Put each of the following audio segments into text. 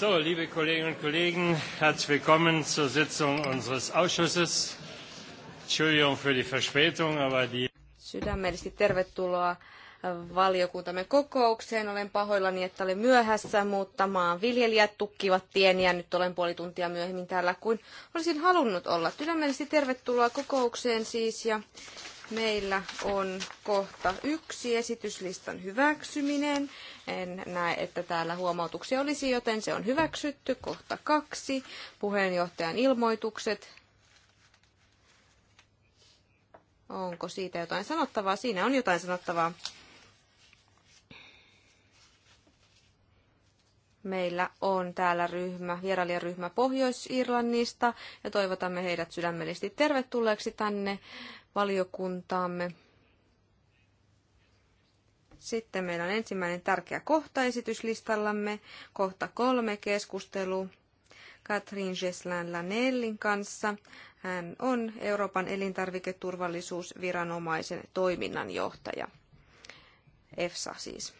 So, liebe Kolleginnen und Kollegen, herzlich willkommen zur Sitzung unseres Ausschusses. Entschuldigung für die Verspätung, aber die... Sydämellisesti tervetuloa valiokuntamme kokoukseen. Olen pahoillani, että olen myöhässä, mutta maan viljelijät tukkivat tien ja nyt olen puoli tuntia myöhemmin täällä kuin olisin halunnut olla. Sydämellisesti tervetuloa kokoukseen siis ja Meillä on kohta yksi esityslistan hyväksyminen. En näe, että täällä huomautuksia olisi, joten se on hyväksytty. Kohta kaksi, puheenjohtajan ilmoitukset. Onko siitä jotain sanottavaa? Siinä on jotain sanottavaa. Meillä on täällä ryhmä, vierailijaryhmä Pohjois-Irlannista ja toivotamme heidät sydämellisesti tervetulleeksi tänne valiokuntaamme. Sitten meillä on ensimmäinen tärkeä kohta esityslistallamme, kohta kolme keskustelu Katrin Jeslän Lanellin kanssa. Hän on Euroopan elintarviketurvallisuusviranomaisen toiminnanjohtaja. EFSA siis.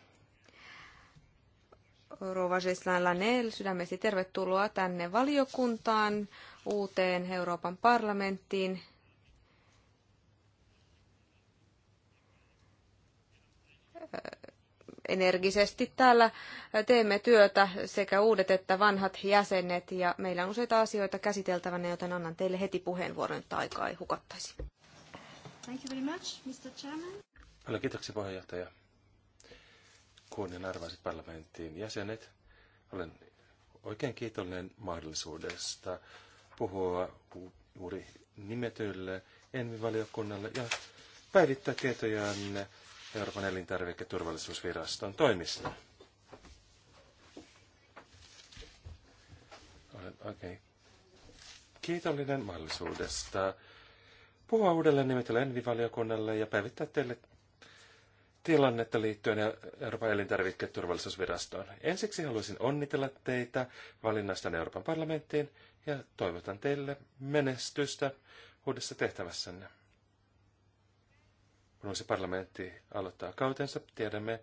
Rova Jeslän Lanell, sydämesi tervetuloa tänne valiokuntaan, uuteen Euroopan parlamenttiin. energisesti täällä teemme työtä sekä uudet että vanhat jäsenet ja meillä on useita asioita käsiteltävänä, joten annan teille heti puheenvuoron, jotta aikaa ei hukattaisi. Thank you very much, Mr. Chairman. Paljon kiitoksia puheenjohtaja. Kunnianarvoiset arvaiset parlamenttiin jäsenet. Olen oikein kiitollinen mahdollisuudesta puhua juuri nimetylle ENVI-valiokunnalle ja päivittää tietojanne Euroopan elintarviketurvallisuusviraston toimista. Olen oikein kiitollinen mahdollisuudesta puhua uudelleen nimetellä Envivaliokunnalle ja päivittää teille tilannetta liittyen Euroopan elintarviketurvallisuusvirastoon. Ensiksi haluaisin onnitella teitä valinnasta Euroopan parlamenttiin ja toivotan teille menestystä uudessa tehtävässänne kun uusi parlamentti aloittaa kautensa, tiedämme,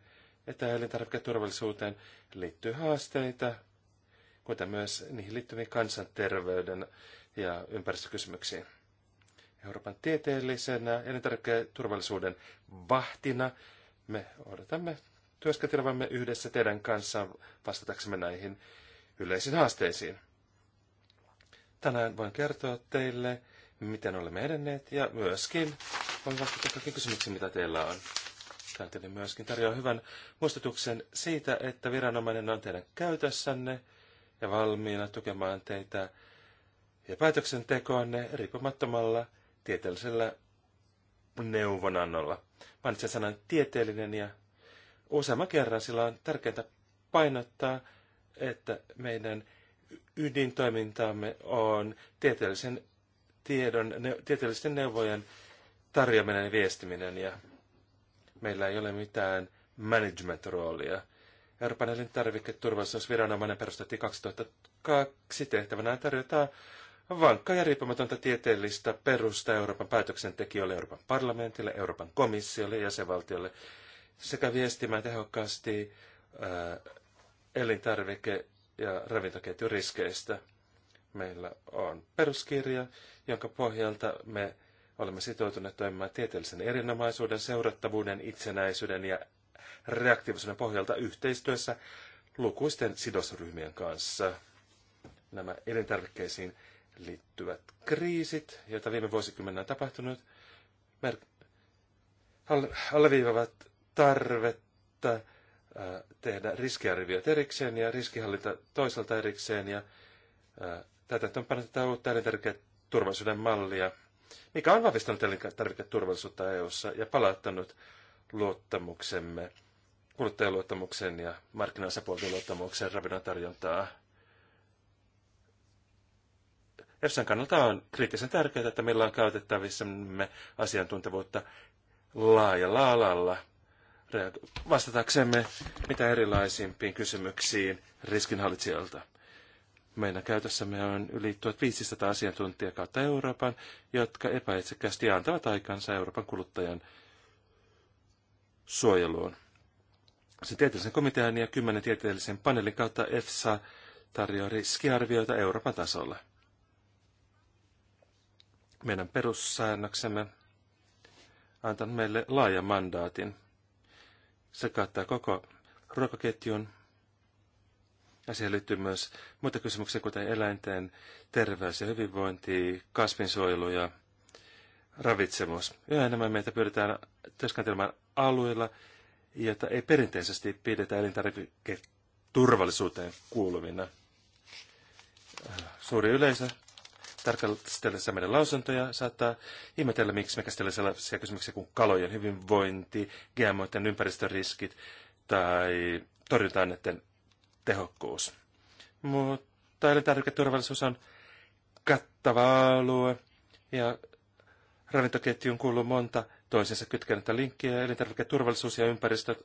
että elintarviketurvallisuuteen liittyy haasteita, kuten myös niihin liittyviin kansanterveyden ja ympäristökysymyksiin. Euroopan tieteellisenä elintarviketurvallisuuden vahtina me odotamme työskentelevämme yhdessä teidän kanssa vastataksemme näihin yleisiin haasteisiin. Tänään voin kertoa teille miten olemme edenneet ja myöskin voin vastata kaikkiin kysymyksiin, mitä teillä on. Kanteli myöskin tarjoaa hyvän muistutuksen siitä, että viranomainen on teidän käytössänne ja valmiina tukemaan teitä ja päätöksentekoonne riippumattomalla tieteellisellä neuvonannolla. Mainitsen sanan tieteellinen ja useamman kerran sillä on tärkeää painottaa, että meidän ydintoimintaamme on tieteellisen tiedon, ne, tieteellisten neuvojen tarjoaminen ja viestiminen. Ja meillä ei ole mitään management-roolia. Euroopan elintarviketurvallisuusviranomainen perustettiin 2002 tehtävänä tarjotaan vankka ja riippumatonta tieteellistä perusta Euroopan päätöksentekijöille, Euroopan parlamentille, Euroopan komissiolle ja jäsenvaltiolle sekä viestimään tehokkaasti ää, elintarvike- ja ravintoketjuriskeistä. Meillä on peruskirja, jonka pohjalta me olemme sitoutuneet toimimaan tieteellisen erinomaisuuden, seurattavuuden, itsenäisyyden ja reaktiivisuuden pohjalta yhteistyössä lukuisten sidosryhmien kanssa. Nämä elintarvikkeisiin liittyvät kriisit, joita viime vuosikymmeninä on tapahtunut, mer- alleviivavat tarvetta äh, tehdä riskiarviot erikseen ja riskihallinta toisaalta erikseen ja äh, täytäntöönpano tätä uutta elintärkeää turvallisuuden mallia, mikä on vahvistanut elintarviketurvallisuutta EU-ssa ja palauttanut luottamuksemme, kuluttajaluottamuksen ja markkinaosapuolten luottamuksen ravinnon tarjontaa. EFSAn kannalta on kriittisen tärkeää, että meillä on käytettävissämme asiantuntevuutta laajalla alalla vastataksemme mitä erilaisimpiin kysymyksiin riskinhallitsijoilta. Meidän käytössämme on yli 1500 asiantuntijaa kautta Euroopan, jotka epäitsekkäästi antavat aikansa Euroopan kuluttajan suojeluun. Sen tieteellisen komitean ja kymmenen tieteellisen paneelin kautta EFSA tarjoaa riskiarvioita Euroopan tasolla. Meidän perussäännöksemme antaa meille laajan mandaatin. Se kattaa koko ruokaketjun ja siihen liittyy myös muita kysymyksiä, kuten eläinten terveys ja hyvinvointi, kasvinsuojelu ja ravitsemus. Yhä enemmän meitä pyydetään työskentelemään alueilla, joita ei perinteisesti pidetä elintarviketurvallisuuteen kuuluvina. Suuri yleisö tarkastellessa meidän lausuntoja saattaa ihmetellä, miksi me käsitellään sellaisia kysymyksiä kuin kalojen hyvinvointi, GMOiden ympäristöriskit tai torjunta-aineiden tehokkuus. Mutta elintarviketurvallisuus on kattava alue ja ravintoketjuun kuuluu monta toisensa kytkennettä linkkiä. Elintarviketurvallisuus ja ympäristö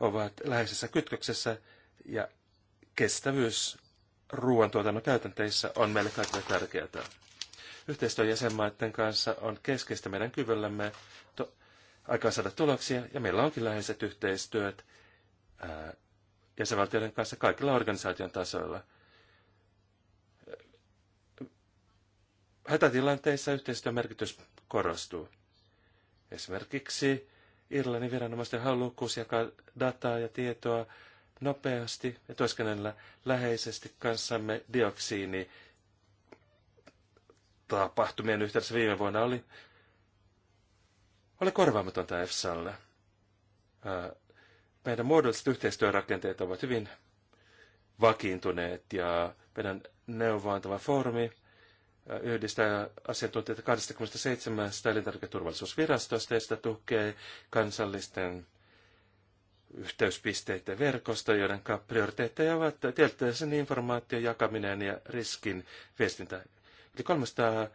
ovat läheisessä kytköksessä ja kestävyys ruoantuotannon käytänteissä on meille kaikille tärkeää. Yhteistyön jäsenmaiden kanssa on keskeistä meidän kyvyllämme to- saada tuloksia, ja meillä onkin läheiset yhteistyöt ää, jäsenvaltioiden kanssa kaikilla organisaation tasoilla. Hätätilanteissa yhteistyön merkitys korostuu. Esimerkiksi Irlannin viranomaisten halukkuus jakaa dataa ja tietoa nopeasti ja työskennellä läheisesti kanssamme dioksiini tapahtumien yhteydessä viime vuonna oli, oli korvaamatonta EFSAlle. Ää, meidän muodolliset yhteistyörakenteet ovat hyvin vakiintuneet ja meidän neuvoantava foorumi äh, yhdistää asiantuntijoita 27 elintarviketurvallisuusvirastosta ja sitä tukee kansallisten yhteyspisteiden verkosto, joiden prioriteetteja ovat tietysti informaation jakaminen ja riskin viestintä. eli 300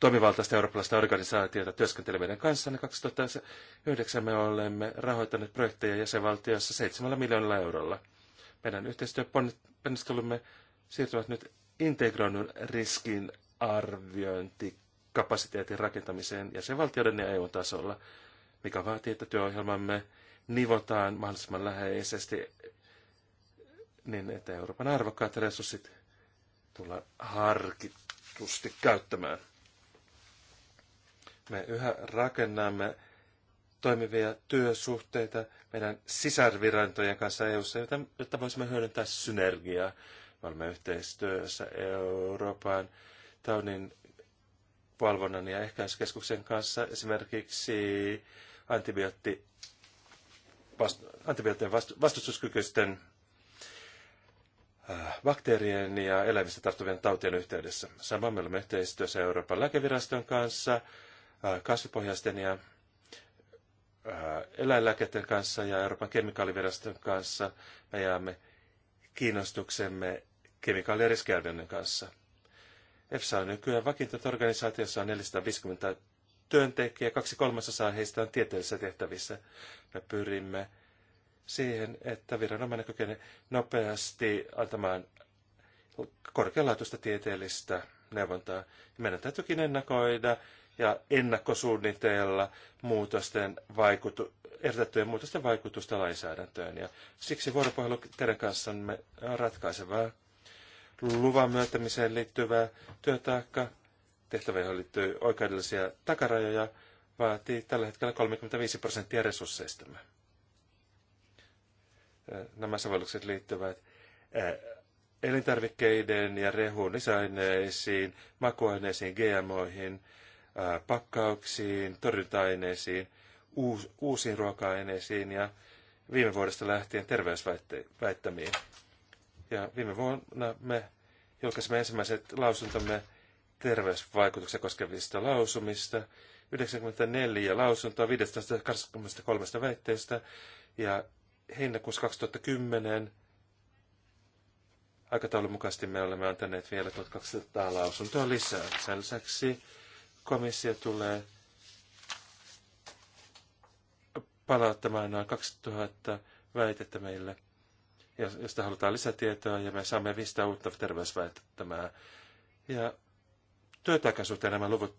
toimivaltaista eurooppalaista organisaatiota työskentelevien kanssa, niin 2009 me olemme rahoittaneet projekteja jäsenvaltioissa 7 miljoonalla eurolla. Meidän yhteistyöponnistelumme siirtyvät nyt integroinnun riskin arviointikapasiteetin rakentamiseen jäsenvaltioiden ja EU-tasolla, mikä vaatii, että työohjelmamme nivotaan mahdollisimman läheisesti niin, että Euroopan arvokkaat resurssit tullaan harkitusti käyttämään. Me yhä rakennamme toimivia työsuhteita meidän sisarvirantojen kanssa EU-ssa, jotta voisimme hyödyntää synergiaa. Me olemme yhteistyössä Euroopan taudin valvonnan ja ehkäiskeskuksen kanssa esimerkiksi antibiootti, vastu, antibioottien vastu, vastustuskykyisten äh, bakteerien ja eläimistä tarttuvien tautien yhteydessä. Samoin me olemme yhteistyössä Euroopan lääkeviraston kanssa Äh, kasvipohjaisten ja äh, eläinlääkkeiden kanssa ja Euroopan kemikaaliviraston kanssa. Me jaamme kiinnostuksemme kemikaaliriskäytännön kanssa. EFSA on nykyään vakiintunut organisaatiossa on 450 työntekijää, kaksi kolmasosaa heistä on tieteellisissä tehtävissä. Me pyrimme siihen, että viranomainen kykenee nopeasti antamaan korkealaatuista tieteellistä neuvontaa. Meidän täytyykin ennakoida ja ennakkosuunnitella muutosten vaikutu, ehdotettujen muutosten vaikutusta lainsäädäntöön. Ja siksi vuoropuhelu teidän kanssanne on ratkaisevaa. Luvan myöntämiseen liittyvä työtaakka, tehtäviin liittyy oikeudellisia takarajoja, vaatii tällä hetkellä 35 prosenttia resursseistamme. Nämä sovellukset liittyvät eh, elintarvikkeiden ja rehun lisäaineisiin, makuaineisiin, GMOihin – pakkauksiin, torjunta-aineisiin, uus, uusiin ruoka-aineisiin ja viime vuodesta lähtien terveysväittämiin. Ja viime vuonna me julkaisimme ensimmäiset lausuntomme terveysvaikutuksia koskevista lausumista, 94 lausuntoa kolmesta väitteestä ja heinäkuussa 2010 aikataulun mukaisesti me olemme antaneet vielä 1200 lausuntoa lisää. Sen lisäksi komissio tulee palauttamaan noin 2000 väitettä meille, josta halutaan lisätietoa, ja me saamme 500 uutta terveysväittämää. Ja työtaakan suhteen nämä luvut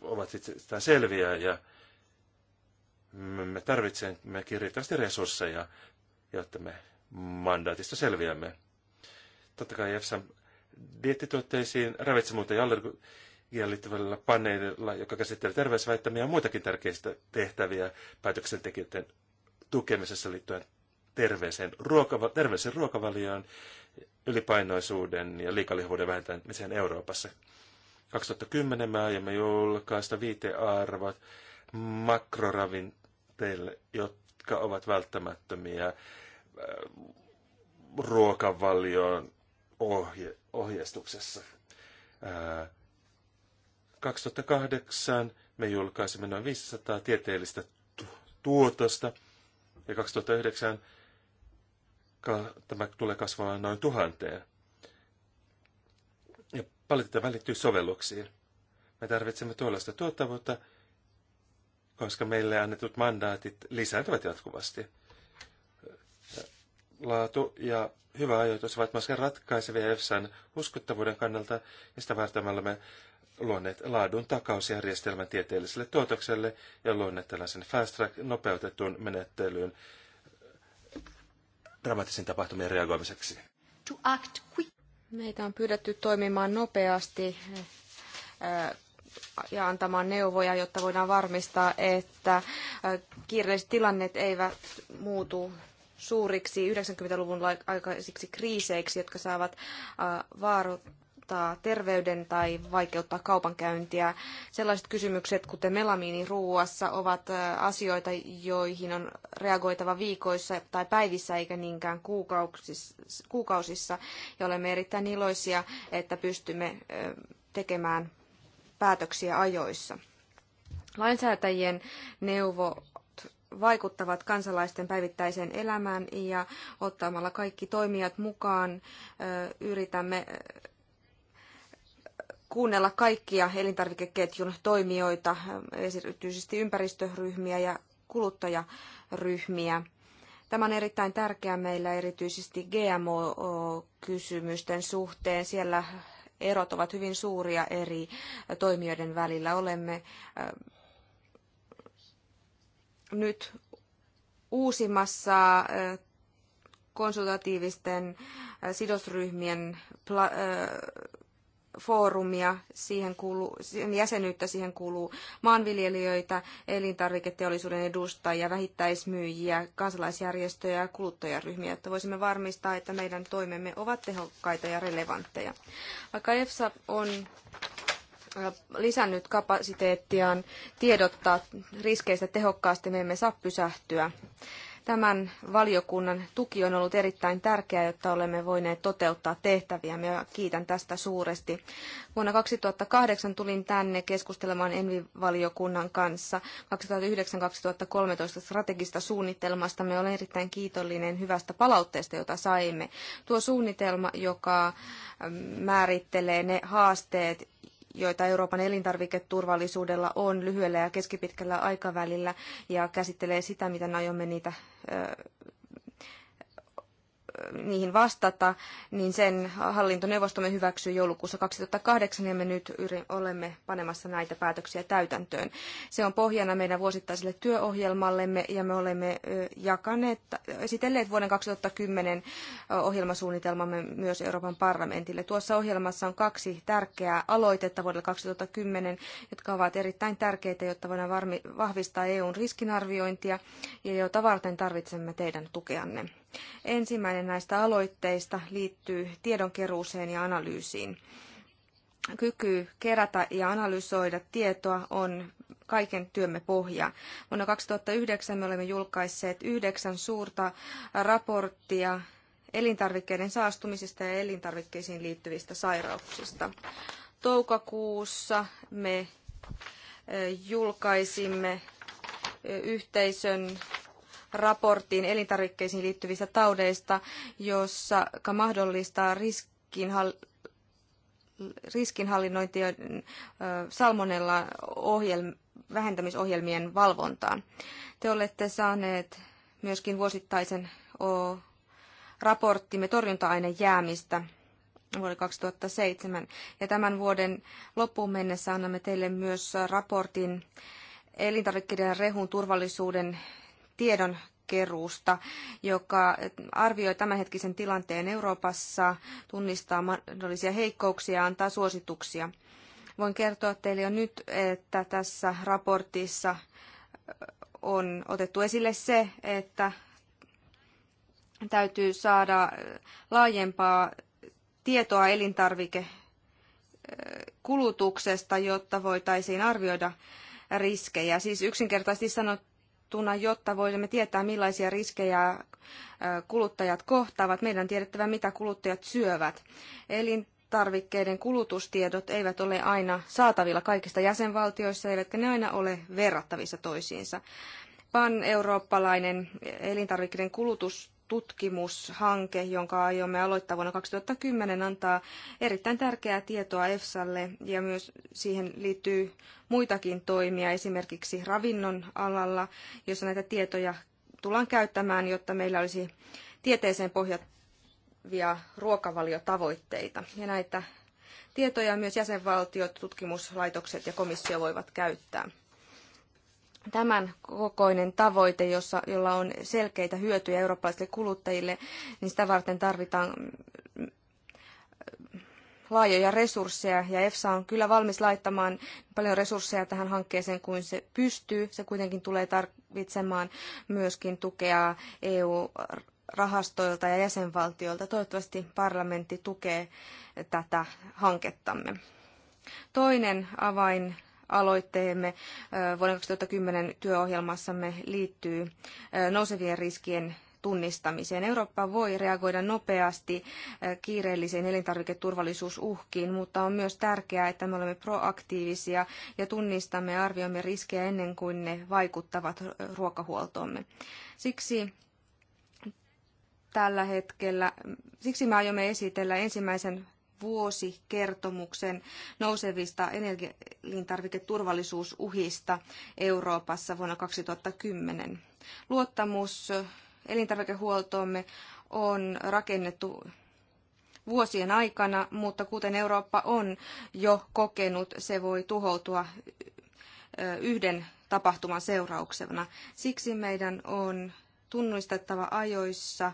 ovat itsestään selviä, ja me tarvitsemme kirjattavasti resursseja, jotta me mandaatista selviämme. Totta kai EFSAn dieettituotteisiin, ravitsemuuteen ja allerg- jäljittävällä paneelilla, joka käsitteli terveysväittämiä ja muitakin tärkeistä tehtäviä päätöksentekijöiden tukemisessa liittyen terveeseen, ruokava- terveeseen ruokavalioon, ylipainoisuuden ja liikalihuvuuden vähentämiseen Euroopassa. 2010 me aiemme julkaista viitearvot makroravinteille, jotka ovat välttämättömiä äh, ruokavalion ohje- ohjeistuksessa. Ää, äh, 2008 me julkaisimme noin 500 tieteellistä tuotosta ja 2009 tämä tulee kasvamaan noin tuhanteen. Ja paljon tätä välittyy sovelluksiin. Me tarvitsemme tuollaista tuottavuutta, koska meille annetut mandaatit lisääntyvät jatkuvasti. Laatu ja hyvä ajoitus ovat myös ratkaisevia EFSAn uskottavuuden kannalta, ja sitä varten me olemme luoneet laadun takausjärjestelmän tieteelliselle tuotokselle ja luoneet tällaisen fast track nopeutetun menettelyn dramaattisiin tapahtumien reagoimiseksi. Meitä on pyydetty toimimaan nopeasti eh, ja antamaan neuvoja, jotta voidaan varmistaa, että eh, kiireelliset tilannet eivät muutu suuriksi 90-luvun aikaisiksi kriiseiksi, jotka saavat eh, vaikeuttaa terveyden tai vaikeuttaa kaupankäyntiä. Sellaiset kysymykset, kuten melamiini ruuassa, ovat asioita, joihin on reagoitava viikoissa tai päivissä eikä niinkään kuukausissa. Ja olemme erittäin iloisia, että pystymme tekemään päätöksiä ajoissa. Lainsäätäjien neuvo vaikuttavat kansalaisten päivittäiseen elämään ja ottamalla kaikki toimijat mukaan yritämme kuunnella kaikkia elintarvikeketjun toimijoita, erityisesti ympäristöryhmiä ja kuluttajaryhmiä. Tämä on erittäin tärkeää meillä erityisesti GMO-kysymysten suhteen. Siellä erot ovat hyvin suuria eri toimijoiden välillä. Olemme äh, nyt uusimassa äh, konsultatiivisten äh, sidosryhmien foorumia, siihen kuuluu, sen jäsenyyttä siihen kuuluu maanviljelijöitä, elintarviketeollisuuden edustajia, vähittäismyyjiä, kansalaisjärjestöjä ja kuluttajaryhmiä, jotta voisimme varmistaa, että meidän toimemme ovat tehokkaita ja relevantteja. Vaikka EFSA on lisännyt kapasiteettiaan tiedottaa riskeistä tehokkaasti, me emme saa pysähtyä. Tämän valiokunnan tuki on ollut erittäin tärkeää, jotta olemme voineet toteuttaa tehtäviä. Ja kiitän tästä suuresti. Vuonna 2008 tulin tänne keskustelemaan Envi-valiokunnan kanssa 2009-2013 strategista suunnitelmasta. Me olen erittäin kiitollinen hyvästä palautteesta, jota saimme. Tuo suunnitelma, joka määrittelee ne haasteet, joita Euroopan elintarviketurvallisuudella on lyhyellä ja keskipitkällä aikavälillä ja käsittelee sitä, miten aiomme niitä niihin vastata, niin sen hallintoneuvostomme hyväksyi joulukuussa 2008 ja me nyt olemme panemassa näitä päätöksiä täytäntöön. Se on pohjana meidän vuosittaiselle työohjelmallemme ja me olemme jakaneet, esitelleet vuoden 2010 ohjelmasuunnitelmamme myös Euroopan parlamentille. Tuossa ohjelmassa on kaksi tärkeää aloitetta vuodelle 2010, jotka ovat erittäin tärkeitä, jotta voidaan varmi, vahvistaa EUn riskinarviointia ja jota varten tarvitsemme teidän tukeanne. Ensimmäinen näistä aloitteista liittyy tiedonkeruuseen ja analyysiin. Kyky kerätä ja analysoida tietoa on kaiken työmme pohja. Vuonna 2009 me olemme julkaisseet yhdeksän suurta raporttia elintarvikkeiden saastumisesta ja elintarvikkeisiin liittyvistä sairauksista. Toukokuussa me eh, julkaisimme eh, yhteisön raporttiin elintarvikkeisiin liittyvistä taudeista, jossa mahdollistaa riskinhallinnointi riskinhallinnointien salmonella ohjelm- vähentämisohjelmien valvontaan. Te olette saaneet myöskin vuosittaisen o- raporttimme torjunta-ainejäämistä jäämistä vuoden 2007. Ja tämän vuoden loppuun mennessä annamme teille myös raportin elintarvikkeiden ja rehun turvallisuuden tiedon keruusta, joka arvioi tämänhetkisen tilanteen Euroopassa, tunnistaa mahdollisia heikkouksia ja antaa suosituksia. Voin kertoa teille jo nyt, että tässä raportissa on otettu esille se, että täytyy saada laajempaa tietoa elintarvikekulutuksesta, jotta voitaisiin arvioida riskejä. Siis yksinkertaisesti sanottuna, verrattuna, jotta voisimme tietää, millaisia riskejä kuluttajat kohtaavat. Meidän on tiedettävä, mitä kuluttajat syövät. Elintarvikkeiden kulutustiedot eivät ole aina saatavilla kaikista jäsenvaltioissa, eivätkä ne aina ole verrattavissa toisiinsa. Pan-eurooppalainen elintarvikkeiden kulutus tutkimushanke, jonka aiomme aloittaa vuonna 2010, antaa erittäin tärkeää tietoa EFSAlle ja myös siihen liittyy muitakin toimia, esimerkiksi ravinnon alalla, jossa näitä tietoja tullaan käyttämään, jotta meillä olisi tieteeseen pohjaavia ruokavaliotavoitteita. Ja näitä tietoja myös jäsenvaltiot, tutkimuslaitokset ja komissio voivat käyttää tämän kokoinen tavoite, jossa, jolla on selkeitä hyötyjä eurooppalaisille kuluttajille, niin sitä varten tarvitaan mm, laajoja resursseja ja EFSA on kyllä valmis laittamaan paljon resursseja tähän hankkeeseen kuin se pystyy. Se kuitenkin tulee tarvitsemaan myöskin tukea EU-rahastoilta ja jäsenvaltioilta. Toivottavasti parlamentti tukee tätä hankettamme. Toinen avain aloitteemme vuoden 2010 työohjelmassamme liittyy nousevien riskien tunnistamiseen. Eurooppa voi reagoida nopeasti kiireellisiin elintarviketurvallisuusuhkiin, mutta on myös tärkeää, että me olemme proaktiivisia ja tunnistamme ja arvioimme riskejä ennen kuin ne vaikuttavat ruokahuoltoomme. Siksi tällä hetkellä, siksi me aiomme esitellä ensimmäisen vuosikertomuksen nousevista elintarviketurvallisuusuhista Euroopassa vuonna 2010. Luottamus elintarvikehuoltoomme on rakennettu vuosien aikana, mutta kuten Eurooppa on jo kokenut, se voi tuhoutua yhden tapahtuman seurauksena. Siksi meidän on tunnistettava ajoissa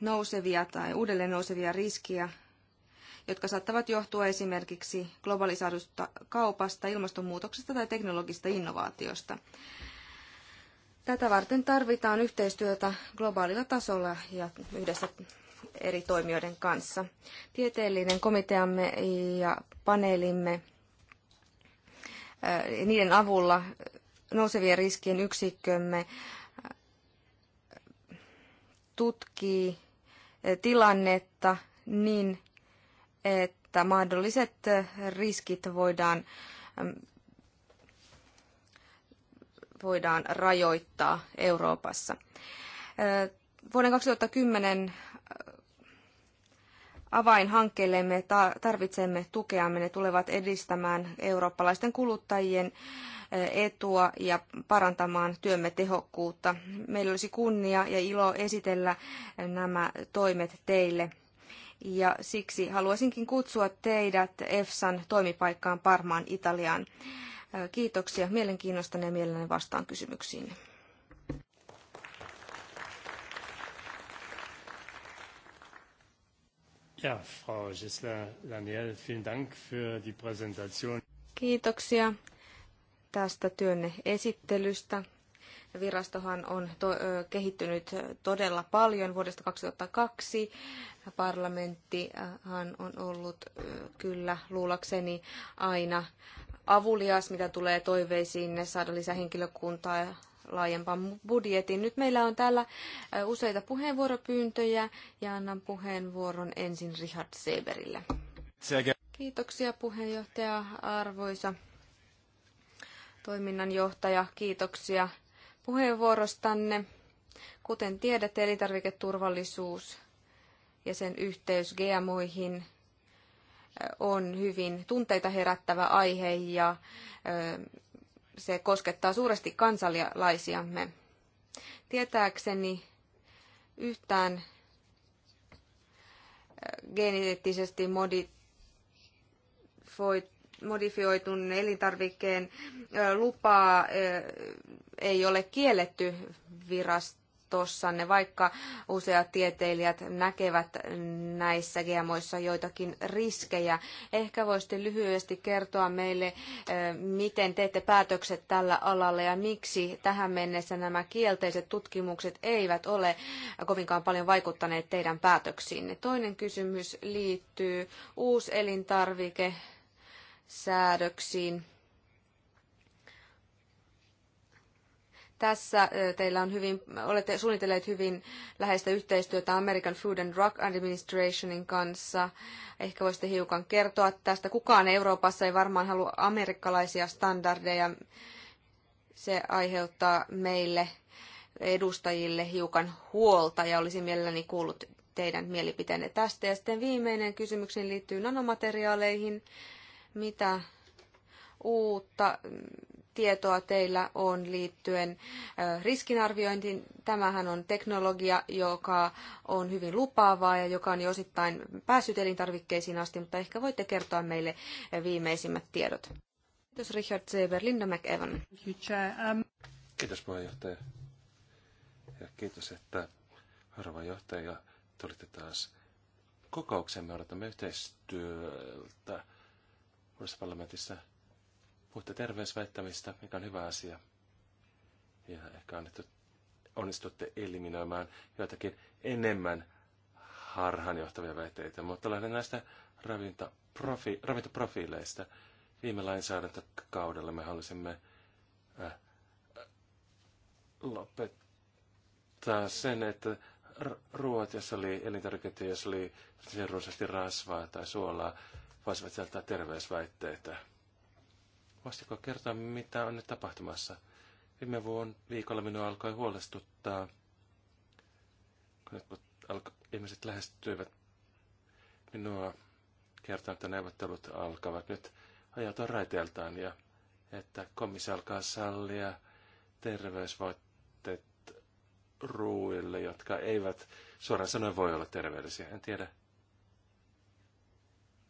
nousevia tai uudelleen nousevia riskiä jotka saattavat johtua esimerkiksi globalisaadusta kaupasta, ilmastonmuutoksesta tai teknologisista innovaatiosta. Tätä varten tarvitaan yhteistyötä globaalilla tasolla ja yhdessä eri toimijoiden kanssa. Tieteellinen komiteamme ja paneelimme niiden avulla nousevien riskien yksikkömme tutkii tilannetta niin että mahdolliset riskit voidaan, voidaan rajoittaa Euroopassa. Vuoden 2010 äh, avainhankkeillemme tarvitsemme tukea. Ne tulevat edistämään eurooppalaisten kuluttajien äh, etua ja parantamaan työmme tehokkuutta. Meillä olisi kunnia ja ilo esitellä nämä toimet teille ja siksi haluaisinkin kutsua teidät EFSAn toimipaikkaan Parmaan Italiaan. Kiitoksia mielenkiinnosta ja mielelläni vastaan kysymyksiin. Ja, Frau Gisler Laniel, vielen Dank für die Präsentation. Kiitoksia tästä työnne esittelystä. Virastohan on to- kehittynyt todella paljon vuodesta 2002. Parlamenttihan on ollut kyllä luulakseni aina avulias, mitä tulee toiveisiin saada lisää henkilökuntaa ja laajempaan budjetin. Nyt meillä on täällä useita puheenvuoropyyntöjä ja annan puheenvuoron ensin Richard Seberille. Kiitoksia puheenjohtaja, arvoisa toiminnanjohtaja, kiitoksia puheenvuorostanne. Kuten tiedätte, elintarviketurvallisuus ja sen yhteys GMOihin äh, on hyvin tunteita herättävä aihe ja äh, se koskettaa suuresti kansalaisiamme. Tietääkseni yhtään äh, geneettisesti modifoitua modifioitun elintarvikkeen lupaa ei ole kielletty virastossanne, vaikka useat tieteilijät näkevät näissä GMOissa joitakin riskejä. Ehkä voisitte lyhyesti kertoa meille, miten teette päätökset tällä alalla ja miksi tähän mennessä nämä kielteiset tutkimukset eivät ole kovinkaan paljon vaikuttaneet teidän päätöksiinne. Toinen kysymys liittyy uuselintarvike säädöksiin. Tässä teillä on hyvin, olette suunnitelleet hyvin läheistä yhteistyötä American Food and Drug Administrationin kanssa. Ehkä voisitte hiukan kertoa tästä. Kukaan Euroopassa ei varmaan halua amerikkalaisia standardeja. Se aiheuttaa meille edustajille hiukan huolta ja olisin mielelläni kuullut teidän mielipiteenne tästä. Ja sitten viimeinen kysymykseen liittyy nanomateriaaleihin mitä uutta tietoa teillä on liittyen riskinarviointiin. Tämähän on teknologia, joka on hyvin lupaavaa ja joka on jo osittain päässyt elintarvikkeisiin asti, mutta ehkä voitte kertoa meille viimeisimmät tiedot. Kiitos Richard Zeber, Linda McEvan. Um, kiitos puheenjohtaja. Ja kiitos, että harva johtaja tulitte taas kokoukseen. Me odotamme yhteistyöltä uudessa parlamentissa puhutte terveysväittämistä, mikä on hyvä asia. Ja ehkä onnistutte eliminoimaan joitakin enemmän harhaanjohtavia väitteitä, mutta lähden näistä ravintoprofi, ravintoprofiileista. Viime lainsäädäntökaudella me halusimme äh, äh lopettaa sen, että ruoat, jos oli elintarvikkeita, jos oli runsaasti rasvaa tai suolaa, voisivat sieltä terveysväitteitä. Voisitko kertoa, mitä on nyt tapahtumassa? Viime vuon viikolla minua alkoi huolestuttaa, kun nyt alko, ihmiset lähestyivät minua kertoa, että neuvottelut alkavat nyt ajaton raiteeltaan ja että komissio alkaa sallia terveysvoitteet ruuille, jotka eivät suoraan sanoen voi olla terveellisiä. En tiedä,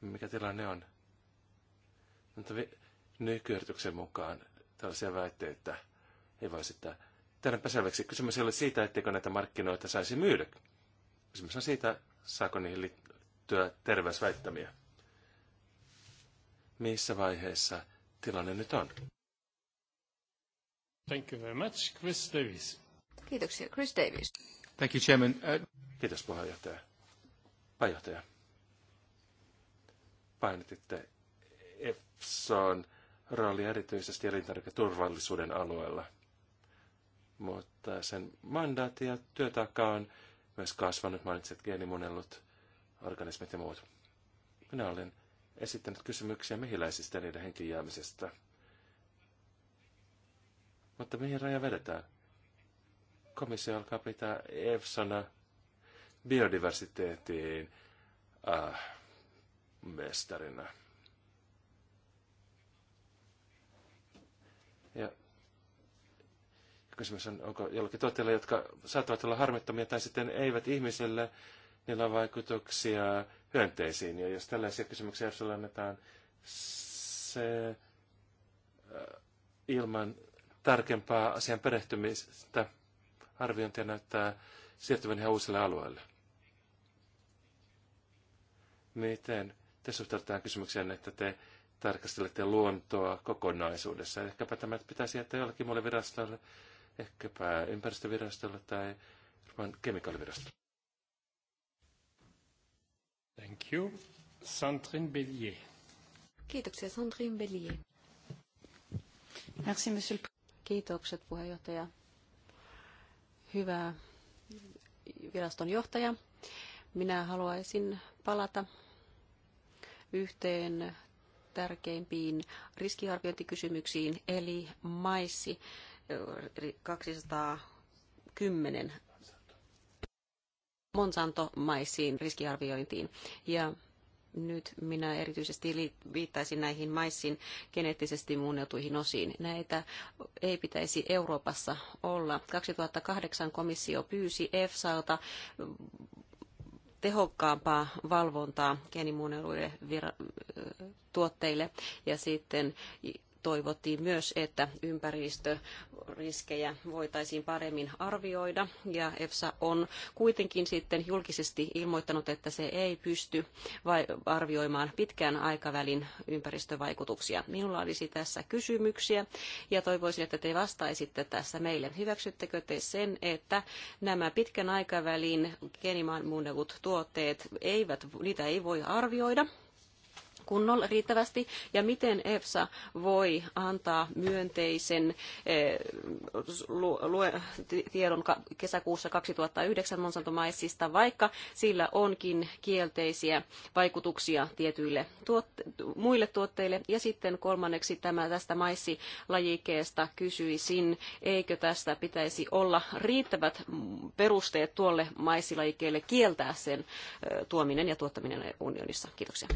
mikä tilanne on. Mutta nykyyrityksen mukaan tällaisia väitteitä ei voi sitä Tehdäänpä selväksi. Kysymys ei ole siitä, etteikö näitä markkinoita saisi myydä. Kysymys on siitä, saako niihin liittyä terveysväittämiä. Missä vaiheessa tilanne nyt on? Thank you very much, Chris Davis. Kiitoksia, Chris Davis. Thank you, Chairman. Uh... Kiitos puheenjohtaja. Pääjohtaja painotitte EFSAn rooli erityisesti elintarviketurvallisuuden alueella. Mutta sen mandaatti ja työtaakka on myös kasvanut, mainitset geenimunellut organismit ja muut. Minä olen esittänyt kysymyksiä mehiläisistä ja niiden henkiin jäämisestä. Mutta mihin raja vedetään? Komissio alkaa pitää EFSAna biodiversiteettiin äh, mestarina. Ja kysymys on, onko jollakin tuotteilla, jotka saattavat olla harmittomia tai sitten eivät ihmiselle, niillä on vaikutuksia hyönteisiin. Ja jos tällaisia kysymyksiä sinulle annetaan, se äh, ilman tarkempaa asian perehtymistä arviointia näyttää siirtyvän ihan uusille alueille. Miten te suhtaudutte tähän kysymykseen, että te tarkastelette luontoa kokonaisuudessa. Ehkäpä tämä pitäisi jättää jollekin muulle virastolle, ehkäpä ympäristövirastolle tai vain kemikaalivirastolle. Thank you. Sandrine Bellier. Kiitoksia, Sandrine Bellier. Merci, monsieur. Kiitokset, puheenjohtaja. Hyvä viraston johtaja. Minä haluaisin palata yhteen tärkeimpiin riskiarviointikysymyksiin, eli maissi 210 monsanto maissiin riskiarviointiin. Ja nyt minä erityisesti viittaisin näihin maissin geneettisesti muunneltuihin osiin. Näitä ei pitäisi Euroopassa olla. 2008 komissio pyysi EFSAlta tehokkaampaa valvontaa geenimuunneluille tuotteille ja sitten toivottiin myös, että ympäristöriskejä voitaisiin paremmin arvioida. Ja EFSA on kuitenkin sitten julkisesti ilmoittanut, että se ei pysty arvioimaan pitkän aikavälin ympäristövaikutuksia. Minulla olisi tässä kysymyksiä ja toivoisin, että te vastaisitte tässä meille. Hyväksyttekö te sen, että nämä pitkän aikavälin geenimaanmuunnellut tuotteet, eivät, niitä ei voi arvioida? kunnolla riittävästi ja miten EFSA voi antaa myönteisen eh, tiedon kesäkuussa 2009 Monsanto-maissista, vaikka sillä onkin kielteisiä vaikutuksia tietyille tuotte- muille tuotteille. Ja sitten kolmanneksi tämä tästä maissilajikeesta kysyisin, eikö tästä pitäisi olla riittävät perusteet tuolle maissilajikeelle kieltää sen eh, tuominen ja tuottaminen unionissa. Kiitoksia.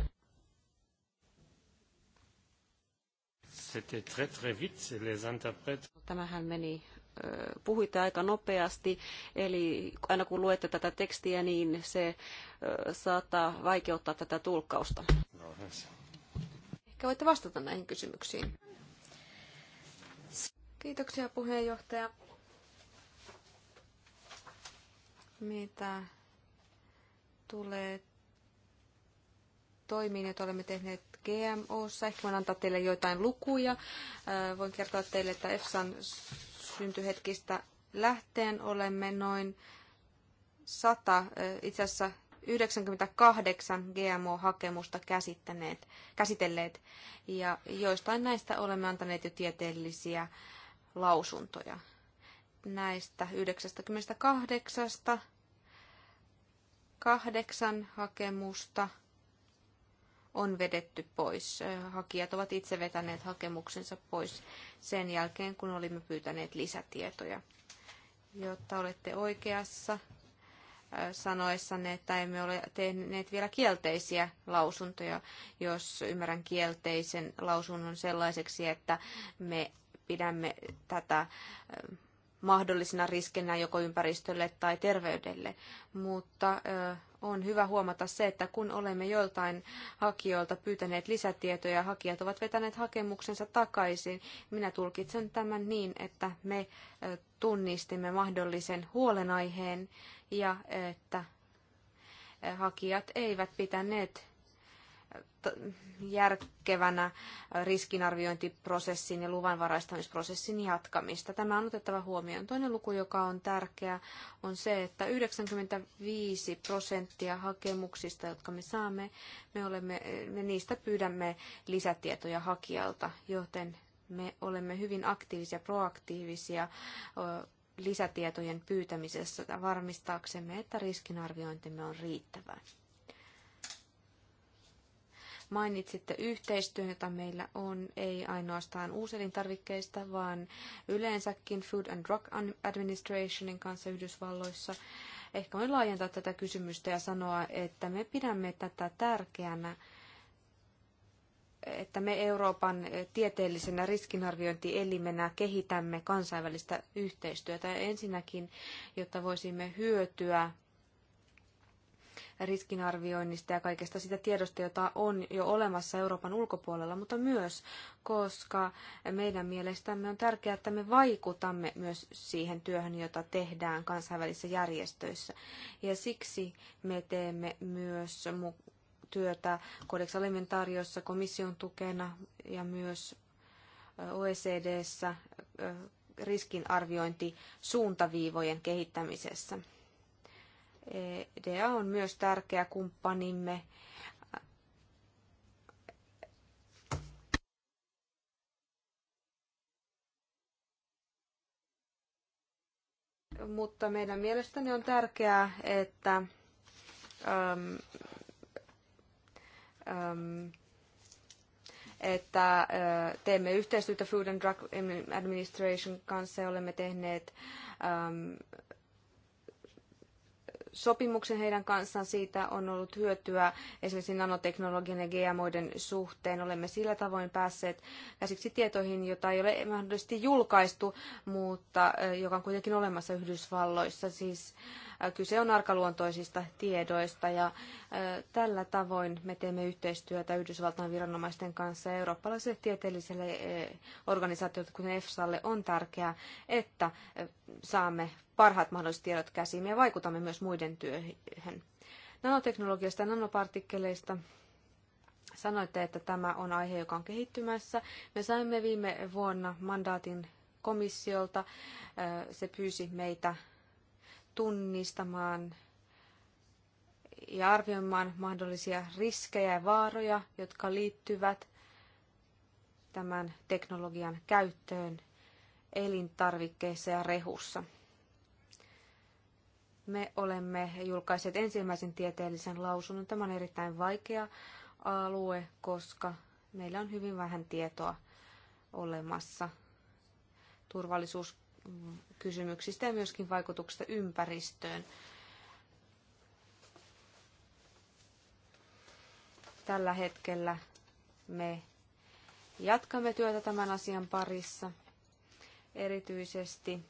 C'était très très vite, les interprètes. Tämähän meni puhuitte aika nopeasti, eli aina kun luette tätä tekstiä, niin se saattaa vaikeuttaa tätä tulkkausta. No, Ehkä voitte vastata näihin kysymyksiin. Kiitoksia puheenjohtaja. Mitä tulee toimiin, joita olemme tehneet GMOssa. Ehkä voin antaa teille joitain lukuja. Äh, voin kertoa teille, että EFSAn syntyhetkistä lähteen olemme noin 100, äh, itse asiassa 98 GMO-hakemusta käsittäneet, käsitelleet, ja joistain näistä olemme antaneet jo tieteellisiä lausuntoja. Näistä 98 kahdeksan hakemusta – on vedetty pois. Hakijat ovat itse vetäneet hakemuksensa pois sen jälkeen, kun olimme pyytäneet lisätietoja. Jotta olette oikeassa äh, sanoessanne, että emme ole tehneet vielä kielteisiä lausuntoja, jos ymmärrän kielteisen lausunnon sellaiseksi, että me pidämme tätä äh, mahdollisena riskinä joko ympäristölle tai terveydelle. Mutta äh, on hyvä huomata se, että kun olemme joiltain hakijoilta pyytäneet lisätietoja, hakijat ovat vetäneet hakemuksensa takaisin. Minä tulkitsen tämän niin, että me tunnistimme mahdollisen huolenaiheen ja että hakijat eivät pitäneet järkevänä riskinarviointiprosessin ja luvanvaraistamisprosessin jatkamista. Tämä on otettava huomioon. Toinen luku, joka on tärkeä, on se, että 95 prosenttia hakemuksista, jotka me saamme, me, olemme, me niistä pyydämme lisätietoja hakijalta, joten me olemme hyvin aktiivisia, proaktiivisia lisätietojen pyytämisessä varmistaaksemme, että riskinarviointimme on riittävää. Mainitsitte yhteistyön, jota meillä on, ei ainoastaan uuselintarvikkeista, vaan yleensäkin Food and Drug Administrationin kanssa Yhdysvalloissa. Ehkä voin laajentaa tätä kysymystä ja sanoa, että me pidämme tätä tärkeänä että me Euroopan tieteellisenä riskinarviointielimenä kehitämme kansainvälistä yhteistyötä ensinnäkin, jotta voisimme hyötyä riskinarvioinnista ja kaikesta sitä tiedosta, jota on jo olemassa Euroopan ulkopuolella, mutta myös, koska meidän mielestämme on tärkeää, että me vaikutamme myös siihen työhön, jota tehdään kansainvälisissä järjestöissä. Ja siksi me teemme myös työtä Codex Alimentariossa komission tukena ja myös OECDssä riskinarviointi suuntaviivojen kehittämisessä. EDA on myös tärkeä kumppanimme. Mutta meidän mielestäni on tärkeää, että äm, äm, että teemme yhteistyötä Food and Drug Administration kanssa ja olemme tehneet sopimuksen heidän kanssaan. Siitä on ollut hyötyä esimerkiksi nanoteknologian ja GMOiden suhteen. Olemme sillä tavoin päässeet käsiksi tietoihin, jota ei ole mahdollisesti julkaistu, mutta joka on kuitenkin olemassa Yhdysvalloissa. Siis kyse on arkaluontoisista tiedoista ja tällä tavoin me teemme yhteistyötä Yhdysvaltain viranomaisten kanssa ja eurooppalaiselle tieteelliselle organisaatiolle, kuten EFSAlle, on tärkeää, että saamme parhaat mahdolliset tiedot käsiimme ja vaikutamme myös muiden työhön. Nanoteknologiasta ja nanopartikkeleista sanoitte, että tämä on aihe, joka on kehittymässä. Me saimme viime vuonna mandaatin komissiolta. Se pyysi meitä tunnistamaan ja arvioimaan mahdollisia riskejä ja vaaroja, jotka liittyvät tämän teknologian käyttöön elintarvikkeissa ja rehussa. Me olemme julkaisseet ensimmäisen tieteellisen lausunnon. Tämä on erittäin vaikea alue, koska meillä on hyvin vähän tietoa olemassa turvallisuuskysymyksistä ja myöskin vaikutuksista ympäristöön. Tällä hetkellä me jatkamme työtä tämän asian parissa. Erityisesti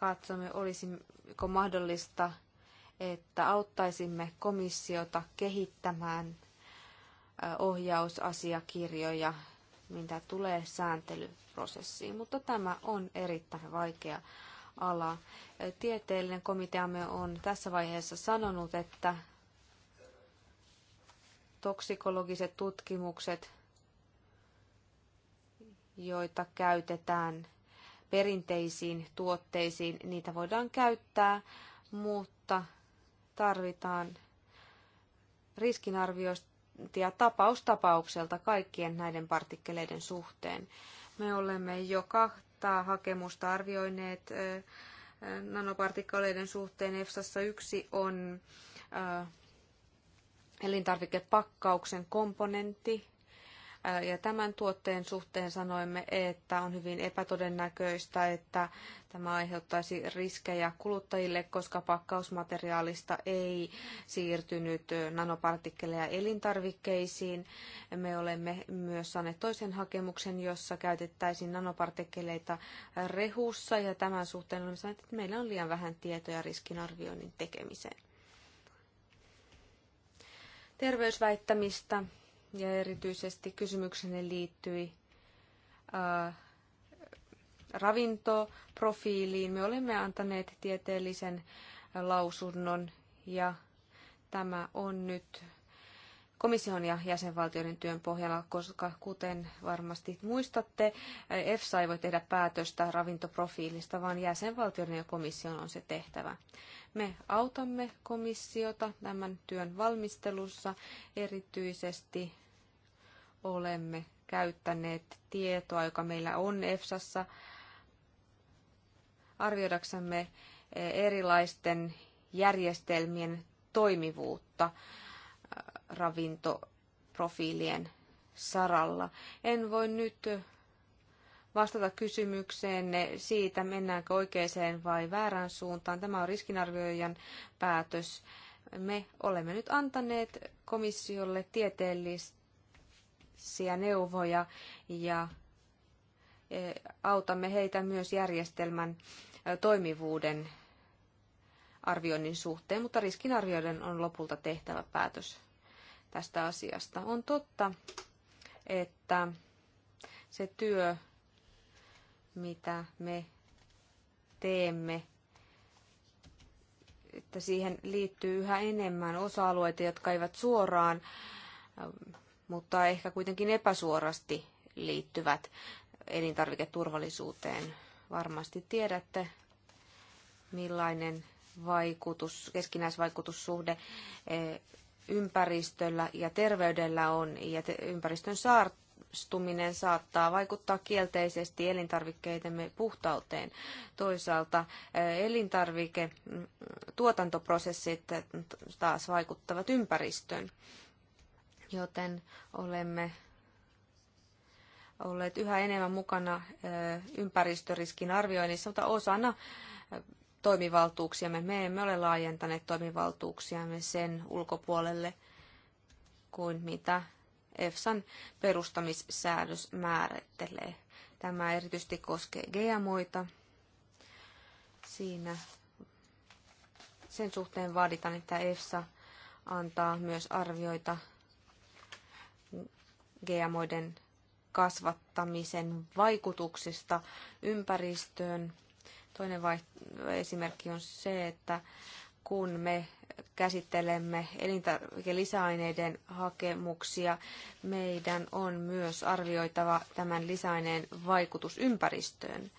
katsomme, olisiko mahdollista, että auttaisimme komissiota kehittämään ohjausasiakirjoja, mitä tulee sääntelyprosessiin. Mutta tämä on erittäin vaikea ala. Tieteellinen komiteamme on tässä vaiheessa sanonut, että toksikologiset tutkimukset, joita käytetään – perinteisiin tuotteisiin. Niitä voidaan käyttää, mutta tarvitaan riskinarviointia tapaus tapaukselta kaikkien näiden partikkeleiden suhteen. Me olemme jo kahta hakemusta arvioineet nanopartikkeleiden suhteen. EFSassa yksi on elintarvikepakkauksen komponentti, ja tämän tuotteen suhteen sanoimme, että on hyvin epätodennäköistä, että tämä aiheuttaisi riskejä kuluttajille, koska pakkausmateriaalista ei siirtynyt nanopartikkeleja elintarvikkeisiin. Me olemme myös saaneet toisen hakemuksen, jossa käytettäisiin nanopartikkeleita rehussa, ja tämän suhteen olemme saaneet, että meillä on liian vähän tietoja riskinarvioinnin tekemiseen terveysväittämistä ja erityisesti kysymyksenne liittyi ää, äh, ravintoprofiiliin. Me olemme antaneet tieteellisen lausunnon ja tämä on nyt komission ja jäsenvaltioiden työn pohjalla, koska kuten varmasti muistatte, EFSA ei voi tehdä päätöstä ravintoprofiilista, vaan jäsenvaltioiden ja komission on se tehtävä. Me autamme komissiota tämän työn valmistelussa erityisesti olemme käyttäneet tietoa, joka meillä on EFSassa, arvioidaksemme eh, erilaisten järjestelmien toimivuutta eh, ravintoprofiilien saralla. En voi nyt eh, vastata kysymykseen siitä, mennäänkö oikeaan vai väärään suuntaan. Tämä on riskinarvioijan päätös. Me olemme nyt antaneet komissiolle tieteellistä erilaisia neuvoja ja e, autamme heitä myös järjestelmän e, toimivuuden arvioinnin suhteen, mutta riskinarvioiden on lopulta tehtävä päätös tästä asiasta. On totta, että se työ, mitä me teemme, että siihen liittyy yhä enemmän osa-alueita, jotka eivät suoraan mutta ehkä kuitenkin epäsuorasti liittyvät elintarviketurvallisuuteen. Varmasti tiedätte, millainen vaikutus, keskinäisvaikutussuhde eh, ympäristöllä ja terveydellä on, ja ympäristön saastuminen saattaa vaikuttaa kielteisesti elintarvikkeidemme puhtauteen. Toisaalta eh, elintarviketuotantoprosessit mm, taas vaikuttavat ympäristöön joten olemme olleet yhä enemmän mukana ympäristöriskin arvioinnissa, mutta osana toimivaltuuksiamme. Me emme ole laajentaneet toimivaltuuksiamme sen ulkopuolelle kuin mitä EFSAn perustamissäädös määrittelee. Tämä erityisesti koskee GMOita. Siinä sen suhteen vaaditaan, että EFSA antaa myös arvioita GMOiden kasvattamisen vaikutuksista ympäristöön. Toinen esimerkki on se, että kun me käsittelemme elintarvikelisäaineiden hakemuksia, meidän on myös arvioitava tämän lisäaineen vaikutus ympäristöön.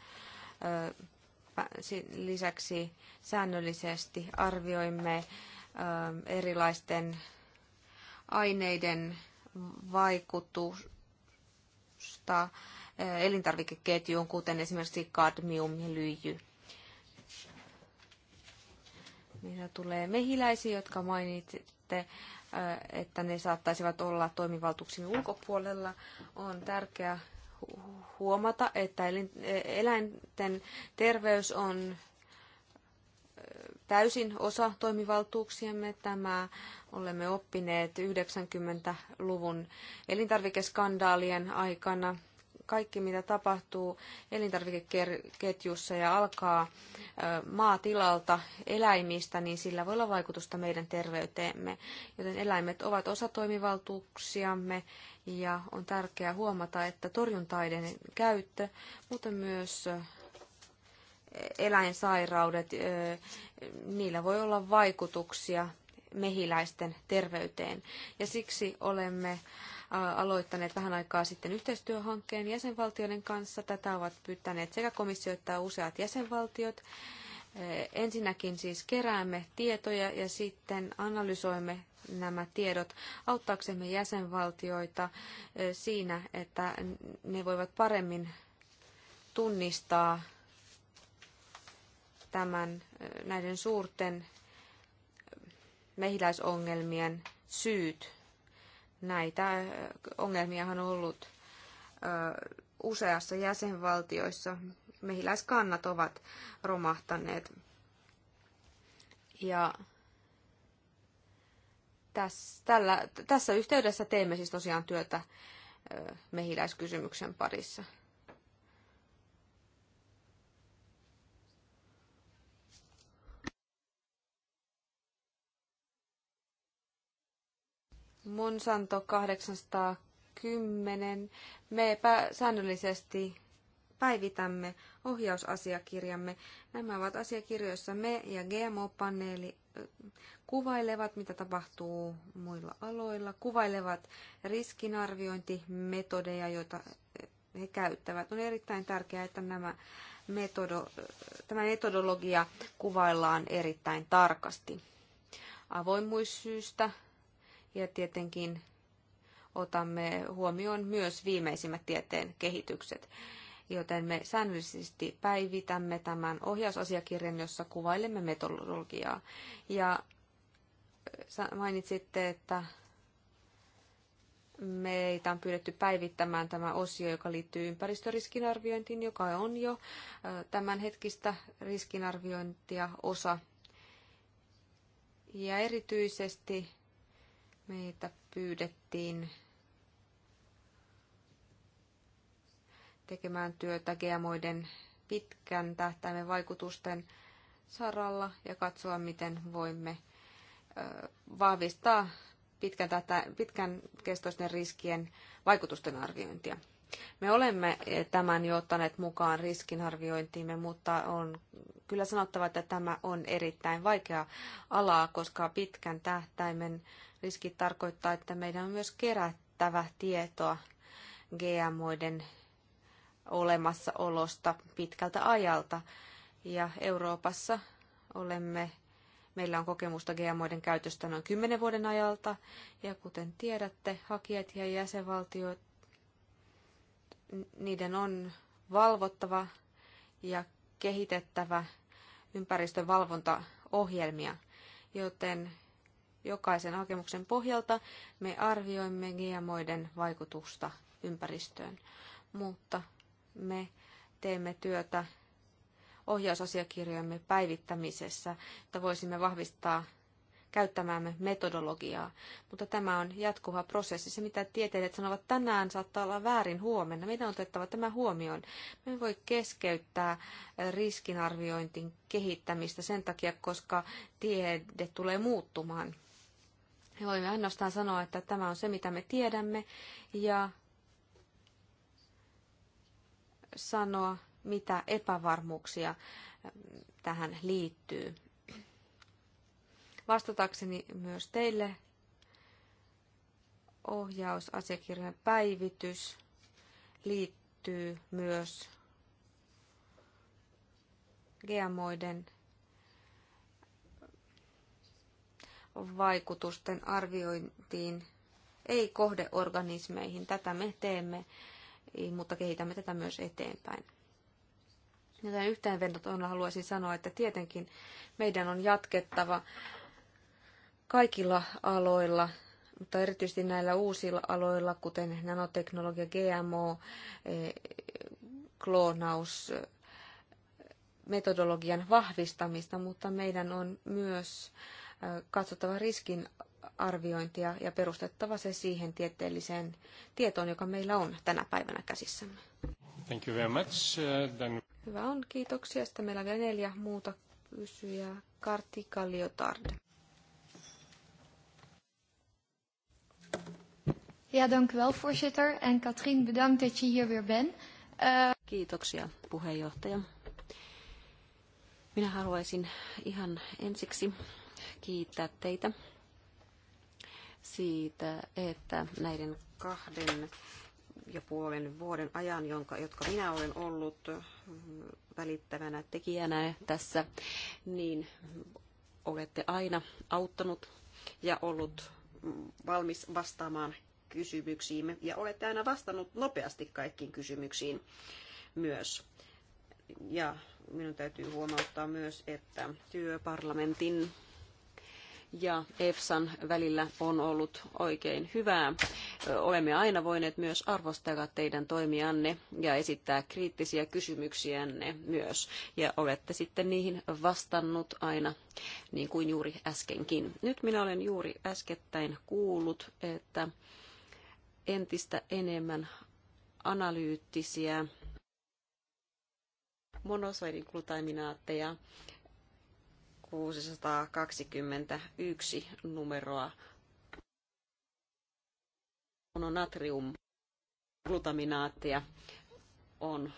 Lisäksi säännöllisesti arvioimme erilaisten aineiden vaikutusta eh, elintarvikeketjuun, kuten esimerkiksi kadmium ja lyijy. Mitä tulee mehiläisiä, jotka mainitsitte, eh, että ne saattaisivat olla toimivaltuuksien ulkopuolella, on tärkeää huomata, että eh, eläinten terveys on täysin osa toimivaltuuksiamme. Tämä olemme oppineet 90-luvun elintarvikeskandaalien aikana. Kaikki, mitä tapahtuu elintarvikeketjussa ja alkaa maatilalta eläimistä, niin sillä voi olla vaikutusta meidän terveyteemme. Joten eläimet ovat osa toimivaltuuksiamme ja on tärkeää huomata, että torjuntaiden käyttö, mutta myös eläinsairaudet, niillä voi olla vaikutuksia mehiläisten terveyteen. Ja siksi olemme aloittaneet vähän aikaa sitten yhteistyöhankkeen jäsenvaltioiden kanssa. Tätä ovat pyytäneet sekä komissio että useat jäsenvaltiot. Ensinnäkin siis keräämme tietoja ja sitten analysoimme nämä tiedot auttaaksemme jäsenvaltioita siinä, että ne voivat paremmin tunnistaa tämän, näiden suurten mehiläisongelmien syyt. Näitä ongelmia on ollut useassa jäsenvaltioissa. Mehiläiskannat ovat romahtaneet. Ja tässä, tällä, tässä yhteydessä teemme siis tosiaan työtä mehiläiskysymyksen parissa. Monsanto 810. Me säännöllisesti päivitämme ohjausasiakirjamme. Nämä ovat asiakirjoissa me ja GMO-paneeli kuvailevat, mitä tapahtuu muilla aloilla, kuvailevat riskinarviointimetodeja, joita he käyttävät. On erittäin tärkeää, että nämä metodo, tämä metodologia kuvaillaan erittäin tarkasti. Avoimuussyistä ja tietenkin otamme huomioon myös viimeisimmät tieteen kehitykset. Joten me säännöllisesti päivitämme tämän ohjausasiakirjan, jossa kuvailemme metodologiaa. Ja äh, mainitsitte, että meitä on pyydetty päivittämään tämä osio, joka liittyy ympäristöriskinarviointiin, joka on jo äh, tämänhetkistä riskinarviointia osa. Ja erityisesti meitä pyydettiin tekemään työtä geamoiden pitkän tähtäimen vaikutusten saralla ja katsoa, miten voimme vahvistaa pitkän, tähtä, pitkän kestoisten riskien vaikutusten arviointia. Me olemme eh, tämän jo ottaneet mukaan riskinarviointiimme, mutta on kyllä sanottava, että tämä on erittäin vaikea ala, koska pitkän tähtäimen riski tarkoittaa, että meidän on myös kerättävä tietoa GMOiden olemassaolosta pitkältä ajalta. Ja Euroopassa olemme Meillä on kokemusta GMOiden käytöstä noin kymmenen vuoden ajalta, ja kuten tiedätte, hakijat ja jäsenvaltiot niiden on valvottava ja kehitettävä ympäristövalvontaohjelmia, joten jokaisen hakemuksen pohjalta me arvioimme GMOiden vaikutusta ympäristöön, mutta me teemme työtä ohjausasiakirjojemme päivittämisessä, että voisimme vahvistaa käyttämäämme metodologiaa. Mutta tämä on jatkuva prosessi. Se, mitä tieteilijät sanovat tänään, saattaa olla väärin huomenna. Meidän on otettava tämä huomioon. Me voi keskeyttää riskinarviointin kehittämistä sen takia, koska tiede tulee muuttumaan. Me voimme ainoastaan sanoa, että tämä on se, mitä me tiedämme, ja sanoa, mitä epävarmuuksia tähän liittyy vastatakseni myös teille ohjausasiakirjan päivitys liittyy myös GMOiden vaikutusten arviointiin, ei kohdeorganismeihin. Tätä me teemme, mutta kehitämme tätä myös eteenpäin. Joten yhteenvetona haluaisin sanoa, että tietenkin meidän on jatkettava kaikilla aloilla, mutta erityisesti näillä uusilla aloilla, kuten nanoteknologia, GMO, e, kloonaus, e, metodologian vahvistamista, mutta meidän on myös e, katsottava riskin arviointia ja perustettava se siihen tieteelliseen tietoon, joka meillä on tänä päivänä käsissämme. Thank you very much. Uh, then... Hyvä on, kiitoksia. Sitten meillä on vielä neljä muuta kysyjää. Kartika Ja, dank u wel, voorzitter. En Katrien, bedankt dat je hier weer bent. Uh... Kiitoksia, puheenjohtaja. Minä haluaisin ihan ensiksi kiittää teitä siitä, että näiden kahden ja puolen vuoden ajan, jonka, jotka minä olen ollut välittävänä tekijänä tässä, niin olette aina auttanut ja ollut valmis vastaamaan kysymyksiimme ja olette aina vastannut nopeasti kaikkiin kysymyksiin myös. Ja minun täytyy huomauttaa myös, että työparlamentin ja EFSAn välillä on ollut oikein hyvää. Olemme aina voineet myös arvostella teidän toimianne ja esittää kriittisiä kysymyksiänne myös. Ja olette sitten niihin vastannut aina, niin kuin juuri äskenkin. Nyt minä olen juuri äskettäin kuullut, että entistä enemmän analyyttisiä monosoidin glutaminaatteja 621 numeroa mononatrium glutaminaatteja on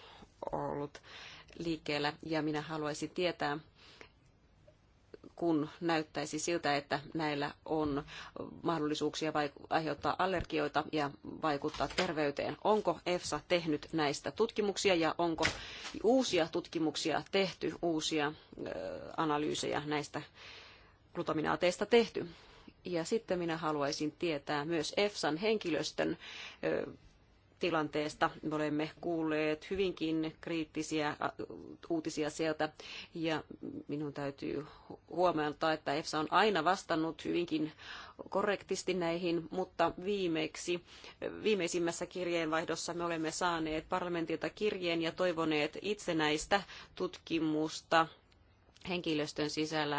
ollut liikkeellä ja minä haluaisin tietää, kun näyttäisi siltä, että näillä on mahdollisuuksia aiheuttaa allergioita ja vaikuttaa terveyteen. Onko EFSA tehnyt näistä tutkimuksia ja onko uusia tutkimuksia tehty, uusia analyysejä näistä glutaminaateista tehty? Ja sitten minä haluaisin tietää myös EFSAn henkilöstön tilanteesta. Me olemme kuulleet hyvinkin kriittisiä uutisia sieltä ja minun täytyy huomauttaa, että EFSA on aina vastannut hyvinkin korrektisti näihin, mutta viimeksi, viimeisimmässä kirjeenvaihdossa me olemme saaneet parlamentilta kirjeen ja toivoneet itsenäistä tutkimusta henkilöstön sisällä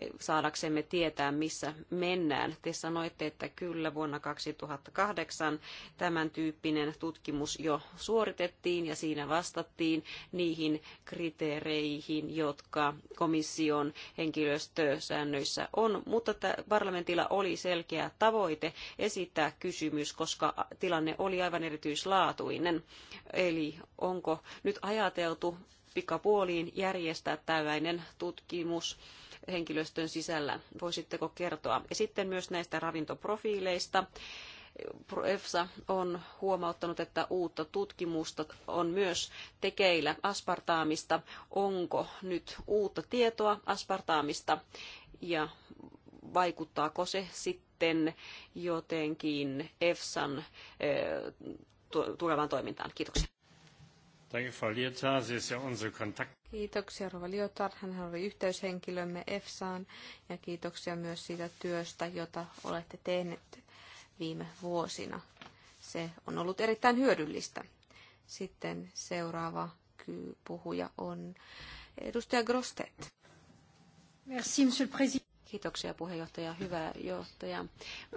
eh, saadaksemme tietää, missä mennään. Te sanoitte, että kyllä vuonna 2008 tämän tyyppinen tutkimus jo suoritettiin ja siinä vastattiin niihin kriteereihin, jotka komission henkilöstösäännöissä on, mutta parlamentilla oli selkeä tavoite esittää kysymys, koska tilanne oli aivan erityislaatuinen. Eli onko nyt ajateltu pikapuoliin järjestää tällainen tutkimus henkilöstön sisällä. Voisitteko kertoa? Ja sitten myös näistä ravintoprofiileista. EFSA on huomauttanut, että uutta tutkimusta on myös tekeillä aspartaamista. Onko nyt uutta tietoa aspartaamista ja vaikuttaako se sitten jotenkin EFSAn eh, tulevaan toimintaan? Kiitoksia. Kiitoksia Rova Liotar, hän oli yhteyshenkilömme EFSAan ja kiitoksia myös siitä työstä, jota olette tehneet viime vuosina. Se on ollut erittäin hyödyllistä. Sitten seuraava puhuja on edustaja Grostet. Merci, monsieur le président. Kiitoksia puheenjohtaja, hyvä johtaja.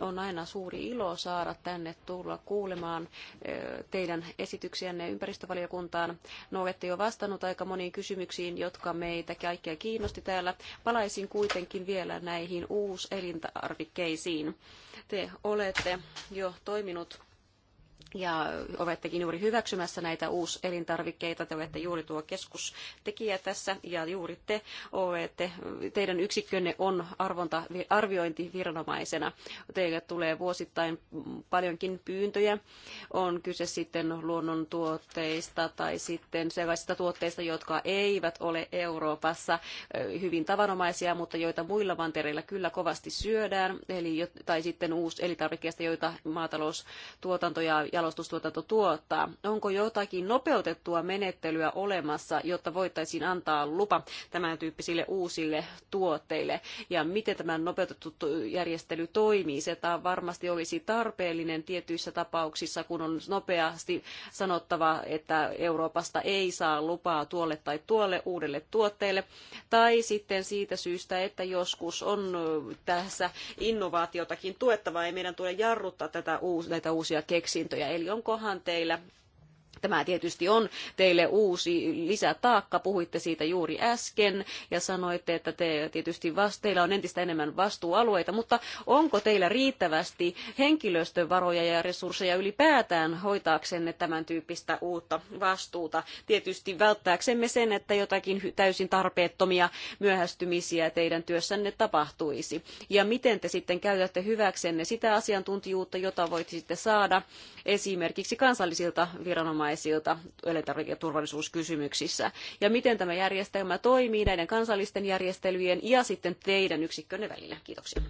On aina suuri ilo saada tänne tulla kuulemaan eh, teidän esityksiänne ympäristövaliokuntaan. No olette jo vastannut aika moniin kysymyksiin, jotka meitä kaikkia kiinnosti täällä. Palaisin kuitenkin vielä näihin uuselintarvikkeisiin. Te olette jo toiminut ja olettekin juuri hyväksymässä näitä uuselintarvikkeita. Te olette juuri tuo keskustekijä tässä ja juuri te olette, teidän yksikkönne on arvonta, arviointiviranomaisena. Teille tulee vuosittain paljonkin pyyntöjä. On kyse sitten luonnontuotteista tai sitten sellaisista tuotteista, jotka eivät ole Euroopassa hyvin tavanomaisia, mutta joita muilla mantereilla kyllä kovasti syödään. Eli, tai sitten uuselintarvikkeista, joita maataloustuotanto ja jalostustuotanto tuottaa. Onko jotakin nopeutettua menettelyä olemassa, jotta voitaisiin antaa lupa tämän tyyppisille uusille tuotteille? Ja miten tämä nopeutettu järjestely toimii? Se varmasti olisi tarpeellinen tietyissä tapauksissa, kun on nopeasti sanottava, että Euroopasta ei saa lupaa tuolle tai tuolle uudelle tuotteelle. Tai sitten siitä syystä, että joskus on tässä innovaatiotakin tuettava, ei meidän tule jarruttaa tätä näitä uusia keksintöjä. Eli onkohan teillä Tämä tietysti on teille uusi lisätaakka, puhuitte siitä juuri äsken ja sanoitte, että te tietysti teillä on entistä enemmän vastuualueita, mutta onko teillä riittävästi henkilöstövaroja ja resursseja ylipäätään hoitaaksenne tämän tyyppistä uutta vastuuta? Tietysti välttääksemme sen, että jotakin täysin tarpeettomia myöhästymisiä teidän työssänne tapahtuisi. Ja miten te sitten käytätte hyväksenne sitä asiantuntijuutta, jota voisitte saada esimerkiksi kansallisilta viranomaisilta? viranomaisilta elintarviketurvallisuuskysymyksissä. Ja miten tämä järjestelmä toimii näiden kansallisten järjestelyjen ja sitten teidän yksikkönne välillä. Kiitoksia.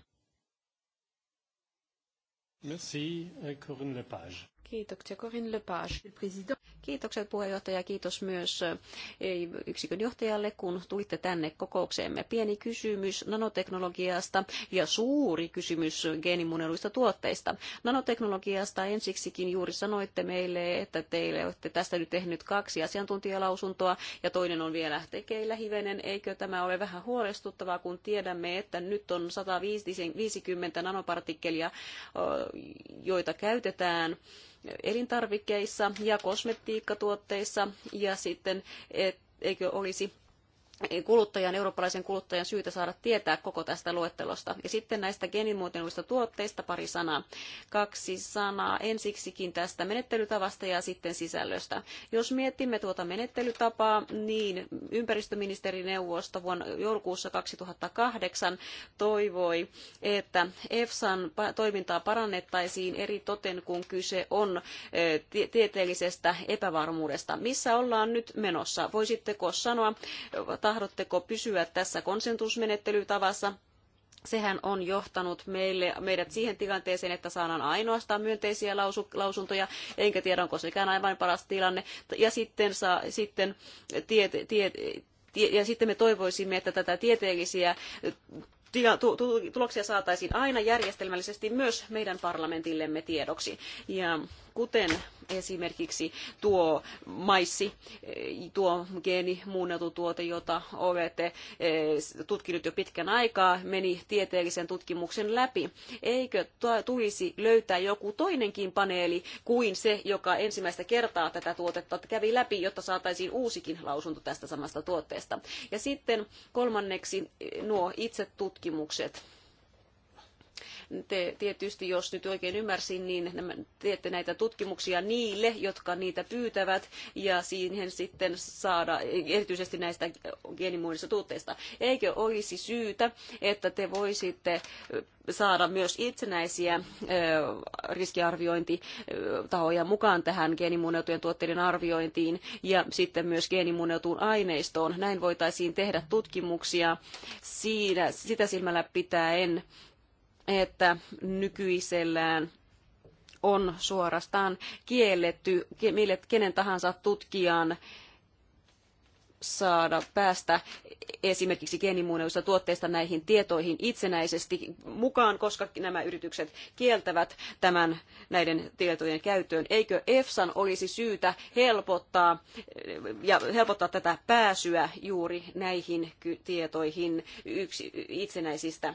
Merci, Corinne Lepage. Kiitoksia Corin Lepage. Kiitokset puheenjohtaja ja kiitos myös eh, yksikön johtajalle, kun tulitte tänne kokoukseemme. Pieni kysymys nanoteknologiasta ja suuri kysymys geenimuunneluista tuotteista. Nanoteknologiasta ensiksikin juuri sanoitte meille, että teille olette tästä nyt tehnyt kaksi asiantuntijalausuntoa ja toinen on vielä tekeillä hivenen. Eikö tämä ole vähän huolestuttavaa, kun tiedämme, että nyt on 150 nanopartikkelia, eh, joita käytetään elintarvikkeissa ja kosmetiikkatuotteissa ja sitten, et, eikö olisi kuluttajan, eurooppalaisen kuluttajan syytä saada tietää koko tästä luettelosta. Ja sitten näistä geenimuotoiluista tuotteista pari sanaa. Kaksi sanaa ensiksikin tästä menettelytavasta ja sitten sisällöstä. Jos mietimme tuota menettelytapaa, niin ympäristöministerineuvosto vuonna joulukuussa 2008 toivoi, että EFSAn toimintaa parannettaisiin eri toten, kun kyse on eh, tieteellisestä epävarmuudesta. Missä ollaan nyt menossa? Voisitteko sanoa, tahdotteko pysyä tässä konsensusmenettelytavassa? Sehän on johtanut meille, meidät siihen tilanteeseen, että saadaan ainoastaan myönteisiä lausu, lausuntoja, enkä tiedä, onko sekään aivan paras tilanne. Ja sitten, saa, sitten ja sitten me toivoisimme, että tätä tieteellisiä tuloksia saataisiin aina järjestelmällisesti myös meidän parlamentillemme tiedoksi. Ja kuten esimerkiksi tuo maissi, eh, tuo geenimuunneltu tuote, jota olette eh, tutkinut jo pitkän aikaa, meni tieteellisen tutkimuksen läpi. Eikö tulisi löytää joku toinenkin paneeli kuin se, joka ensimmäistä kertaa tätä tuotetta kävi läpi, jotta saataisiin uusikin lausunto tästä samasta tuotteesta. Ja sitten kolmanneksi eh, nuo itse tutkimukset te tietysti, jos nyt oikein ymmärsin, niin teette näitä tutkimuksia niille, jotka niitä pyytävät ja siihen sitten saada erityisesti näistä geenimuunnista tuotteista. Eikö olisi syytä, että te voisitte saada myös itsenäisiä riskiarviointitahoja mukaan tähän geenimuunneltujen tuotteiden arviointiin ja sitten myös geenimuunneltuun aineistoon. Näin voitaisiin tehdä tutkimuksia siinä, sitä silmällä pitäen, että nykyisellään on suorastaan kielletty kenen tahansa tutkijan saada päästä esimerkiksi geenimuunnelluista tuotteista näihin tietoihin itsenäisesti mukaan, koska nämä yritykset kieltävät tämän näiden tietojen käyttöön. Eikö EFSAn olisi syytä helpottaa, ja helpottaa tätä pääsyä juuri näihin tietoihin yksi, itsenäisistä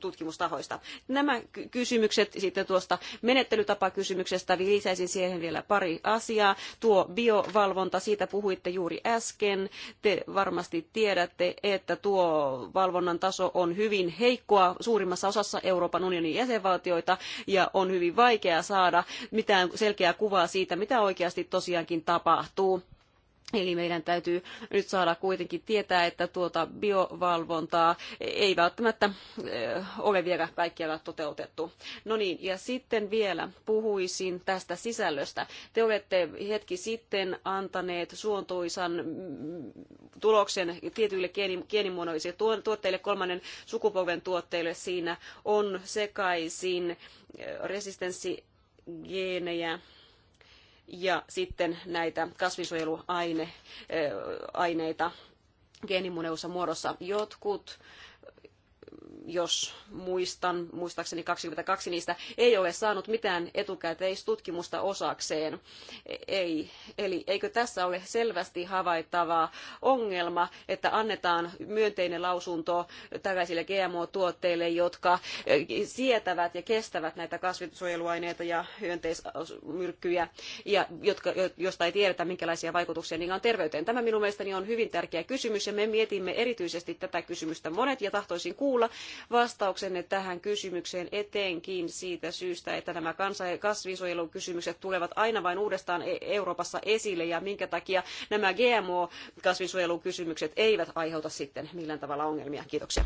tutkimustahoista. Nämä kysymykset sitten tuosta menettelytapakysymyksestä lisäisin siihen vielä pari asiaa. Tuo biovalvonta, siitä puhuitte juuri äsken. Te varmasti tiedätte, että tuo valvonnan taso on hyvin heikkoa suurimmassa osassa Euroopan unionin jäsenvaltioita ja on hyvin vaikea saada mitään selkeää kuvaa siitä, mitä oikeasti tosiaankin tapahtuu Eli meidän täytyy nyt saada kuitenkin tietää, että tuota biovalvontaa ei välttämättä ole vielä kaikkialla toteutettu. No niin, ja sitten vielä puhuisin tästä sisällöstä. Te olette hetki sitten antaneet suontuisan mm, tuloksen tietyille geenimuodoisille tuotteille, kolmannen sukupolven tuotteille. Siinä on sekaisin resistenssigeenejä ja sitten näitä kasvinsuojeluaineita geenimuunnellussa muodossa. Jotkut jos muistan, muistaakseni 22 niistä ei ole saanut mitään etukäteistutkimusta osakseen. Ei, eli eikö tässä ole selvästi havaittava ongelma, että annetaan myönteinen lausunto tällaisille GMO-tuotteille, jotka e, sietävät ja kestävät näitä kasvinsuojeluaineita ja hyönteismyrkkyjä, ja jotka, josta ei tiedetä, minkälaisia vaikutuksia niillä on terveyteen. Tämä minun mielestäni on hyvin tärkeä kysymys, ja me mietimme erityisesti tätä kysymystä monet, ja tahtoisin kuulla, vastauksenne tähän kysymykseen etenkin siitä syystä, että nämä kasvinsuojelukysymykset tulevat aina vain uudestaan e- Euroopassa esille ja minkä takia nämä GMO-kasvinsuojelukysymykset eivät aiheuta sitten millään tavalla ongelmia. Kiitoksia.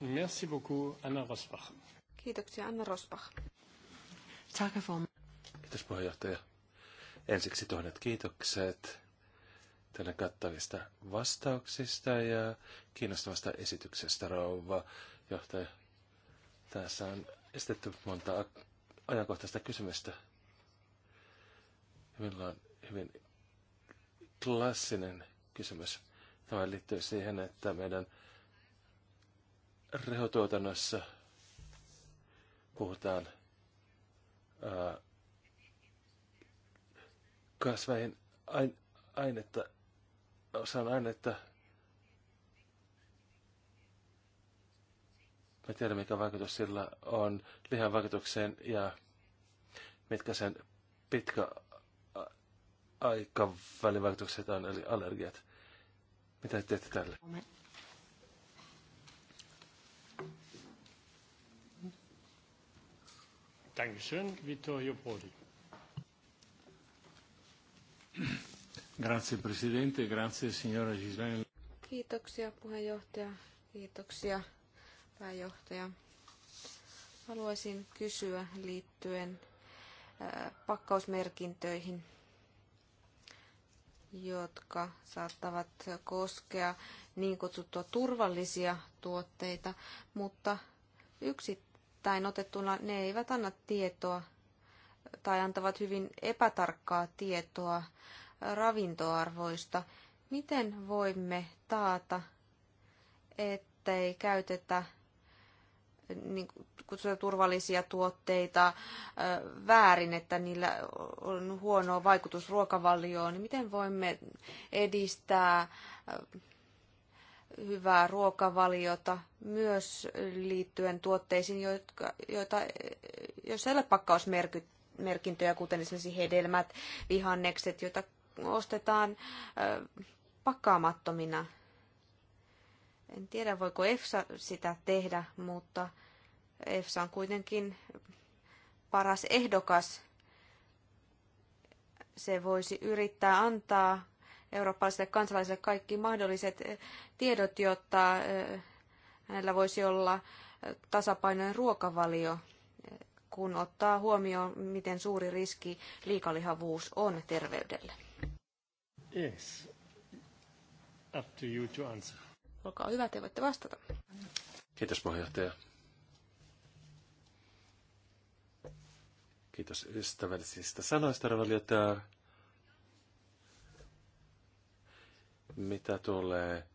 Merci beaucoup, Anna Rosbach. Kiitoksia, Anna Rosbach. Kiitos puheenjohtaja. Ensiksi tuhannet kiitokset teidän kattavista vastauksista ja kiinnostavasta esityksestä, rouva johtaja. Tässä on estetty monta ajankohtaista kysymystä. Minulla on hyvin klassinen kysymys. Tämä liittyy siihen, että meidän rehotuotannossa puhutaan ää, kasveihin ainetta sanoin, että mä tiedän, mikä vaikutus sillä on lihan vaikutukseen ja mitkä sen pitkä aikavälin vaikutukset on, eli allergiat. Mitä teette tälle? Dankeschön, Vittorio Prodi. Kiitoksia puheenjohtaja, kiitoksia pääjohtaja. Haluaisin kysyä liittyen äh, pakkausmerkintöihin, jotka saattavat koskea niin kutsuttua turvallisia tuotteita, mutta yksittäin otettuna ne eivät anna tietoa tai antavat hyvin epätarkkaa tietoa ravintoarvoista. Miten voimme taata, ettei käytetä niin kutsutaan turvallisia tuotteita väärin, että niillä on huono vaikutus ruokavalioon, niin miten voimme edistää hyvää ruokavaliota myös liittyen tuotteisiin, jotka, joita, joissa ei ole pakkausmerkintöjä, kuten esimerkiksi hedelmät, vihannekset, joita ostetaan pakkaamattomina. En tiedä, voiko EFSA sitä tehdä, mutta EFSA on kuitenkin paras ehdokas. Se voisi yrittää antaa eurooppalaisille kansalaisille kaikki mahdolliset tiedot, jotta hänellä voisi olla tasapainoinen ruokavalio, kun ottaa huomioon, miten suuri riski liikalihavuus on terveydelle. Yes. Up to you to answer. Olkaa hyvä, te voitte vastata. Kiitos puheenjohtaja. Kiitos ystävällisistä sanoista, Ravaliota. Mitä tulee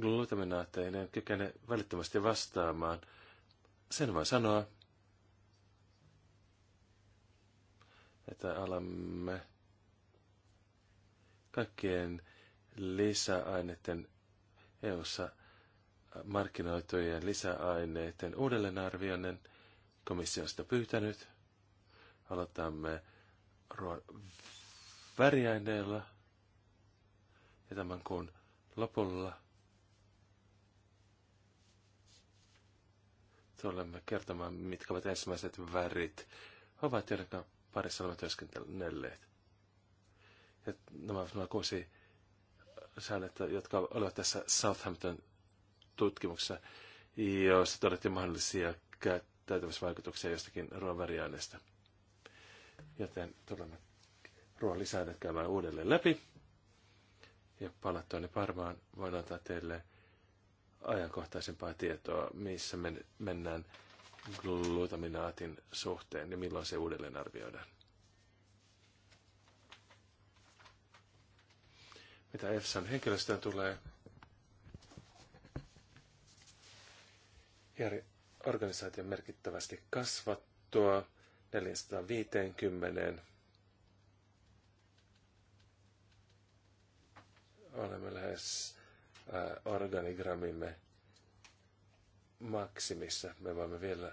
glutaminaatteihin, en kykene välittömästi vastaamaan. Sen voi sanoa, että alamme kaikkien lisäaineiden EU-ssa markkinoitujen lisäaineiden uudelleenarvioinnin. Komissio on sitä pyytänyt. Aloitamme ruoan väriaineilla ja tämän kuun lopulla tulemme kertomaan, mitkä ovat ensimmäiset värit ovat, joiden parissa olemme työskennelleet nämä ovat nämä kuusi säännettä, jotka olivat tässä Southampton tutkimuksessa, joissa todettiin mahdollisia käyttäytymisvaikutuksia jostakin ruoan väriaineesta. Joten tulemme ruoan lisäännet käymään uudelleen läpi. Ja palattuani Parmaan voin antaa teille ajankohtaisempaa tietoa, missä men- mennään glutaminaatin suhteen ja milloin se uudelleen arvioidaan. mitä EFSAn henkilöstöön tulee. Jari, organisaation merkittävästi kasvattua 450. Olemme lähes äh, organigrammimme maksimissa. Me voimme vielä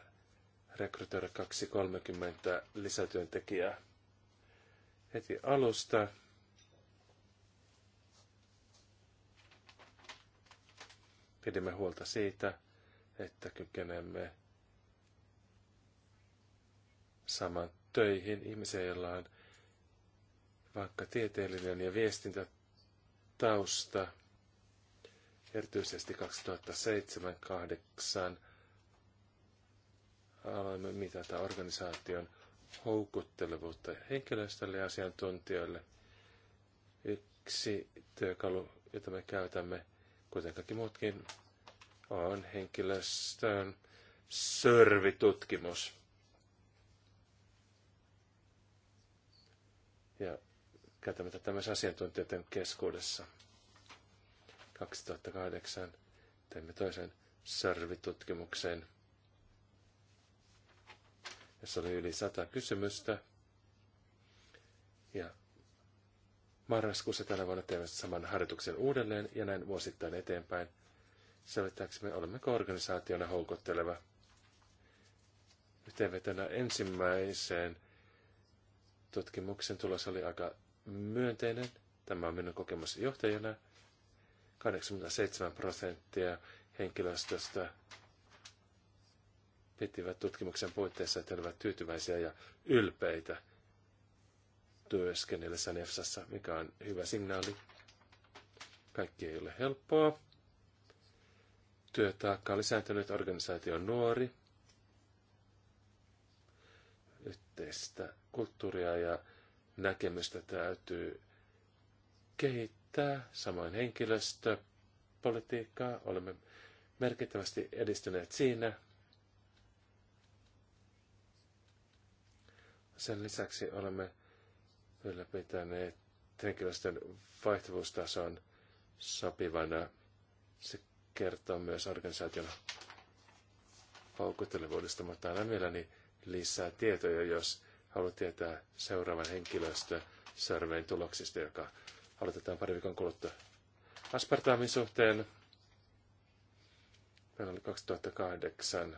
rekrytoida 230 lisätyöntekijää heti alusta. pidimme huolta siitä, että kykenemme saman töihin ihmisiä, joilla on vaikka tieteellinen ja viestintätausta, erityisesti 2007-2008 aloimme mitata organisaation houkuttelevuutta henkilöstölle ja asiantuntijoille. Yksi työkalu, jota me käytämme, kuten kaikki muutkin, on henkilöstön servitutkimus. Ja käytämme tätä myös asiantuntijoiden keskuudessa. 2008 teimme toisen servitutkimuksen, jossa oli yli sata kysymystä. Ja Marraskuussa tällä vuonna teemme saman harjoituksen uudelleen ja näin vuosittain eteenpäin. Selvittääksemme olemme organisaationa houkutteleva. Yhteenvetona ensimmäiseen tutkimuksen tulos oli aika myönteinen. Tämä on minun kokemus johtajana. 87 prosenttia henkilöstöstä pitivät tutkimuksen puitteissa, että olivat tyytyväisiä ja ylpeitä – työskennellessä Nefsassa, mikä on hyvä signaali. Kaikki ei ole helppoa. Työtaakka on lisääntynyt, organisaatio on nuori. Yhteistä kulttuuria ja näkemystä täytyy kehittää, samoin henkilöstö, politiikkaa. Olemme merkittävästi edistyneet siinä. Sen lisäksi olemme ylläpitäneet henkilöstön vaihtuvuustason sopivana. Se kertoo myös organisaation houkuttelevuudesta, mutta aina mielelläni lisää tietoja, jos haluat tietää seuraavan henkilöstö surveyn tuloksista, joka aloitetaan pari viikon kuluttua. Aspartaamin suhteen meillä oli 2008.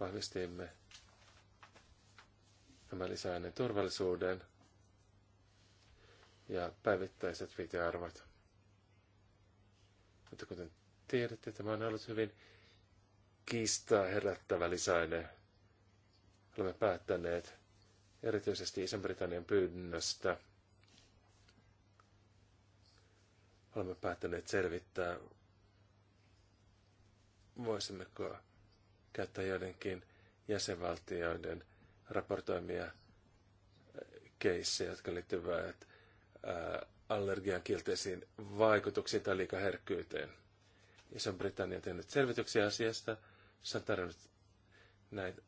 Vahvistimme Tämä lisää hänen turvallisuuden ja päivittäiset viitearvot. Mutta kuten tiedätte, tämä on ollut hyvin kiistaa herättävä lisäinen. Olemme päättäneet erityisesti iso britannian pyynnöstä. Olemme päättäneet selvittää, voisimmeko käyttää joidenkin jäsenvaltioiden raportoimia äh, keissejä, jotka liittyvät äh, allergian kielteisiin vaikutuksiin tai liikaherkkyyteen. Iso-Britannia on tehnyt selvityksiä asiasta. Se on tarjonnut näitä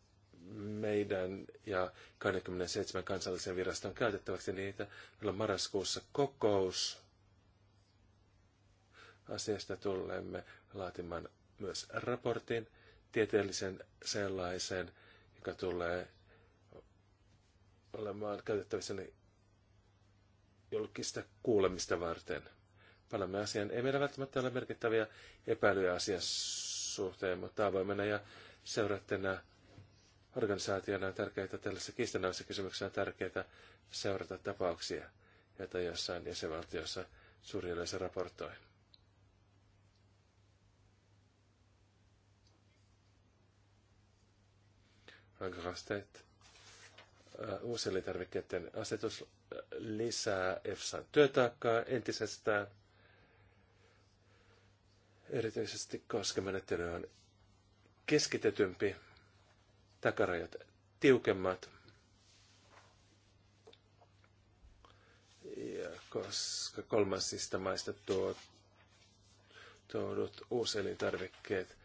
meidän ja 27 kansallisen viraston käytettäväksi niitä. Meillä on marraskuussa kokous. Asiasta tulemme laatimaan myös raportin, tieteellisen sellaisen, joka tulee olemaan käytettävissä julkista kuulemista varten. palamme asian. Ei meillä välttämättä ole merkittäviä epäilyjä asian suhteen, mutta avoimena ja seurattena organisaationa on tärkeää, tällaisessa kiistanaisessa kysymyksessä on tärkeää seurata tapauksia, joita jossain jäsenvaltiossa suuri yleisö raportoi. Rankkasteet uusien elintarvikkeiden asetus lisää EFSAn työtaakkaa entisestään, erityisesti koska menettely on keskitetympi, takarajat tiukemmat, ja koska kolmansista maista tuo, tuodut uuselintarvikkeet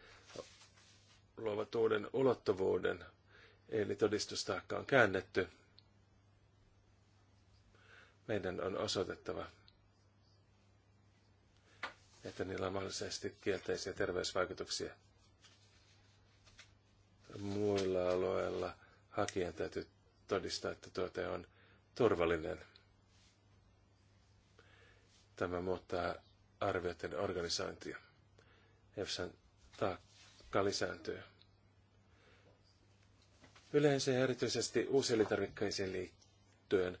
luovat uuden ulottuvuuden – Eli todistustaakka on käännetty. Meidän on osoitettava, että niillä on mahdollisesti kielteisiä terveysvaikutuksia. Muilla alueilla hakijan täytyy todistaa, että tuote on turvallinen. Tämä muuttaa arvioiden organisointia. EFSAn taakka lisääntyy. Yleensä ja erityisesti uuselintarvikkeisiin liittyen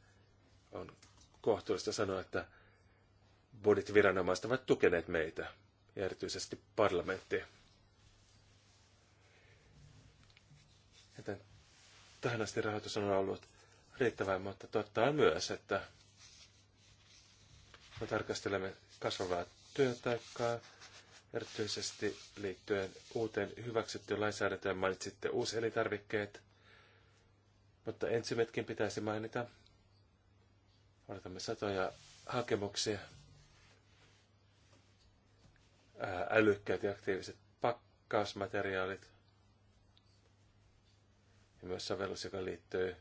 on kohtuullista sanoa, että budjettiviranomaiset ovat tukeneet meitä, ja erityisesti parlamentti. Joten tähän asti rahoitus on ollut riittävää, mutta totta on myös, että me tarkastelemme kasvavaa työtaikkaa, erityisesti liittyen uuteen hyväksyttyyn lainsäädäntöön mainitsitte uuselintarvikkeet. Mutta ensimetkin pitäisi mainita. Odotamme satoja hakemuksia. Älykkäät ja aktiiviset pakkausmateriaalit. Ja myös sovellus, joka liittyy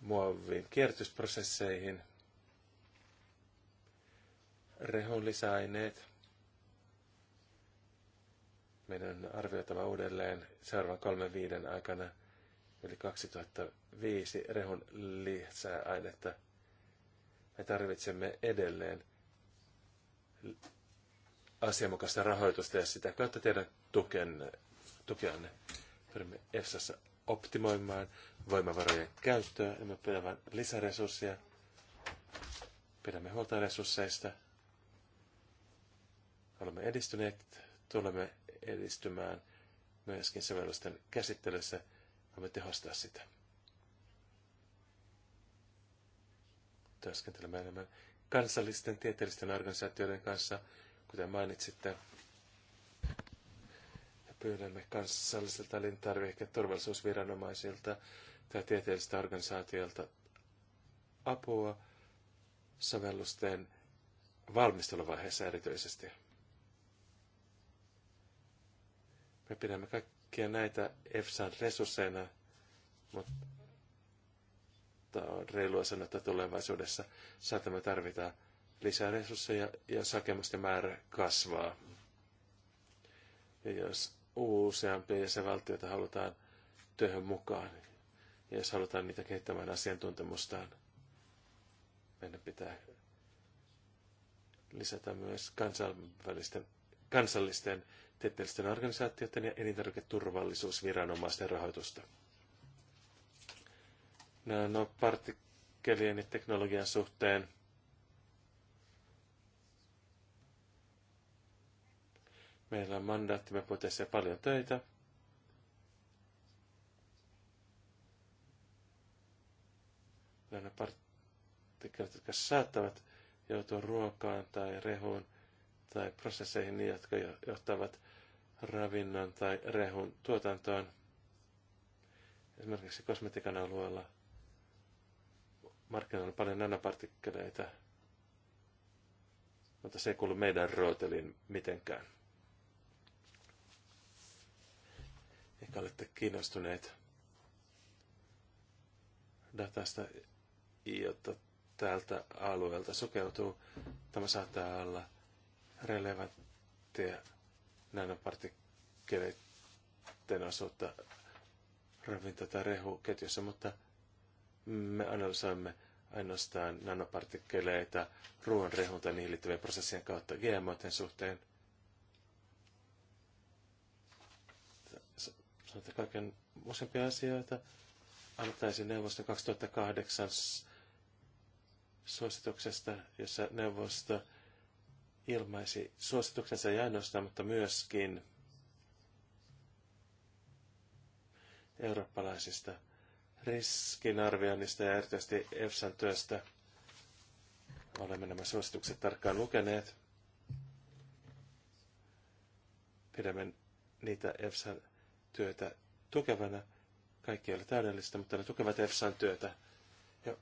muovin kierrätysprosesseihin. Rehun lisäaineet. Meidän on arvioitava uudelleen seuraavan kolmen viiden aikana yli 2005 rehun lisäainetta. Me tarvitsemme edelleen asianmukaista rahoitusta ja sitä kautta teidän tuken, tukeanne. Pyrimme EFSassa optimoimaan voimavarojen käyttöä, emme pidä vain lisäresursseja. Pidämme huolta resursseista. Olemme edistyneet, tulemme edistymään myöskin sovellusten käsittelyssä. Voimme tehostaa sitä. Työskentelemme enemmän kansallisten tieteellisten organisaatioiden kanssa, kuten mainitsitte. Ja pyydämme kansallisilta turvallisuusviranomaisilta tai tieteellisiltä organisaatioilta apua sovellusten valmisteluvaiheessa erityisesti. Me pidämme kaikkia näitä EFSAn resursseina, mutta on reilua sanoa, että tulevaisuudessa saatamme tarvita lisää resursseja ja sakemusten määrä kasvaa. Ja jos useampia jäsenvaltioita halutaan työhön mukaan, ja jos halutaan niitä kehittämään asiantuntemustaan, meidän pitää lisätä myös kansainvälisten, kansallisten tieteellisten organisaatioiden ja elintarviketurvallisuusviranomaisten rahoitusta. Nanopartikkelien ja teknologian suhteen meillä on mandaattimme puitteissa paljon töitä. Nanopartikkelit, jotka saattavat joutua ruokaan tai rehuun tai prosesseihin, jotka johtavat ravinnon tai rehun tuotantoon, esimerkiksi kosmetiikan alueella, markkinoilla on paljon nanopartikkeleita, mutta se ei kuulu meidän rooteliin mitenkään. Ehkä olette kiinnostuneet datasta, jota tältä alueelta sokeutuu. Tämä saattaa olla relevanttia nanopartikkeleiden asuutta ravinto- tai rehuketjussa, mutta me analysoimme ainoastaan nanopartikkeleita ruoan, rehun tai niihin liittyvien prosessien kautta GMOten suhteen. Sanotaan kaiken useampia asioita. Antaisin neuvosto 2008 suosituksesta, jossa neuvosto ilmaisi suosituksensa ei ainoastaan, mutta myöskin eurooppalaisista riskinarvioinnista ja erityisesti EFSAn työstä. Olemme nämä suositukset tarkkaan lukeneet. Pidämme niitä EFSAn työtä tukevana. Kaikki ei ole täydellistä, mutta ne tukevat EFSAn työtä ja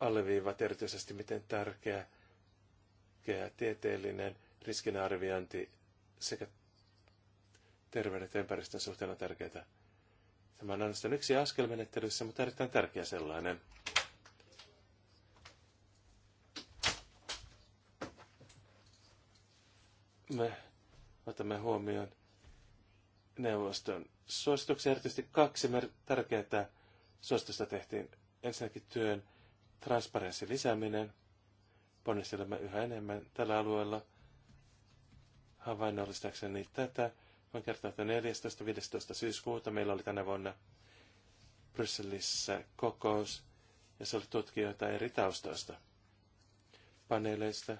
alleviivat erityisesti, miten tärkeä tieteellinen riskinarviointi sekä terveyden ja ympäristön suhteen on tärkeää. Tämä on ainoastaan yksi askel menettelyssä, mutta erittäin tärkeä sellainen. Me otamme huomioon neuvoston suosituksia. Erityisesti kaksi tärkeää suositusta tehtiin. Ensinnäkin työn transparenssin lisääminen – ponnistelemme yhä enemmän tällä alueella havainnollistakseni tätä. Voin kertoa, että 14.15. syyskuuta meillä oli tänä vuonna Brysselissä kokous, ja se oli tutkijoita eri taustoista, paneeleista,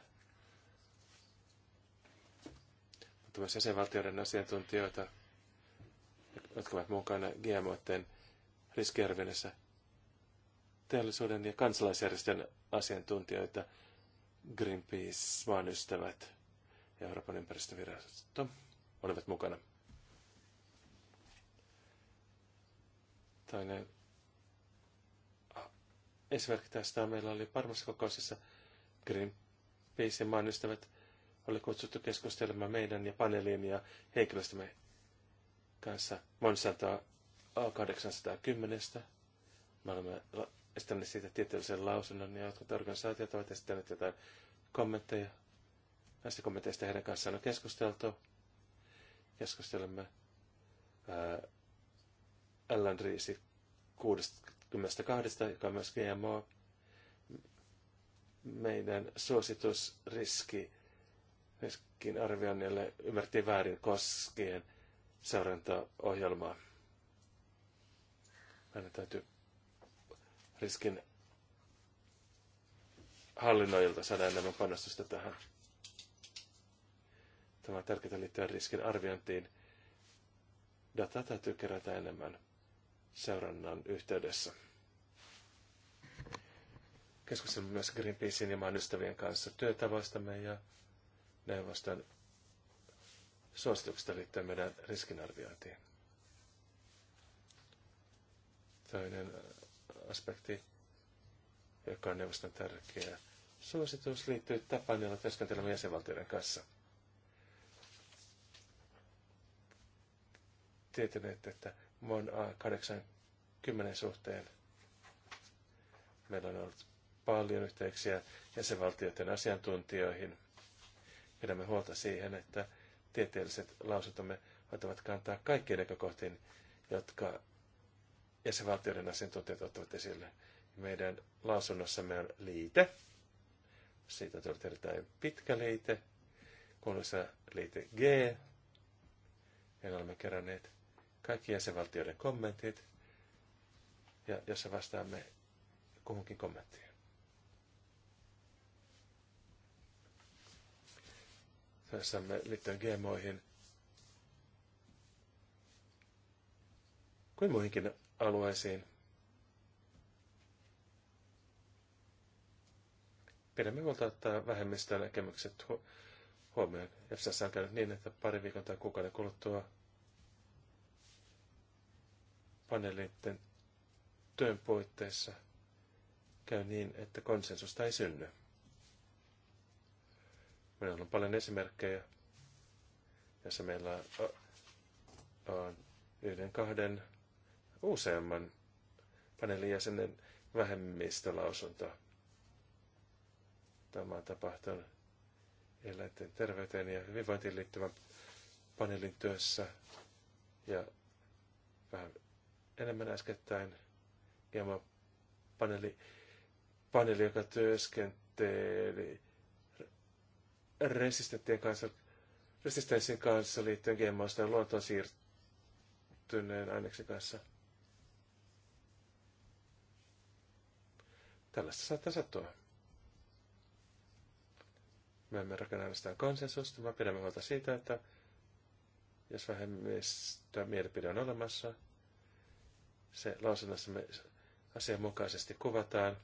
mutta myös jäsenvaltioiden asiantuntijoita, jotka ovat mukana GMOiden riskiarvioinnissa, teollisuuden ja kansalaisjärjestön asiantuntijoita – Greenpeace, maan ystävät ja Euroopan ympäristövirasto olivat mukana. Toinen esimerkki tästä on, meillä oli parmassa kokoisessa Greenpeace ja maan ystävät oli kutsuttu keskustelemaan meidän ja paneelin ja henkilöstömme kanssa Monsanto A810. Me olemme esittäneet siitä tieteellisen lausunnon, ja niin jotkut organisaatiot ovat esittäneet jotain kommentteja. Näistä kommenteista heidän kanssaan on keskusteltu. Keskustelemme Ellen Riisi 62, joka on myös GMO. Meidän suositusriski riskin arvioinnille ymmärrettiin väärin koskien seurantaohjelmaa. Meidän täytyy riskin hallinnoilta saada enemmän panostusta tähän. Tämä on tärkeää liittyä riskin arviointiin. Data täytyy kerätä enemmän seurannan yhteydessä. Keskustelin myös Greenpeacein ja maan ystävien kanssa työtavoistamme ja neuvoston suosituksista liittyen meidän riskinarviointiin. Toinen aspekti, joka on neuvoston tärkeä suositus, liittyy tapaan, jolla työskentelemme jäsenvaltioiden kanssa. Tietäneet, että MON A80 suhteen meillä on ollut paljon yhteyksiä jäsenvaltioiden asiantuntijoihin. Pidämme huolta siihen, että tieteelliset lausuntomme ottavat kantaa kaikkiin näkökohtiin, jotka jäsenvaltioiden asiantuntijat ottavat esille. Meidän lausunnossamme on liite. Siitä on erittäin pitkä liite. Kuuluisa liite G. Ja olemme keränneet kaikki jäsenvaltioiden kommentit, ja jossa vastaamme kuhunkin kommenttiin. me liittyen GMOihin, kuin muihinkin alueisiin. Pidämme huolta että vähemmistön näkemykset hu- huomioon. EFSAssa on käynyt niin, että pari viikon tai kuukauden kuluttua paneelien työn puitteissa käy niin, että konsensusta ei synny. Meillä on paljon esimerkkejä, jossa meillä on yhden, kahden useamman paneelin jäsenen vähemmistölausunto. Tämä on tapahtunut eläinten terveyteen ja hyvinvointiin liittyvän paneelin työssä ja vähän enemmän äskettäin hieman paneeli, paneeli joka työskenteli resistenttien kanssa, resistenssin kanssa liittyen GMOista ja luontoon siirtyneen aineksen kanssa – Tällaista saattaa sattua. Me emme rakenna mistään konsensusta, vaan pidämme huolta siitä, että jos vähemmistö mielipide on olemassa, se lausunnossa me asianmukaisesti kuvataan,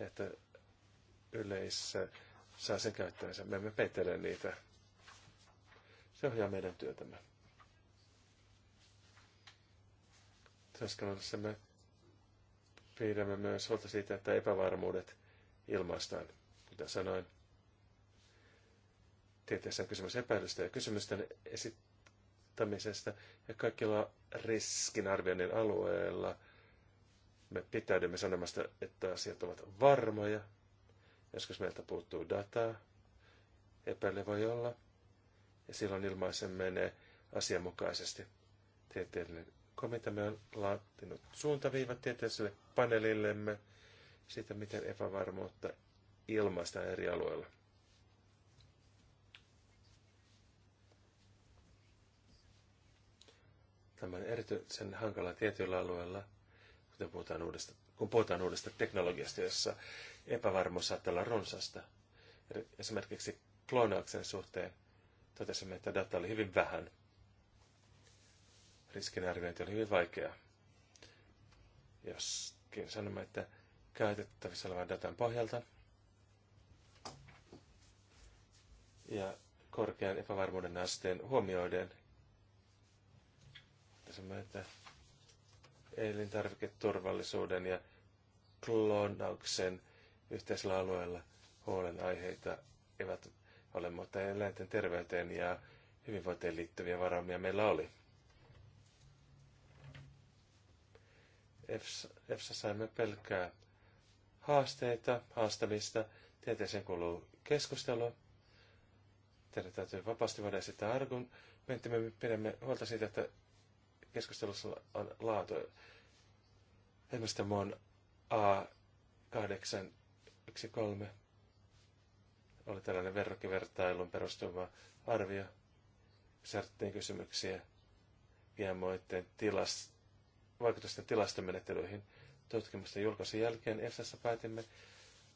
ja että yleissä saa sen käyttöönsä. Me emme peittele niitä. Se ohjaa meidän työtämme. Työskennellessä me pidämme myös huolta siitä, että epävarmuudet ilmaistaan, mitä sanoin. Tieteessä on kysymys epäilystä ja kysymysten esittämisestä ja kaikilla riskinarvioinnin alueilla me pitäydymme sanomasta, että asiat ovat varmoja. Joskus meiltä puuttuu dataa, epäile voi olla, ja silloin ilmaisemme ne asianmukaisesti. Tieteellinen me on laatinut suuntaviivat tieteelliselle paneelillemme siitä, miten epävarmuutta ilmaista eri alueilla. Tämä on erityisen hankala tietyillä alueilla, kuten puhutaan uudesta, kun puhutaan uudesta teknologiasta, jossa epävarmuus saattaa olla runsasta. Esimerkiksi kloonauksen suhteen totesimme, että data oli hyvin vähän – riskinarviointi oli hyvin vaikeaa. Joskin sanomme, että käytettävissä olevan datan pohjalta ja korkean epävarmuuden asteen huomioiden sanomme, että elintarviketurvallisuuden ja kloonauksen yhteisellä alueella huolenaiheita eivät ole, mutta eläinten terveyteen ja hyvinvointiin liittyviä varaumia meillä oli. EFSA emme pelkää haasteita, haastamista. Tieteeseen kuuluu keskustelu. Teidän täytyy vapaasti voida esittää argumentti. Me pidämme huolta siitä, että keskustelussa on laatu. Esimerkiksi tämä A813. Oli tällainen verrokkivertailun perustuva arvio. Särttiin kysymyksiä GMOiden tilasta vaikutusten tilastomenettelyihin. Tutkimusten julkaisun jälkeen EFSAssa päätimme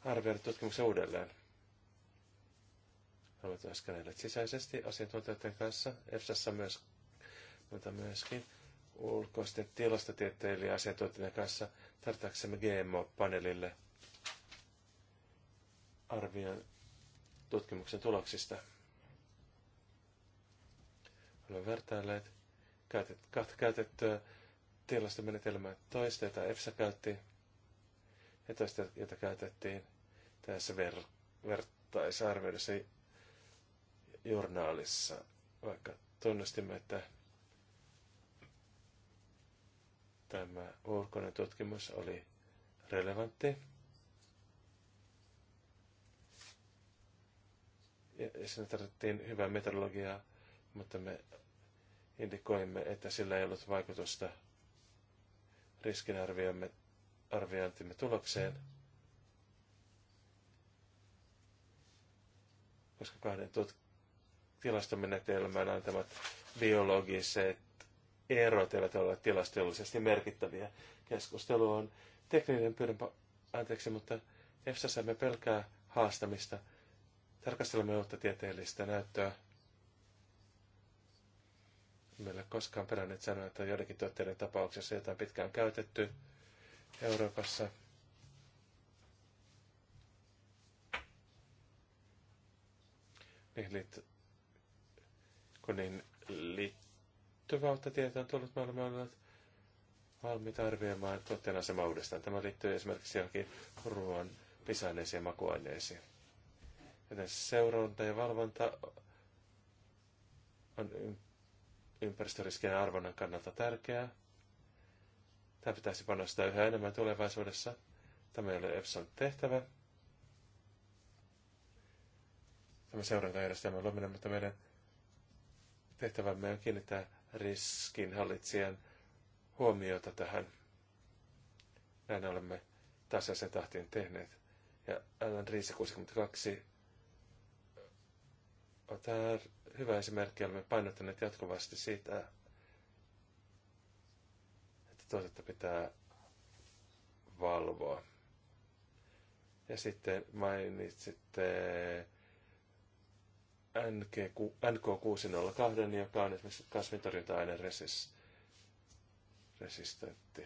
arvioida tutkimuksen uudelleen. Olemme työskennelleet sisäisesti asiantuntijoiden kanssa, EFSAssa myös, mutta myöskin ulkoisten tilastotieteilijä asiantuntijoiden kanssa tartaaksemme GMO-paneelille arvion tutkimuksen tuloksista. Olemme vertailleet käytet, kahta käytettyä tilastomenetelmää toista, jota EFSA käytti, ja toista, jota käytettiin tässä ver- vertaisarvioidussa journaalissa, vaikka tunnustimme, että tämä ulkoinen tutkimus oli relevantti. Ja siinä tarvittiin hyvää metodologiaa, mutta me indikoimme, että sillä ei ollut vaikutusta riskinarviointimme tulokseen, koska kahden tut- tilastomenetelmän antamat biologiset erot eivät ole tilastollisesti merkittäviä. Keskustelu on tekninen pyydänpä anteeksi, mutta EFSA saamme pelkää haastamista. Tarkastelemme uutta tieteellistä näyttöä Meille koskaan peränneet sanoa, että joidenkin tuotteiden tapauksessa jotain pitkään käytetty Euroopassa. Niihin liitty, kun niin liittyvältä tietoa on tullut, me olemme olleet valmiita arvioimaan tuotteen asemaa uudestaan. Tämä liittyy esimerkiksi johonkin ruoan lisäaineisiin ja makuaineisiin. Joten seuranta ja valvonta on ympäristöriskien arvonnan kannalta tärkeää. Tämä pitäisi panostaa yhä enemmän tulevaisuudessa. Tämä ei ole EPSOn tehtävä. Tämä seurantajärjestelmän luominen, mutta meidän tehtävämme on kiinnittää riskinhallitsijan huomiota tähän. Näin olemme sen tahtiin tehneet. Ja LN 62 on tär- hyvä esimerkki. Olemme painottaneet jatkuvasti siitä, että tuotetta pitää valvoa. Ja sitten mainitsitte NK, 602 joka on esimerkiksi kasvintorjunta-aine resis resistentti.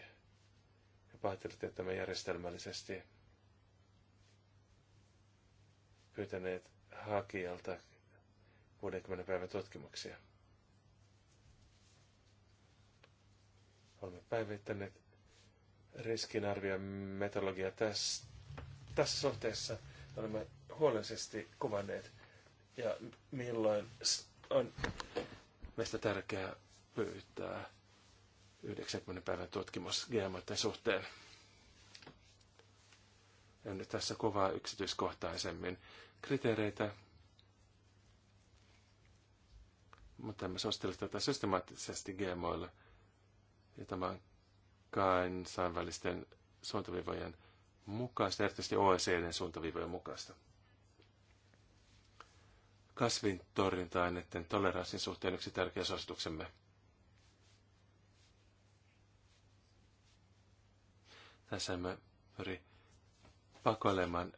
Ja pahoittelitte, että me järjestelmällisesti pyytäneet hakijalta 60 päivän tutkimuksia. Olemme päivittäneet riskinarvion metodologia tässä, tässä suhteessa. Olemme huolellisesti kuvanneet ja milloin on meistä tärkeää pyytää 90 päivän tutkimus GMOiden suhteen. En nyt tässä kuvaa yksityiskohtaisemmin kriteereitä, Mutta emme suosittele tätä systemaattisesti GMOille. Ja tämä on kansainvälisten suuntaviivojen mukaista, erityisesti OECDn suuntaviivojen mukaista. Kasvintorjunta-aineiden toleranssin suhteen yksi tärkeä suosituksemme. Tässä emme pyri pakoilemaan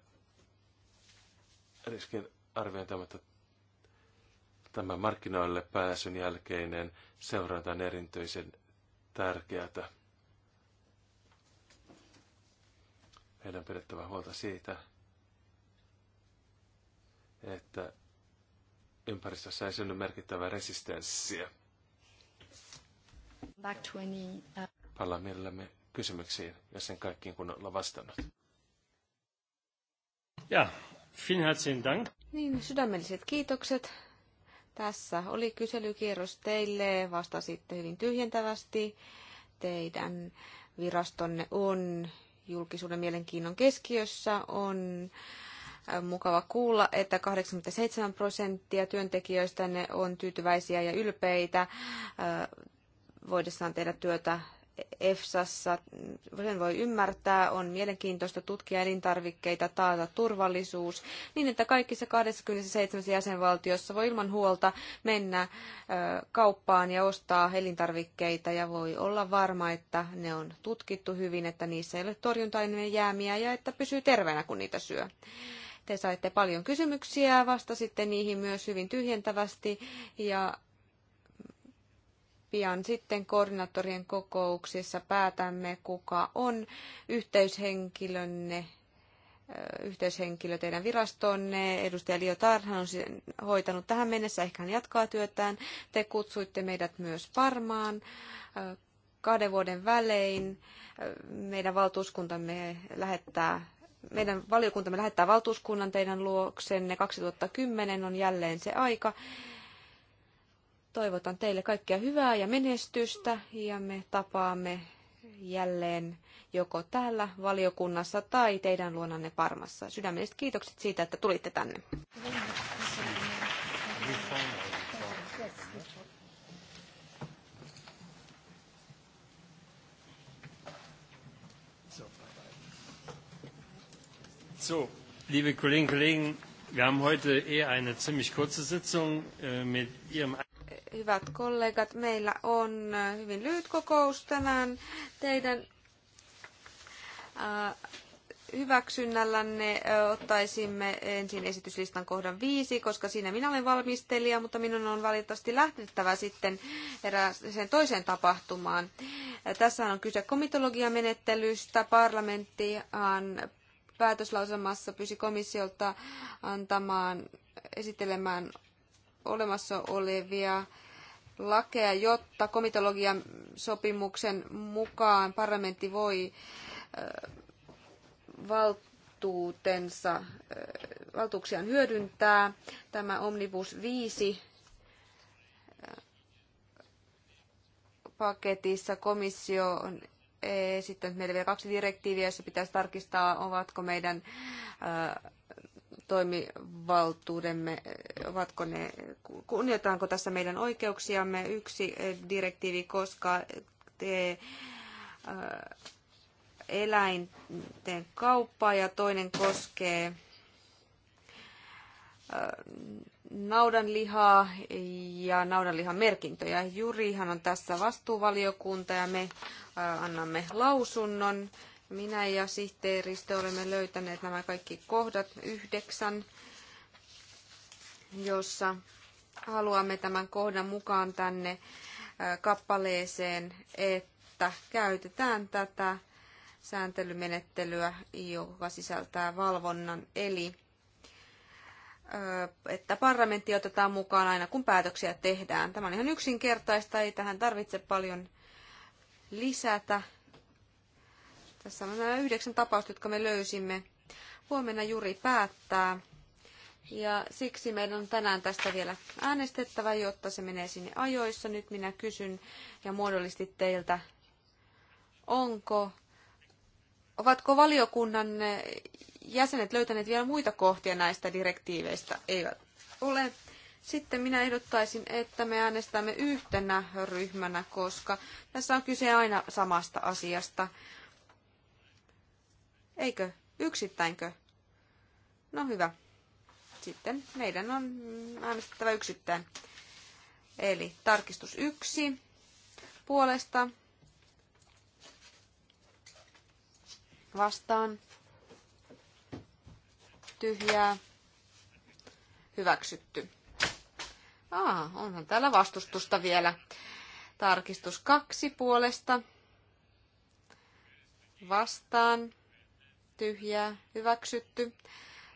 riskin arviointia, mutta Tämä markkinoille pääsyn jälkeinen seuranta on erityisen tärkeää. Meidän on pidettävä huolta siitä, että ympäristössä ei synny merkittävää resistenssiä. Uh, Palaan mielellämme kysymyksiin ja sen kaikkiin, kun ollaan vastannut. Ja, vielen herzlichen Dank. Niin, sydämelliset kiitokset. Tässä oli kyselykierros teille, vastasitte hyvin tyhjentävästi. Teidän virastonne on julkisuuden mielenkiinnon keskiössä, on äh, mukava kuulla, että 87 prosenttia työntekijöistä ne on tyytyväisiä ja ylpeitä äh, voidessaan tehdä työtä EFSassa, sen voi ymmärtää, on mielenkiintoista tutkia elintarvikkeita, taata turvallisuus, niin että kaikissa 27 jäsenvaltiossa voi ilman huolta mennä kauppaan ja ostaa elintarvikkeita ja voi olla varma, että ne on tutkittu hyvin, että niissä ei ole torjunta jäämiä ja että pysyy terveenä, kun niitä syö. Te saitte paljon kysymyksiä, vastasitte niihin myös hyvin tyhjentävästi ja pian sitten koordinaattorien kokouksissa päätämme, kuka on yhteyshenkilönne yhteyshenkilö teidän virastonne. Edustaja Lio Tarhan on hoitanut tähän mennessä, ehkä hän jatkaa työtään. Te kutsuitte meidät myös Parmaan kahden vuoden välein. Meidän valtuuskuntamme lähettää meidän valiokuntamme lähettää valtuuskunnan teidän luoksenne. 2010 on jälleen se aika. Toivotan teille kaikkea hyvää ja menestystä ja me tapaamme jälleen joko täällä valiokunnassa tai teidän luonanne Parmassa. Sydämelliset kiitokset siitä, että tulitte tänne. So, liebe Kolleginnen und Kollegen, wir haben heute eher eine ziemlich kurze Sitzung äh, mit Ihrem Hyvät kollegat, meillä on äh, hyvin lyhyt kokous tänään teidän äh, hyväksynnällänne äh, ottaisimme ensin esityslistan kohdan viisi, koska siinä minä olen valmistelija, mutta minun on valitettavasti lähdettävä sitten erääseen toiseen tapahtumaan. Tässä on kyse komitologiamenettelystä. on päätöslauselmassa pyysi komissiolta antamaan, esittelemään olemassa olevia lakeja, jotta komitologian sopimuksen mukaan parlamentti voi valtuutensa, valtuuksiaan hyödyntää. Tämä Omnibus 5 paketissa komissio on esittänyt meille vielä kaksi direktiiviä, joissa pitäisi tarkistaa, ovatko meidän toimivaltuudemme, ovatko ne, kunnioitaanko tässä meidän oikeuksiamme. Yksi direktiivi koska te, äh, eläinten kauppaa ja toinen koskee äh, naudanlihaa ja naudanlihan merkintöjä. Jurihan on tässä vastuuvaliokunta ja me äh, annamme lausunnon. Minä ja sihteeristö olemme löytäneet nämä kaikki kohdat yhdeksän, jossa haluamme tämän kohdan mukaan tänne kappaleeseen, että käytetään tätä sääntelymenettelyä, joka sisältää valvonnan. Eli että parlamentti otetaan mukaan aina, kun päätöksiä tehdään. Tämä on ihan yksinkertaista, ei tähän tarvitse paljon lisätä. Tässä on nämä yhdeksän tapausta, jotka me löysimme. Huomenna juuri päättää. Ja siksi meidän on tänään tästä vielä äänestettävä, jotta se menee sinne ajoissa. Nyt minä kysyn ja muodollisesti teiltä, onko, ovatko valiokunnan jäsenet löytäneet vielä muita kohtia näistä direktiiveistä? Eivät ole. Sitten minä ehdottaisin, että me äänestämme yhtenä ryhmänä, koska tässä on kyse aina samasta asiasta. Eikö? Yksittäinkö? No hyvä. Sitten meidän on äänestettävä yksittäin. Eli tarkistus yksi puolesta vastaan tyhjää hyväksytty. Aa, onhan täällä vastustusta vielä. Tarkistus kaksi puolesta vastaan tyhjää, hyväksytty.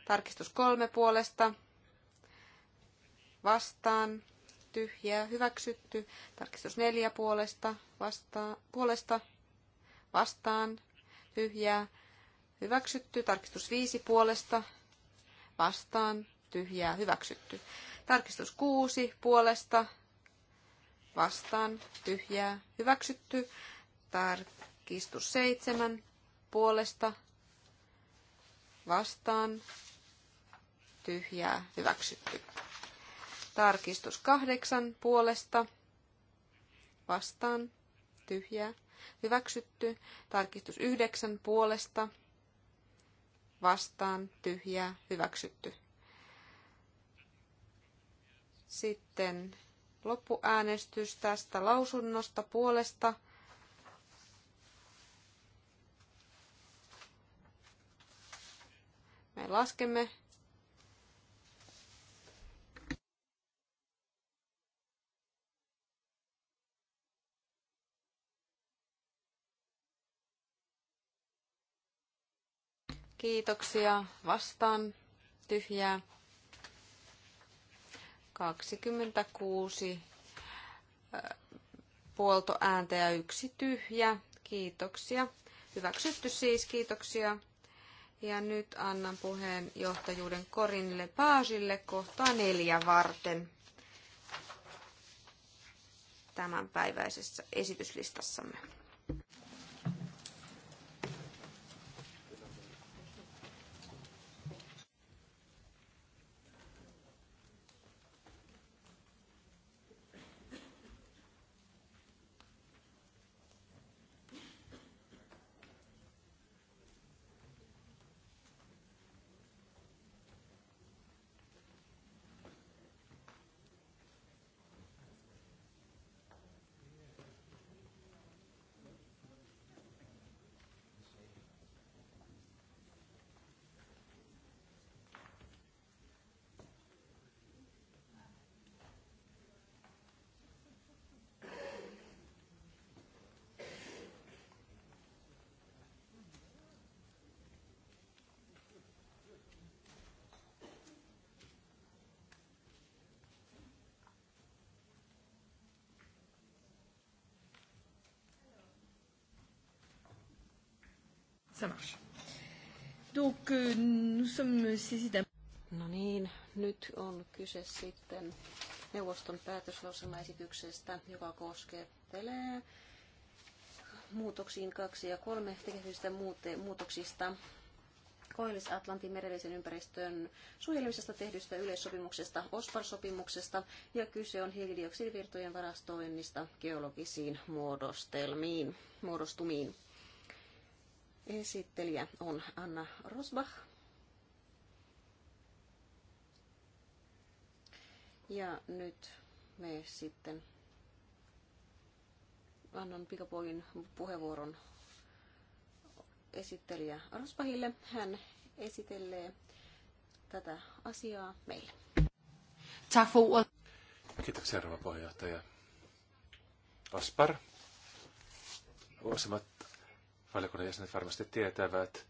Tarkistus kolme puolesta, vastaan, tyhjää, hyväksytty. Tarkistus neljä puolesta, vastaan, puolesta, vastaan, tyhjää, hyväksytty. Tarkistus viisi puolesta, vastaan, tyhjää, hyväksytty. Tarkistus kuusi puolesta, vastaan, tyhjää, hyväksytty. Tarkistus seitsemän puolesta, vastaan, tyhjää, hyväksytty. Tarkistus kahdeksan puolesta, vastaan, tyhjää, hyväksytty. Tarkistus yhdeksän puolesta, vastaan, tyhjää, hyväksytty. Sitten loppuäänestys tästä lausunnosta puolesta, laskemme. Kiitoksia. Vastaan. Tyhjää. 26 puolto ääntä ja yksi tyhjä. Kiitoksia. Hyväksytty siis. Kiitoksia. Ja nyt annan puheen johtajuuden korinille paasille kohtaa neljä varten tämänpäiväisessä esityslistassamme. Ça marche. Donc, euh, nous sommes saisis d'un... No niin, nyt on kyse sitten neuvoston päätöslauselmaesityksestä, joka koskettelee muutoksiin kaksi ja kolme tekevistä muutoksista Koillis-Atlantin merellisen ympäristön suojelemisesta tehdystä yleissopimuksesta, OSPAR-sopimuksesta, ja kyse on hiilidioksidivirtojen varastoinnista geologisiin muodostelmiin, muodostumiin. Esittelijä on Anna Rosbach. Ja nyt me sitten annan pikapuolin puheenvuoron esittelijä Rosbachille. Hän esittelee tätä asiaa meille. Kiitoksia, rouva puheenjohtaja. Aspar. Useimmat valiokunnan jäsenet varmasti tietävät,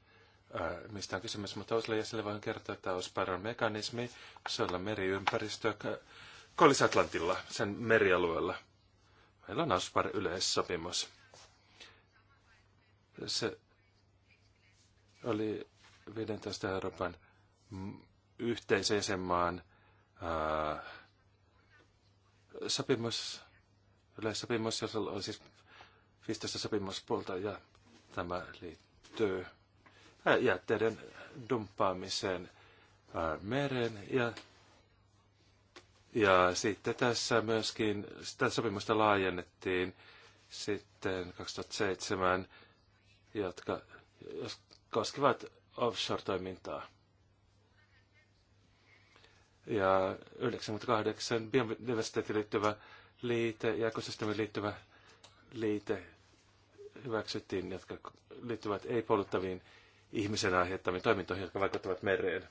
äh, mistä on kysymys, mutta toiselle jäsenelle voin kertoa, että Osparon mekanismi, se on meriympäristö Kolis-Atlantilla, sen merialueella. Meillä on Ospar yleissopimus. Se oli 15 Euroopan yhteisen jäsenmaan äh, sopimus, yleissopimus, jossa oli siis 15 sopimuspuolta ja Tämä liittyy äh, jätteiden dumppaamiseen äh, meren ja, ja sitten tässä myöskin sitä sopimusta laajennettiin sitten 2007, jotka koskevat offshore-toimintaa. Ja 98 biodiversiteettiin liittyvä liite ja ekosysteemiin liittyvä liite hyväksyttiin, jotka liittyvät ei-polttaviin ihmisen aiheuttamiin toimintoihin, jotka vaikuttavat mereen.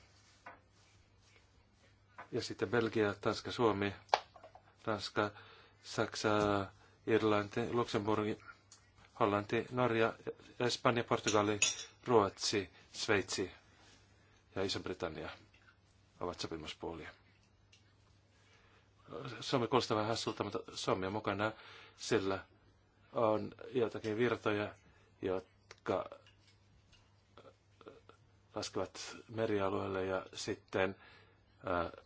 Ja sitten Belgia, Tanska, Suomi, Ranska, Saksa, Irlanti, Luxemburg, Hollanti, Norja, Espanja, Portugali, Ruotsi, Sveitsi ja Iso-Britannia ovat sopimuspuolia. Suomi kuulostaa vähän hassulta, mutta Suomi on mukana, sillä on jotakin virtoja, jotka laskevat merialueelle ja sitten äh,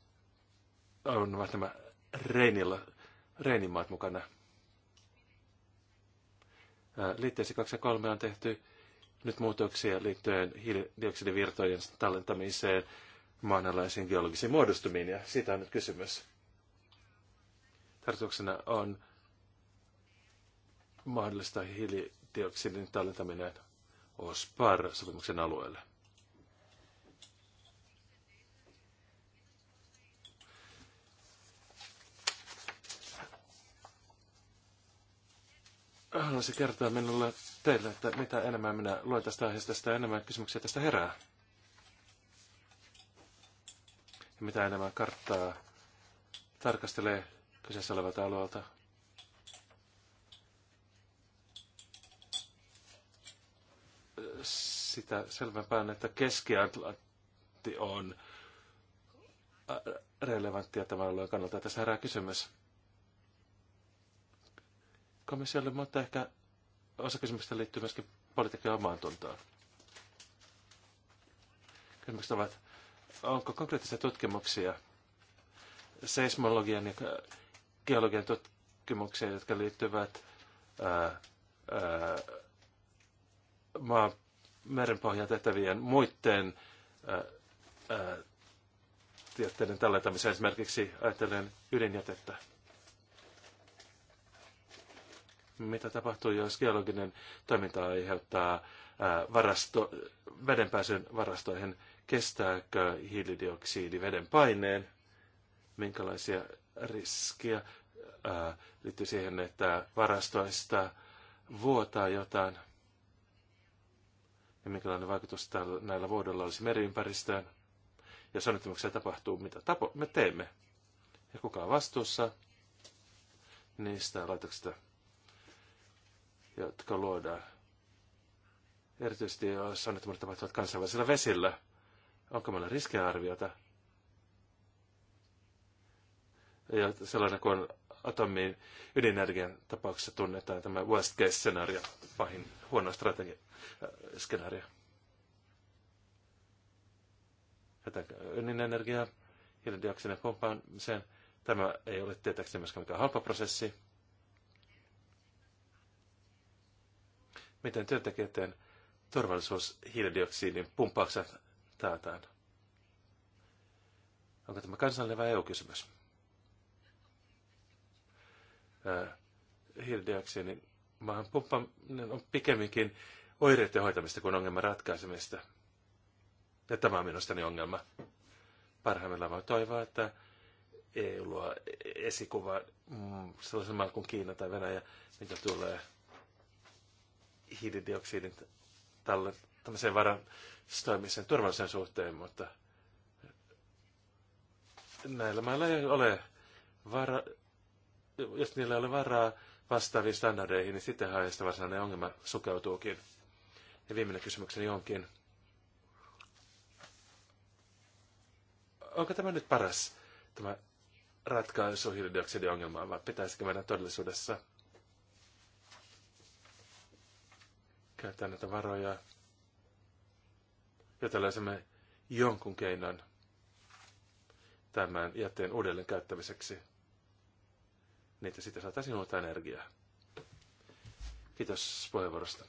on nämä Reinilla, Reinimaat mukana. Äh, liitteessä 2 ja 3 on tehty nyt muutoksia liittyen hiilidioksidivirtojen tallentamiseen maanalaisiin geologisiin muodostumiin ja siitä on nyt kysymys. Tarkoituksena on mahdollista hiilidioksidin tallentaminen OSPAR-sopimuksen alueelle. haluaisin kertoa minulle teille, että mitä enemmän minä luen tästä aiheesta, sitä enemmän kysymyksiä tästä herää. Ja mitä enemmän karttaa tarkastelee kyseessä olevalta alueelta, sitä selvempään, että keskiatlantti on äh, relevanttia tämän alueen kannalta. Tässä herää kysymys. Komissiolle, mutta ehkä osa kysymystä liittyy myöskin poliitikkojen omaan tuntoon. Kysymykset ovat, onko konkreettisia tutkimuksia seismologian ja geologian tutkimuksia, jotka liittyvät ää, äh, ää, äh, maan merenpohjan tehtävien muiden tietteiden tallentamiseen, esimerkiksi ajatellen ydinjätettä. Mitä tapahtuu, jos geologinen toiminta aiheuttaa varasto, vedenpääsyn varastoihin? Kestääkö hiilidioksidi veden paineen? Minkälaisia riskejä liittyy siihen, että varastoista vuotaa jotain? ja minkälainen vaikutus täällä, näillä vuodella olisi meriympäristöön. Ja onnettomuuksia tapahtuu, mitä tapo, me teemme. Ja kuka on vastuussa niistä laitoksista, jotka luodaan. Erityisesti jos onnettomuudet tapahtuvat kansainvälisillä vesillä. Onko meillä riskiarviota? Ja sellainen kuin atomiin ydinenergian tapauksessa tunnetaan tämä worst case scenario, pahin huono strategia skenaario. Ydinenergiaa, hiilidioksidin pumppaamiseen. Tämä ei ole tietääkseni myöskään mikään halpa prosessi. Miten työntekijöiden turvallisuus hiilidioksidin pumppaukset taataan? Onko tämä kansallinen vai EU-kysymys? hiilidioksidin maahan pumppaaminen on pikemminkin oireiden hoitamista kuin ongelman ratkaisemista. Ja tämä on minustani ongelma. Parhaimmillaan voi toivoa, että EU luo esikuva mm, sellaisen maan kuin Kiina tai Venäjä, mitä tulee hiilidioksidin tälle, tämmöiseen varastoimisen turvallisen suhteen, mutta näillä mailla ei ole vara, jos niillä ei ole varaa vastaaviin standardeihin, niin sitten heistä varsinainen ongelma sukeutuukin. Ja viimeinen kysymykseni onkin, onko tämä nyt paras, tämä ratkaisu hiilidioksidiongelmaan, vai pitäisikö meidän todellisuudessa käyttää näitä varoja, jotta löysimme jonkun keinon tämän jätteen uudelleen käyttämiseksi. Niitä siitä saataisiin uutta energiaa. Kiitos puheenvuorosta.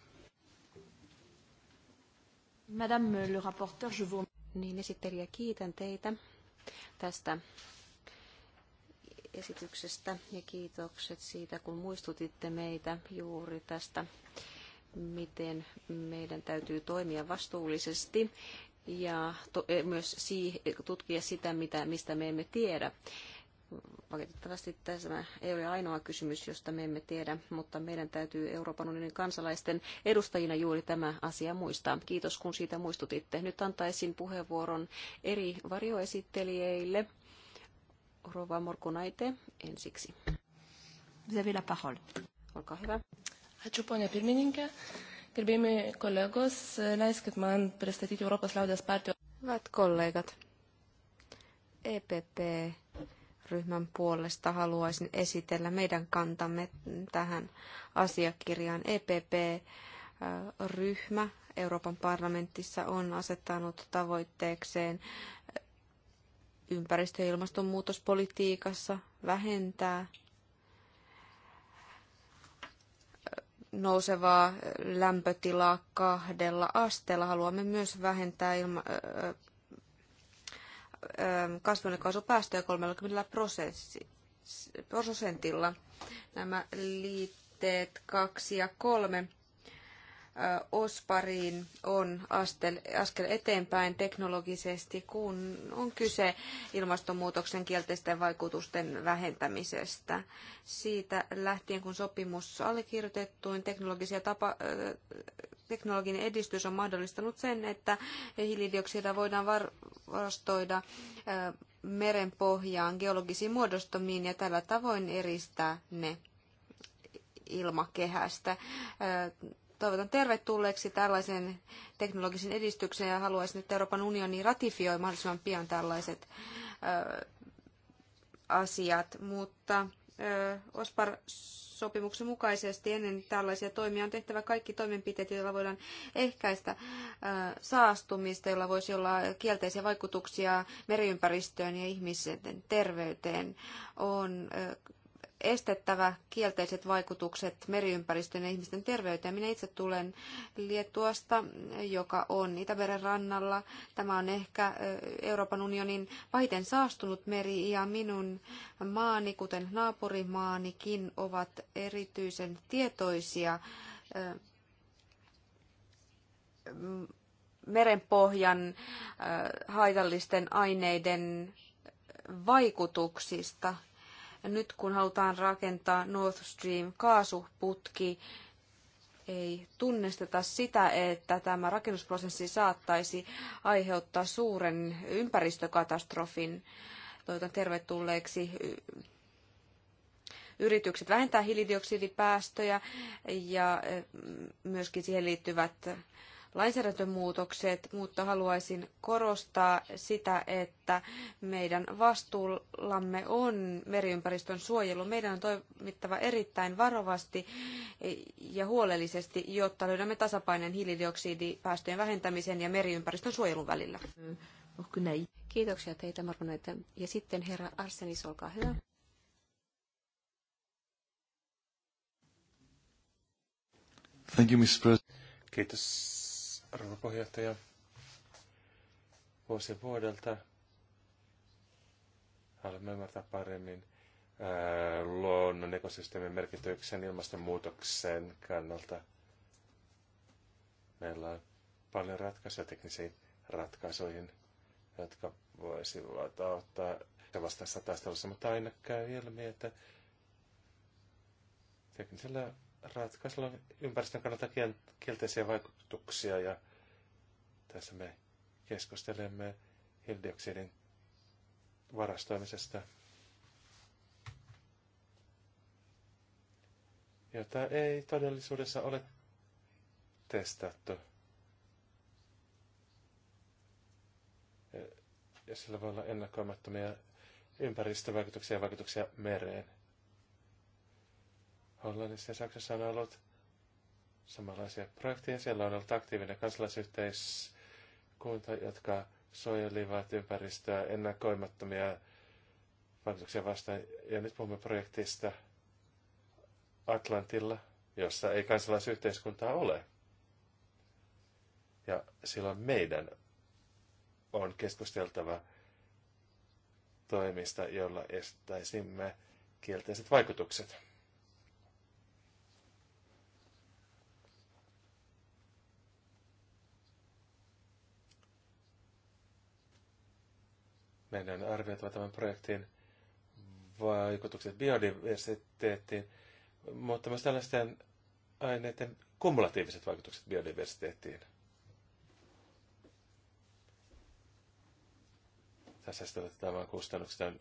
Madame le rapporteur, je vous... Niin esittelijä, kiitän teitä tästä esityksestä ja kiitokset siitä, kun muistutitte meitä juuri tästä, miten meidän täytyy toimia vastuullisesti ja eh, myös tutkia sitä, mitä, mistä me emme tiedä. Valitettavasti tämä ei ole ainoa kysymys, josta me emme tiedä, mutta meidän täytyy Euroopan unionin kansalaisten edustajina juuri tämä asia muistaa. Kiitos, kun siitä muistutitte. Nyt antaisin puheenvuoron eri varjoesittelijöille. Rova Morkunaite ensiksi. Vous avez Olkaa hyvä. Ačiū, ponia pirmininkė. Gerbėjami kolegos, leiskit man pristatyti Europos liaudės partijos. Hyvät kollegat, EPP ryhmän puolesta haluaisin esitellä meidän kantamme tähän asiakirjaan. EPP-ryhmä Euroopan parlamentissa on asettanut tavoitteekseen ympäristö- ja ilmastonmuutospolitiikassa vähentää nousevaa lämpötilaa kahdella asteella. Haluamme myös vähentää ilma- Ähm, kasvihuonekaasupäästöjä 30 prosentilla. Nämä liitteet 2 ja 3 äh, Ospariin on astel, askel eteenpäin teknologisesti, kun on kyse ilmastonmuutoksen kielteisten vaikutusten vähentämisestä. Siitä lähtien, kun sopimus allekirjoitettuin, teknologisia tapa, teknologinen edistys on mahdollistanut sen, että hiilidioksidia voidaan varastoida merenpohjaan geologisiin muodostumiin ja tällä tavoin eristää ne ilmakehästä. Toivotan tervetulleeksi tällaisen teknologisen edistyksen ja haluaisin, että Euroopan unioni ratifioi mahdollisimman pian tällaiset asiat, mutta OSPAR-sopimuksen mukaisesti ennen tällaisia toimia on tehtävä kaikki toimenpiteet, joilla voidaan ehkäistä saastumista, jolla voisi olla kielteisiä vaikutuksia meriympäristöön ja ihmisten terveyteen. On estettävä kielteiset vaikutukset meriympäristön ja ihmisten terveyteen. Minä itse tulen Liettuasta, joka on Itämeren rannalla. Tämä on ehkä Euroopan unionin pahiten saastunut meri ja minun maani, kuten naapurimaanikin, ovat erityisen tietoisia merenpohjan haitallisten aineiden vaikutuksista nyt kun halutaan rakentaa North Stream kaasuputki, ei tunnisteta sitä, että tämä rakennusprosessi saattaisi aiheuttaa suuren ympäristökatastrofin. Toivotan tervetulleeksi yritykset vähentää hiilidioksidipäästöjä ja myöskin siihen liittyvät lainsäädäntömuutokset, mutta haluaisin korostaa sitä, että meidän vastuullamme on meriympäristön suojelu. Meidän on toimittava erittäin varovasti ja huolellisesti, jotta löydämme tasapainon hiilidioksidipäästöjen vähentämisen ja meriympäristön suojelun välillä. Kiitoksia teitä, Marmoneita. Ja sitten herra Arsenis, olkaa hyvä. Thank you, Mrs. President. Kiitos rouva puheenjohtaja. Vuosi vuodelta haluamme ymmärtää paremmin ää, luonnon ekosysteemin merkityksen ilmastonmuutoksen kannalta. Meillä on paljon ratkaisuja teknisiin ratkaisuihin, jotka voisivat auttaa vastaessa taistelussa, mutta aina käy ilmi, että teknisellä ratkaisulla on ympäristön kannalta kielteisiä vaikutuksia ja tässä me keskustelemme hiilidioksidin varastoimisesta, jota ei todellisuudessa ole testattu. Ja sillä voi olla ennakoimattomia ympäristövaikutuksia ja vaikutuksia mereen. Hollannissa ja Saksassa on ollut samanlaisia projekteja. Siellä on ollut aktiivinen kansalaisyhteiskunta, jotka suojelivat ympäristöä ennakoimattomia vaikutuksia vastaan. Ja nyt puhumme projektista Atlantilla, jossa ei kansalaisyhteiskuntaa ole. Ja silloin meidän on keskusteltava toimista, jolla estäisimme kielteiset vaikutukset. Meidän on arvioitava tämän projektin vaikutukset biodiversiteettiin, mutta myös tällaisten aineiden kumulatiiviset vaikutukset biodiversiteettiin. Tässä sitten vain kustannukset on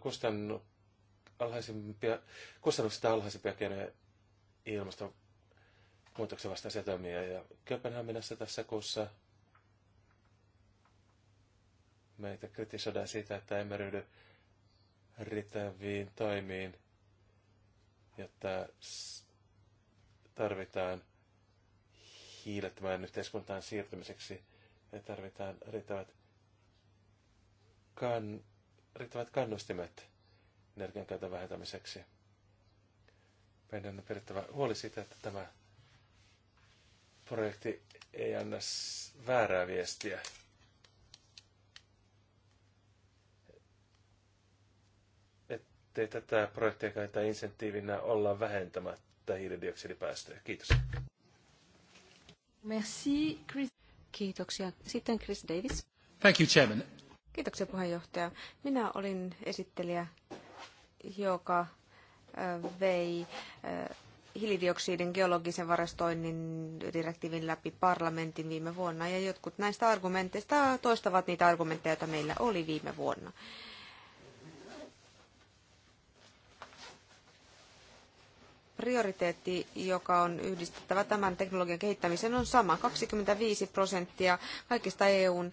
kustannu, alhaisimpia, kustannuksista alhaisimpia keinoja ilmaston muutoksen vasta setämiä Ja Kööpenhaminassa tässä kuussa meitä kritisoidaan siitä, että emme ryhdy riittäviin toimiin, jotta tarvitaan hiilettömään yhteiskuntaan siirtymiseksi ja tarvitaan riittävät, kan, riittävät kannustimet energiankäytön vähentämiseksi. Meidän on pidettävä huoli siitä, että tämä projekti ei anna väärää viestiä. Ettei tätä projektia käytä insentiivinä olla vähentämättä hiilidioksidipäästöjä. Kiitos. Merci, Chris. Kiitoksia. Sitten Chris Davis. Thank you, Chairman. Kiitoksia puheenjohtaja. Minä olin esittelijä, joka vei hiilidioksidin geologisen varastoinnin direktiivin läpi parlamentin viime vuonna, ja jotkut näistä argumenteista toistavat niitä argumentteja, joita meillä oli viime vuonna. prioriteetti, joka on yhdistettävä tämän teknologian kehittämiseen, on sama. 25 prosenttia kaikista EUn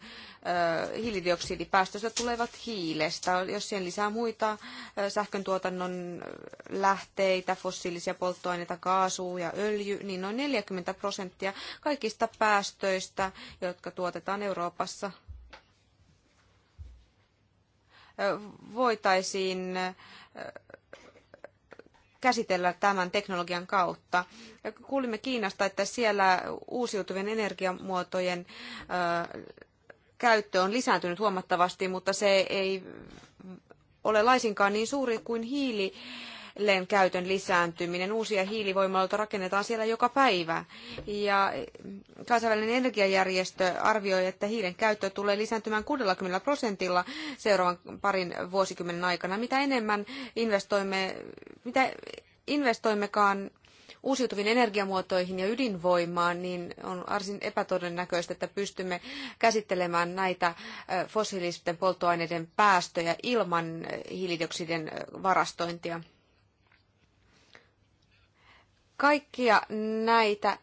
hiilidioksidipäästöistä tulevat hiilestä. Jos siihen lisää muita sähköntuotannon lähteitä, fossiilisia polttoaineita, kaasua ja öljy, niin noin 40 prosenttia kaikista päästöistä, jotka tuotetaan Euroopassa, voitaisiin käsitellä tämän teknologian kautta. Kuulimme Kiinasta, että siellä uusiutuvien energiamuotojen käyttö on lisääntynyt huomattavasti, mutta se ei ole laisinkaan niin suuri kuin hiili hiilen käytön lisääntyminen. Uusia hiilivoimaloita rakennetaan siellä joka päivä. Ja eh, kansainvälinen energiajärjestö arvioi, että hiilen käyttö tulee lisääntymään 60 prosentilla seuraavan parin vuosikymmenen aikana. Mitä enemmän investoimme, mitä investoimmekaan uusiutuviin energiamuotoihin ja ydinvoimaan, niin on varsin epätodennäköistä, että pystymme käsittelemään näitä eh, fossiilisten polttoaineiden päästöjä ilman eh, hiilidioksidin varastointia. Kaikkia näitä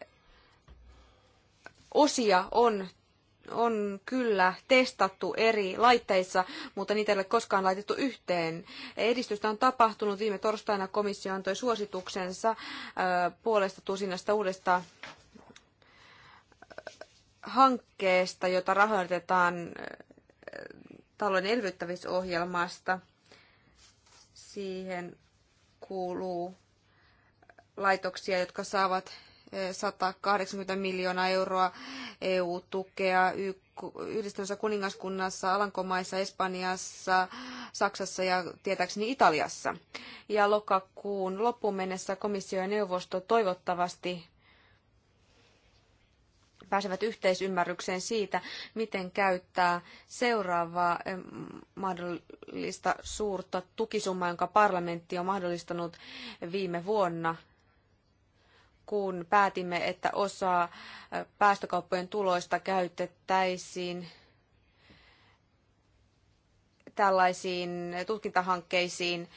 osia on on kyllä testattu eri laitteissa, mutta niitä ei ole koskaan laitettu yhteen. Edistystä on tapahtunut. Viime torstaina komissio antoi suosituksensa puolesta tusinasta uudesta hankkeesta, jota rahoitetaan talouden elvyttämisohjelmasta. Siihen kuuluu laitoksia, jotka saavat 180 eh, miljoonaa euroa EU-tukea yhdistyneessä kuningaskunnassa, Alankomaissa, Espanjassa, Saksassa ja tietääkseni Italiassa. Ja lokakuun loppuun mennessä komissio ja neuvosto toivottavasti pääsevät yhteisymmärrykseen siitä, miten käyttää seuraavaa eh, mahdollista suurta tukisummaa, jonka parlamentti on mahdollistanut viime vuonna kun päätimme, että osa päästökauppojen tuloista käytettäisiin tällaisiin tutkintahankkeisiin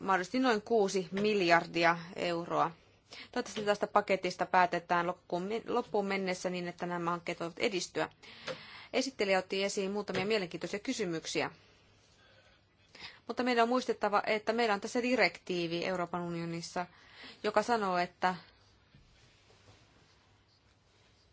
mahdollisesti noin 6 miljardia euroa. Toivottavasti tästä paketista päätetään loppuun mennessä niin, että nämä hankkeet voivat edistyä. Esittelijä otti esiin muutamia mielenkiintoisia kysymyksiä. Mutta meidän on muistettava, että meillä on tässä direktiivi Euroopan unionissa – joka sanoo, että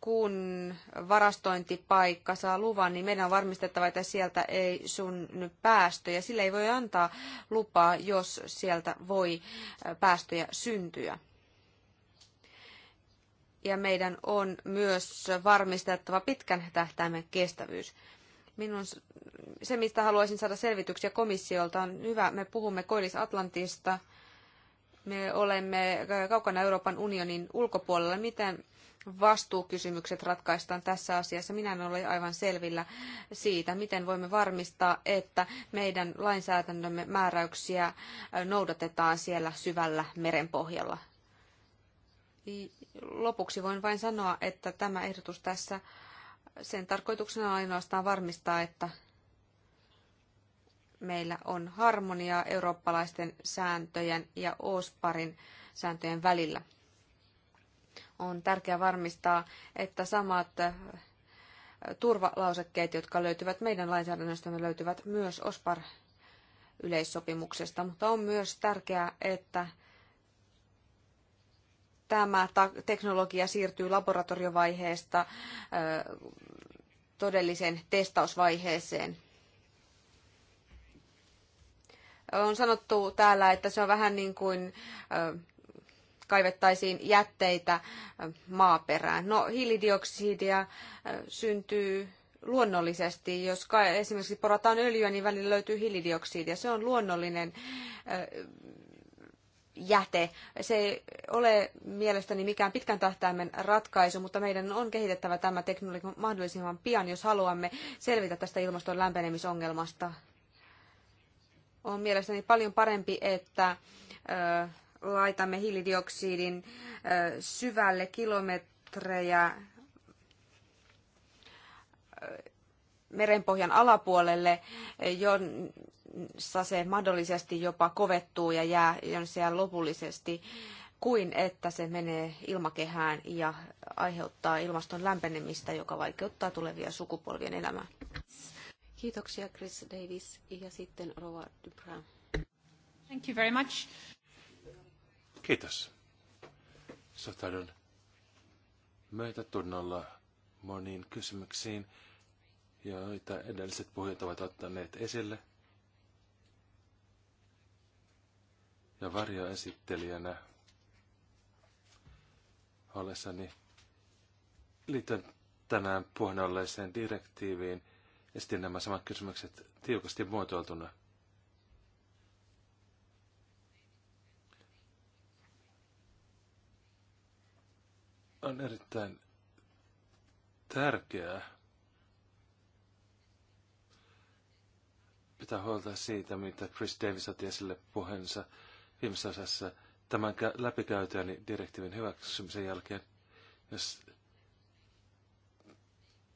kun varastointipaikka saa luvan, niin meidän on varmistettava, että sieltä ei synny päästöjä. sille ei voi antaa lupaa, jos sieltä voi päästöjä syntyä. Ja meidän on myös varmistettava pitkän tähtäimen kestävyys. Minun se, mistä haluaisin saada selvityksiä komissiolta, on hyvä. Me puhumme Koillis-Atlantista me olemme äh, kaukana Euroopan unionin ulkopuolella. Miten vastuukysymykset ratkaistaan tässä asiassa? Minä en ole aivan selvillä siitä, miten voimme varmistaa, että meidän lainsäädännömme määräyksiä äh, noudatetaan siellä syvällä merenpohjalla. Lopuksi voin vain sanoa, että tämä ehdotus tässä sen tarkoituksena on ainoastaan varmistaa, että meillä on harmoniaa eurooppalaisten sääntöjen ja OSPARin sääntöjen välillä. On tärkeää varmistaa, että samat turvalausekkeet, jotka löytyvät meidän lainsäädännöstämme, löytyvät myös OSPAR-yleissopimuksesta, mutta on myös tärkeää, että tämä teknologia siirtyy laboratoriovaiheesta todelliseen testausvaiheeseen. On sanottu täällä, että se on vähän niin kuin kaivettaisiin jätteitä maaperään. No, hiilidioksidia syntyy luonnollisesti. Jos esimerkiksi porataan öljyä, niin välillä löytyy hiilidioksidia. Se on luonnollinen jäte. Se ei ole mielestäni mikään pitkän tähtäimen ratkaisu, mutta meidän on kehitettävä tämä teknologia mahdollisimman pian, jos haluamme selvitä tästä ilmaston lämpenemisongelmasta on mielestäni paljon parempi, että laitamme hiilidioksidin syvälle kilometrejä merenpohjan alapuolelle, jossa se mahdollisesti jopa kovettuu ja jää, jää lopullisesti, kuin että se menee ilmakehään ja aiheuttaa ilmaston lämpenemistä, joka vaikeuttaa tulevia sukupolvien elämää. Kiitoksia Chris Davis ja sitten Rova Dubra. Thank you very much. Kiitos. Sotaudun myötätunnolla moniin kysymyksiin, joita edelliset puhujat ovat ottaneet esille. Ja varjoesittelijänä ollessani liittyen tänään puheen olleeseen direktiiviin – sitten nämä samat kysymykset tiukasti muotoiltuna. On erittäin tärkeää pitää huolta siitä, mitä Chris Davis otti esille puheensa viimeisessä osassa tämän läpikäytyäni direktiivin hyväksymisen jälkeen, jos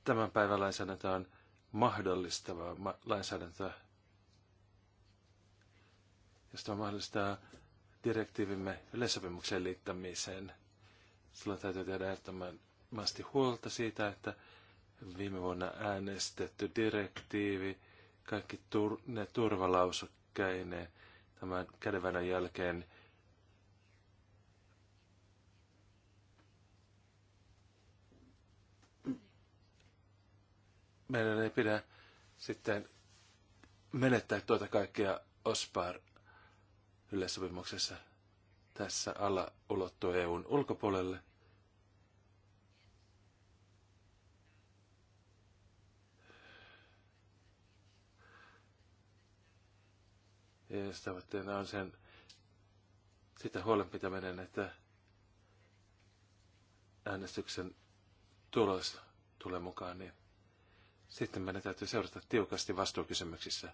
tämän päivän lainsäädäntö on mahdollistavaa lainsäädäntöä. josta mahdollistaa direktiivimme yleissopimukseen liittämiseen, silloin täytyy tehdä ehdottomasti huolta siitä, että viime vuonna äänestetty direktiivi, kaikki tur- ne turvalausukkeineen tämän kädenvänän jälkeen – meidän ei pidä sitten menettää tuota kaikkea OSPAR yleissopimuksessa tässä alla ulottua EUn ulkopuolelle. Ja jos tavoitteena on sen sitä huolenpitäminen, että äänestyksen tulos tulee mukaan, niin sitten meidän täytyy seurata tiukasti vastuukysymyksissä,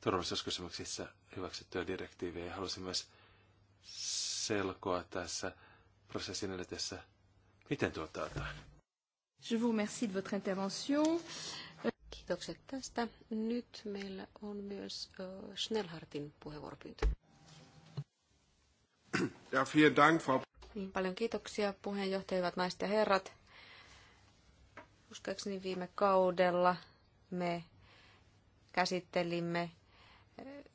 turvallisuuskysymyksissä hyväksyttyä direktiiviä. Ja halusin myös selkoa tässä prosessin edetessä, miten tuota jotain. Je vous remercie de votre intervention. Kiitokset tästä. Nyt meillä on myös Schnellhartin puheenvuoropyyntö. Ja, vielen Dank, Frau... Niin, paljon kiitoksia puheenjohtajat, naiset ja herrat. Uskoakseni viime kaudella me käsittelimme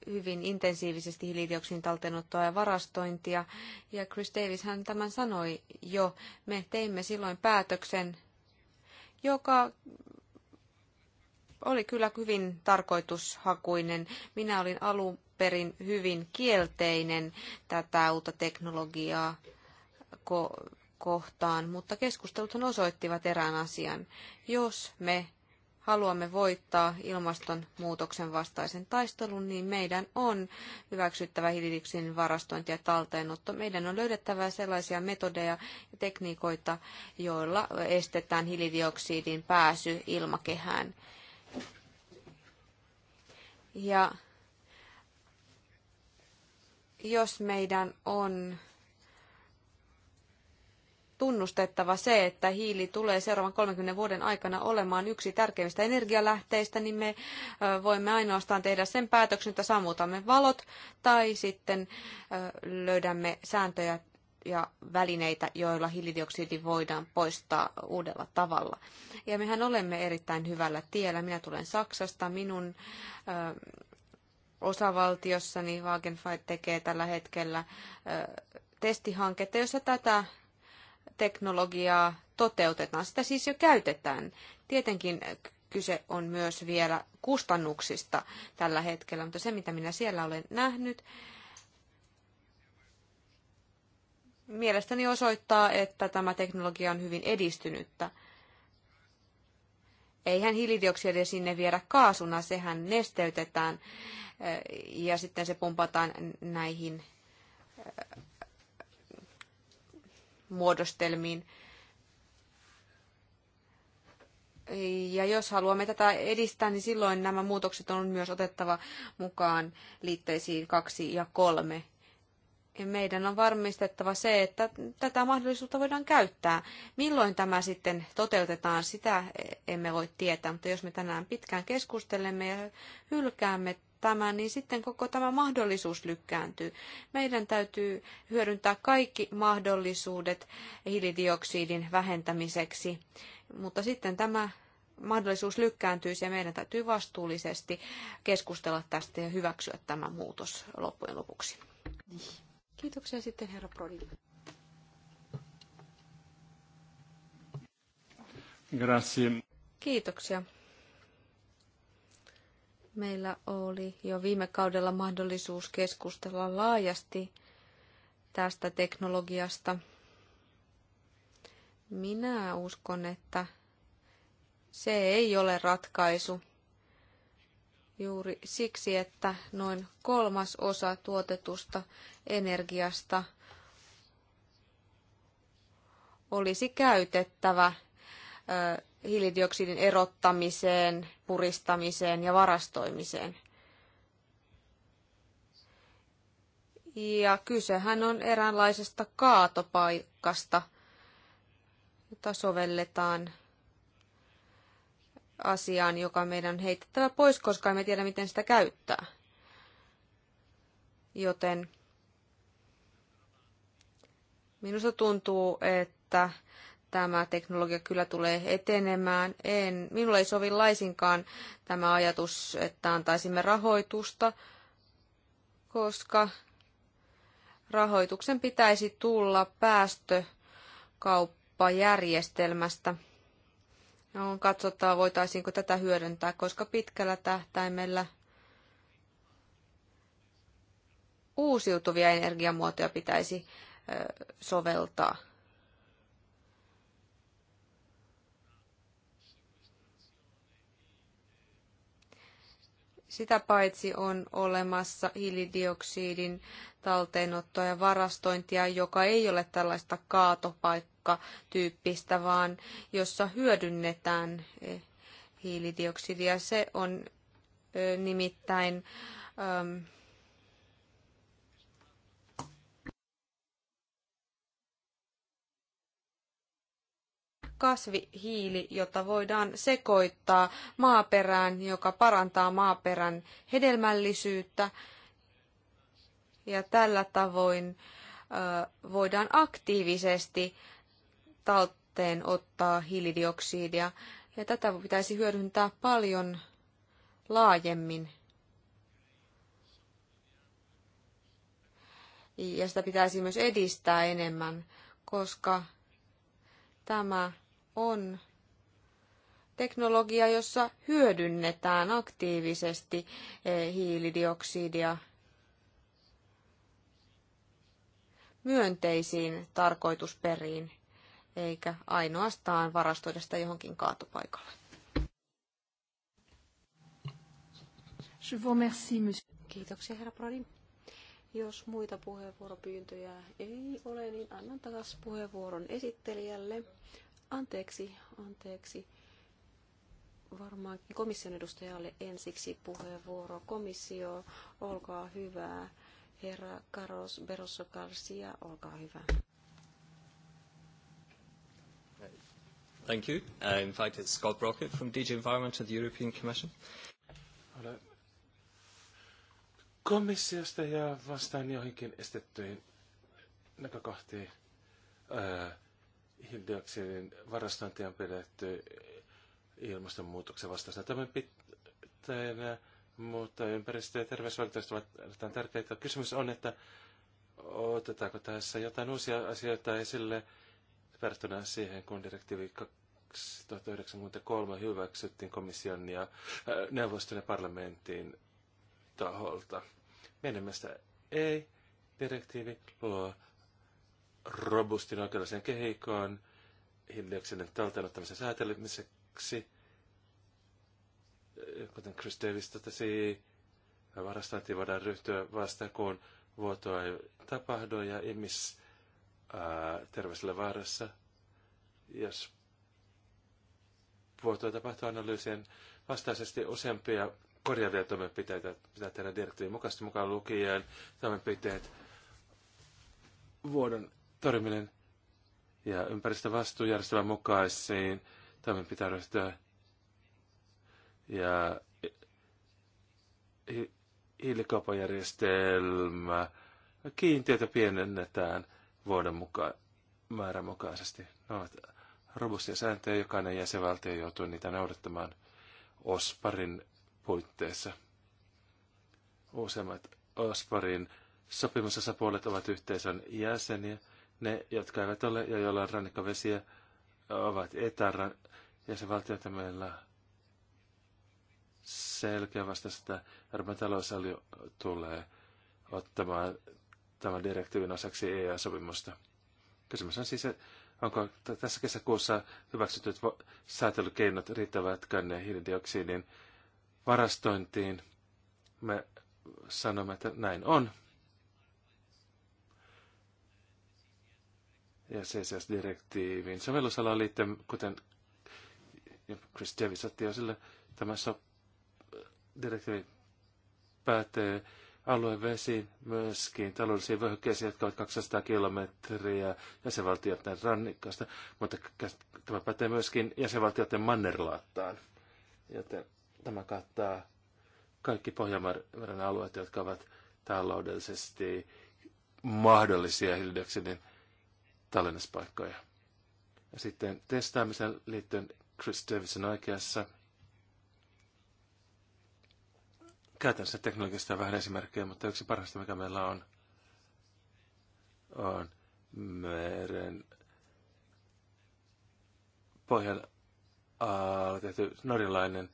hyvin intensiivisesti hiilidioksidin talteenottoa ja varastointia. Ja Chris Davis hän tämän sanoi jo. Me teimme silloin päätöksen, joka oli kyllä hyvin tarkoitushakuinen. Minä olin alun perin hyvin kielteinen tätä uutta teknologiaa ko- kohtaan, mutta keskusteluthan osoittivat erään asian. Jos me haluamme voittaa ilmastonmuutoksen vastaisen taistelun, niin meidän on hyväksyttävä hiilidioksidin varastointi ja talteenotto. Meidän on löydettävä sellaisia metodeja ja tekniikoita, joilla estetään hiilidioksidin pääsy ilmakehään. Ja jos meidän on tunnustettava se, että hiili tulee seuraavan 30 vuoden aikana olemaan yksi tärkeimmistä energialähteistä, niin me voimme ainoastaan tehdä sen päätöksen, että sammutamme valot tai sitten löydämme sääntöjä ja välineitä, joilla hiilidioksidi voidaan poistaa uudella tavalla. Ja mehän olemme erittäin hyvällä tiellä. Minä tulen Saksasta. Minun ö, osavaltiossani Wagenfight tekee tällä hetkellä ö, testihanketta, jossa tätä teknologiaa toteutetaan, sitä siis jo käytetään. Tietenkin kyse on myös vielä kustannuksista tällä hetkellä, mutta se mitä minä siellä olen nähnyt, mielestäni osoittaa, että tämä teknologia on hyvin edistynyttä. Eihän hiilidioksidia sinne viedä kaasuna, sehän nesteytetään eh, ja sitten se pumpataan näihin eh, muodostelmiin. Ja jos haluamme tätä edistää, niin silloin nämä muutokset on myös otettava mukaan liitteisiin kaksi ja kolme. Ja meidän on varmistettava se, että tätä mahdollisuutta voidaan käyttää. Milloin tämä sitten toteutetaan, sitä emme voi tietää, mutta jos me tänään pitkään keskustelemme ja hylkäämme tämän, niin sitten koko tämä mahdollisuus lykkääntyy. Meidän täytyy hyödyntää kaikki mahdollisuudet hiilidioksidin vähentämiseksi, mutta sitten tämä mahdollisuus lykkääntyy ja meidän täytyy vastuullisesti keskustella tästä ja hyväksyä tämä muutos loppujen lopuksi. Kiitoksia sitten herra Prodi. Grazie. Kiitoksia. Meillä oli jo viime kaudella mahdollisuus keskustella laajasti tästä teknologiasta. Minä uskon, että se ei ole ratkaisu juuri siksi, että noin kolmas osa tuotetusta energiasta olisi käytettävä hiilidioksidin erottamiseen, puristamiseen ja varastoimiseen. Ja kysehän on eräänlaisesta kaatopaikasta, jota sovelletaan asiaan, joka meidän on heitettävä pois, koska emme tiedä, miten sitä käyttää. Joten minusta tuntuu, että tämä teknologia kyllä tulee etenemään. En, minulle ei sovi laisinkaan tämä ajatus, että antaisimme rahoitusta, koska rahoituksen pitäisi tulla päästökauppajärjestelmästä. On katsottava, voitaisiinko tätä hyödyntää, koska pitkällä tähtäimellä uusiutuvia energiamuotoja pitäisi soveltaa. Sitä paitsi on olemassa hiilidioksidin talteenottoa ja varastointia, joka ei ole tällaista kaatopaikkatyyppistä, vaan jossa hyödynnetään eh, hiilidioksidia. Se on eh, nimittäin ähm, kasvihiili, jota voidaan sekoittaa maaperään, joka parantaa maaperän hedelmällisyyttä. Ja tällä tavoin voidaan aktiivisesti talteen ottaa hiilidioksidia. Ja tätä pitäisi hyödyntää paljon laajemmin. Ja sitä pitäisi myös edistää enemmän, koska tämä on teknologia, jossa hyödynnetään aktiivisesti eh, hiilidioksidia myönteisiin tarkoitusperiin, eikä ainoastaan varastoida sitä johonkin kaatopaikalle. Kiitoksia, herra Prodi. Jos muita puheenvuoropyyntöjä ei ole, niin annan takaisin puheenvuoron esittelijälle. Anteeksi, anteeksi. Varmaan komission edustajalle ensiksi puheenvuoro. Komissio, olkaa hyvä. Herra Karos Berosso Garcia, olkaa hyvä. Thank you. Uh, in fact, it's Scott Brockett from DG Environment of the European Commission. Olen komissiosta ja vastaan johonkin estettyihin näkökohtiin. Uh, hiilidioksidin varastointia on pidetty ilmastonmuutoksen vastaista toimenpiteenä, mutta ympäristö- ja terveysvaikutukset ovat erittäin tärkeitä. Kysymys on, että otetaanko tässä jotain uusia asioita esille verrattuna siihen, kun direktiivi 2093 hyväksyttiin komission ja äh, neuvoston ja parlamentin taholta. Meidän mielestä ei. Direktiivi luo robustin oikeudelliseen kehikkoon hiilidioksidin talteenottamisen säätelemiseksi, kuten Chris Davis totesi, varastointiin voidaan ryhtyä vasta kun vuotoa ei tapahdu ja ihmis ää, vaarassa. Jos vuotoa tapahtuu analyysien vastaisesti useampia korjaavia toimenpiteitä pitää tehdä direktiivin mukaisesti mukaan lukien toimenpiteet vuodon torjuminen ja ympäristövastuujärjestelmän mukaisiin toimenpiteen ryhtyä ja hiilikaupajärjestelmä kiintiötä pienennetään vuoden mukaan, määrän mukaisesti. Ne ovat robustia sääntöjä, jokainen jäsenvaltio joutuu niitä noudattamaan OSPARin puitteissa. Useimmat OSPARin sopimusosapuolet ovat yhteisön jäseniä, ne, jotka eivät ole ja joilla on rannikkovesiä, ovat etäran että meillä selkeä vasta sitä Euroopan talousalio tulee ottamaan tämän direktiivin osaksi EU-sopimusta. Kysymys on siis, onko tässä kesäkuussa hyväksytyt säätelykeinot riittävätkö ne hiilidioksidin varastointiin. Me sanomme, että näin on. ja CCS-direktiivin Sovellusala liittyen, kuten Chris Davis otti jo sille, tämä so- direktiivi päätee alueen vesiin myöskin taloudellisiin vyöhykkeisiin, jotka ovat 200 kilometriä jäsenvaltioiden rannikosta, mutta tämä pätee myöskin jäsenvaltioiden mannerlaattaan. Joten tämä kattaa kaikki Pohjanmeren alueet, jotka ovat taloudellisesti mahdollisia hiilidioksidin tallennuspaikkoja. Ja sitten testaamiseen liittyen Chris Davison on Käytän sen teknologiasta vähän esimerkkejä, mutta yksi parhaista, mikä meillä on, on meren pohjan alla tehty norjalainen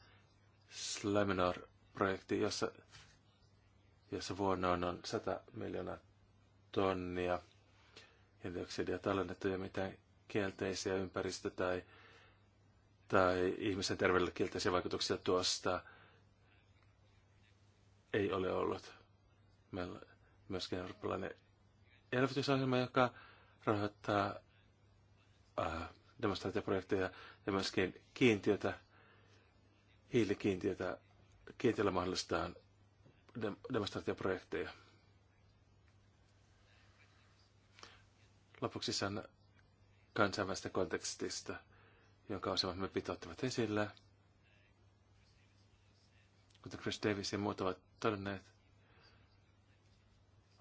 Slaminor-projekti, jossa, jossa vuonna on 100 miljoonaa tonnia – hiilidioksidia tallennettuja mitään kielteisiä ympäristö- tai, tai ihmisen terveydelle kielteisiä vaikutuksia tuosta ei ole ollut. Meillä on myöskin eurooppalainen elvytysohjelma, joka rahoittaa äh, demonstraatioprojekteja ja myöskin kiintiötä, hiilikiintiötä, kiintiöllä mahdollistaa demonstraatioprojekteja. Lopuksi sen kansainvälistä kontekstista, jonka osaamme pitoittavat esille. Kuten Chris Davis ja muut ovat todenneet,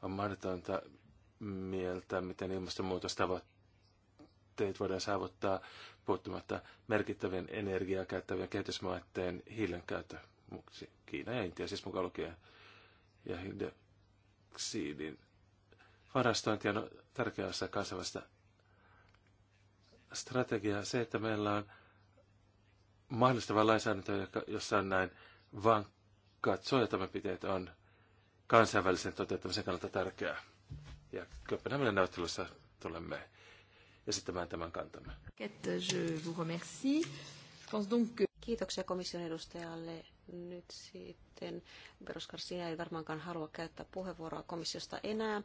on mahdotonta mieltä, miten ilmastonmuutostavoitteet voidaan saavuttaa puuttumatta merkittävien energiaa käyttävien kehitysmaiden hiilen käyttö. Kiina ja Intia siis mukaan lukien ja hiilidioksidin varastointi on tärkeä osa kasvavasta strategiaa. Se, että meillä on mahdollistava lainsäädäntö, jossa on näin vankkat suojatoimenpiteet, on kansainvälisen toteuttamisen kannalta tärkeää. Ja Kööpenhaminan näyttelyssä tulemme esittämään tämän kantamme. Je vous remercie. Je pense donc que... Kiitoksia komission edustajalle. Nyt sitten Peruskar, sinä ei varmaankaan halua käyttää puheenvuoroa komissiosta enää,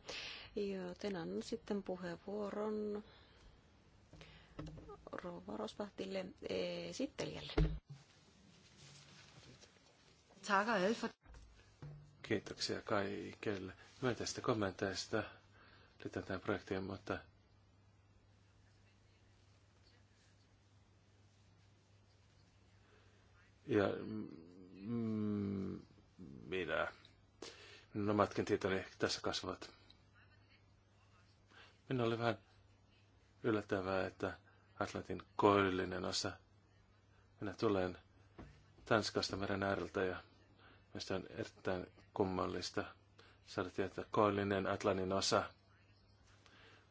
joten annan sitten puheenvuoron Rouva Rosbahtille eh, esittelijälle. Kiitoksia kaikille myönteistä kommenteista liittyen tämän projektiin, mutta Ja mm, minä, minun no omatkin tietoni tässä kasvavat. Minä oli vähän yllättävää, että Atlantin koillinen osa. Minä tulen Tanskasta meren ääreltä ja mistä on erittäin kummallista saada tietää, että koillinen Atlantin osa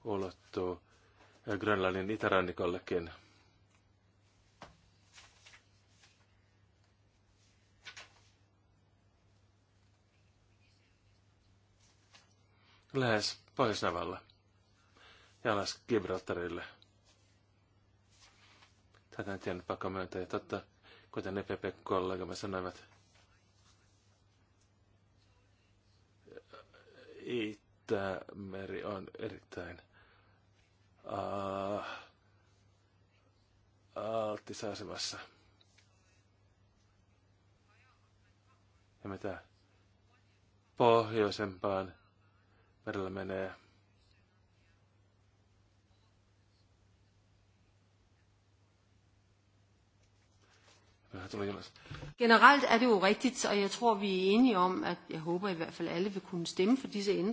ulottuu Grönlannin itärannikollekin. lähes Pohjois-Navalla ja alas Gibraltarille. Tätä en tiennyt pakko myöntää. Ja totta, kuten EPP-kollegamme sanoivat, Itämeri on erittäin uh, ah, altissa asemassa. Ja mitä pohjoisempaan merellä menee. Generelt er det jo rigtigt, og jeg tror, vi er enige om, at jeg håber i hvert fald alle vil kunne stemme for disse ændringer.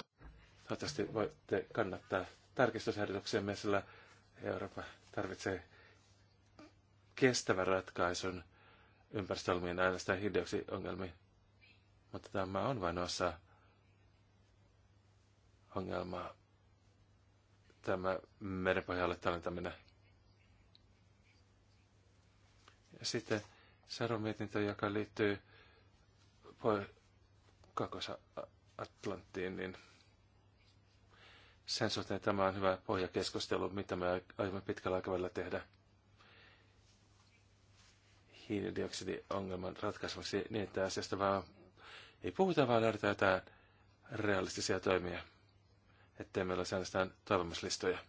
Toivottavasti voitte kannattaa tarkistusehdotuksemme, sillä Eurooppa tarvitsee kestävän ratkaisun ympäristöongelmiin äänestää hideoksi ongelmiin. Mutta tämä on vain osa ongelmaa tämä merenpohjalle tallentaminen. Ja sitten seuraava mietintö, joka liittyy Kaakos-Atlanttiin, niin sen suhteen tämä on hyvä pohjakeskustelu, mitä me aiomme pitkällä aikavälillä tehdä hiilidioksidiongelman ratkaisemaksi niin, että asiasta vaan ei puhuta, vaan löydetään jotain realistisia toimia ettei meillä olisi ainoastaan toivomuslistoja.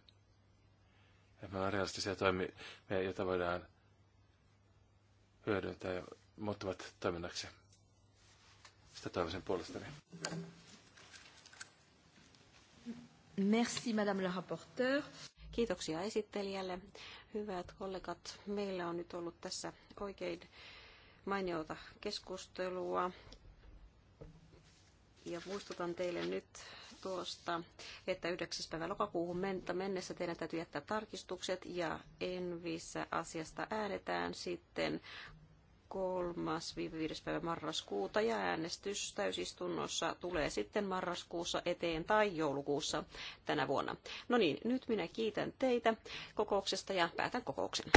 Että meillä on realistisia toimia, joita voidaan hyödyntää ja muuttuvat toiminnaksi. Sitä toivoisin puolestani. Merci, madame la rapporteure. Kiitoksia esittelijälle. Hyvät kollegat, meillä on nyt ollut tässä oikein mainiota keskustelua. Ja muistutan teille nyt tuosta, että 9. päivä lokakuuhun mennessä teidän täytyy jättää tarkistukset ja Envissä asiasta äänetään sitten 3-5. päivä marraskuuta ja äänestys täysistunnossa tulee sitten marraskuussa eteen tai joulukuussa tänä vuonna. No niin, nyt minä kiitän teitä kokouksesta ja päätän kokouksen.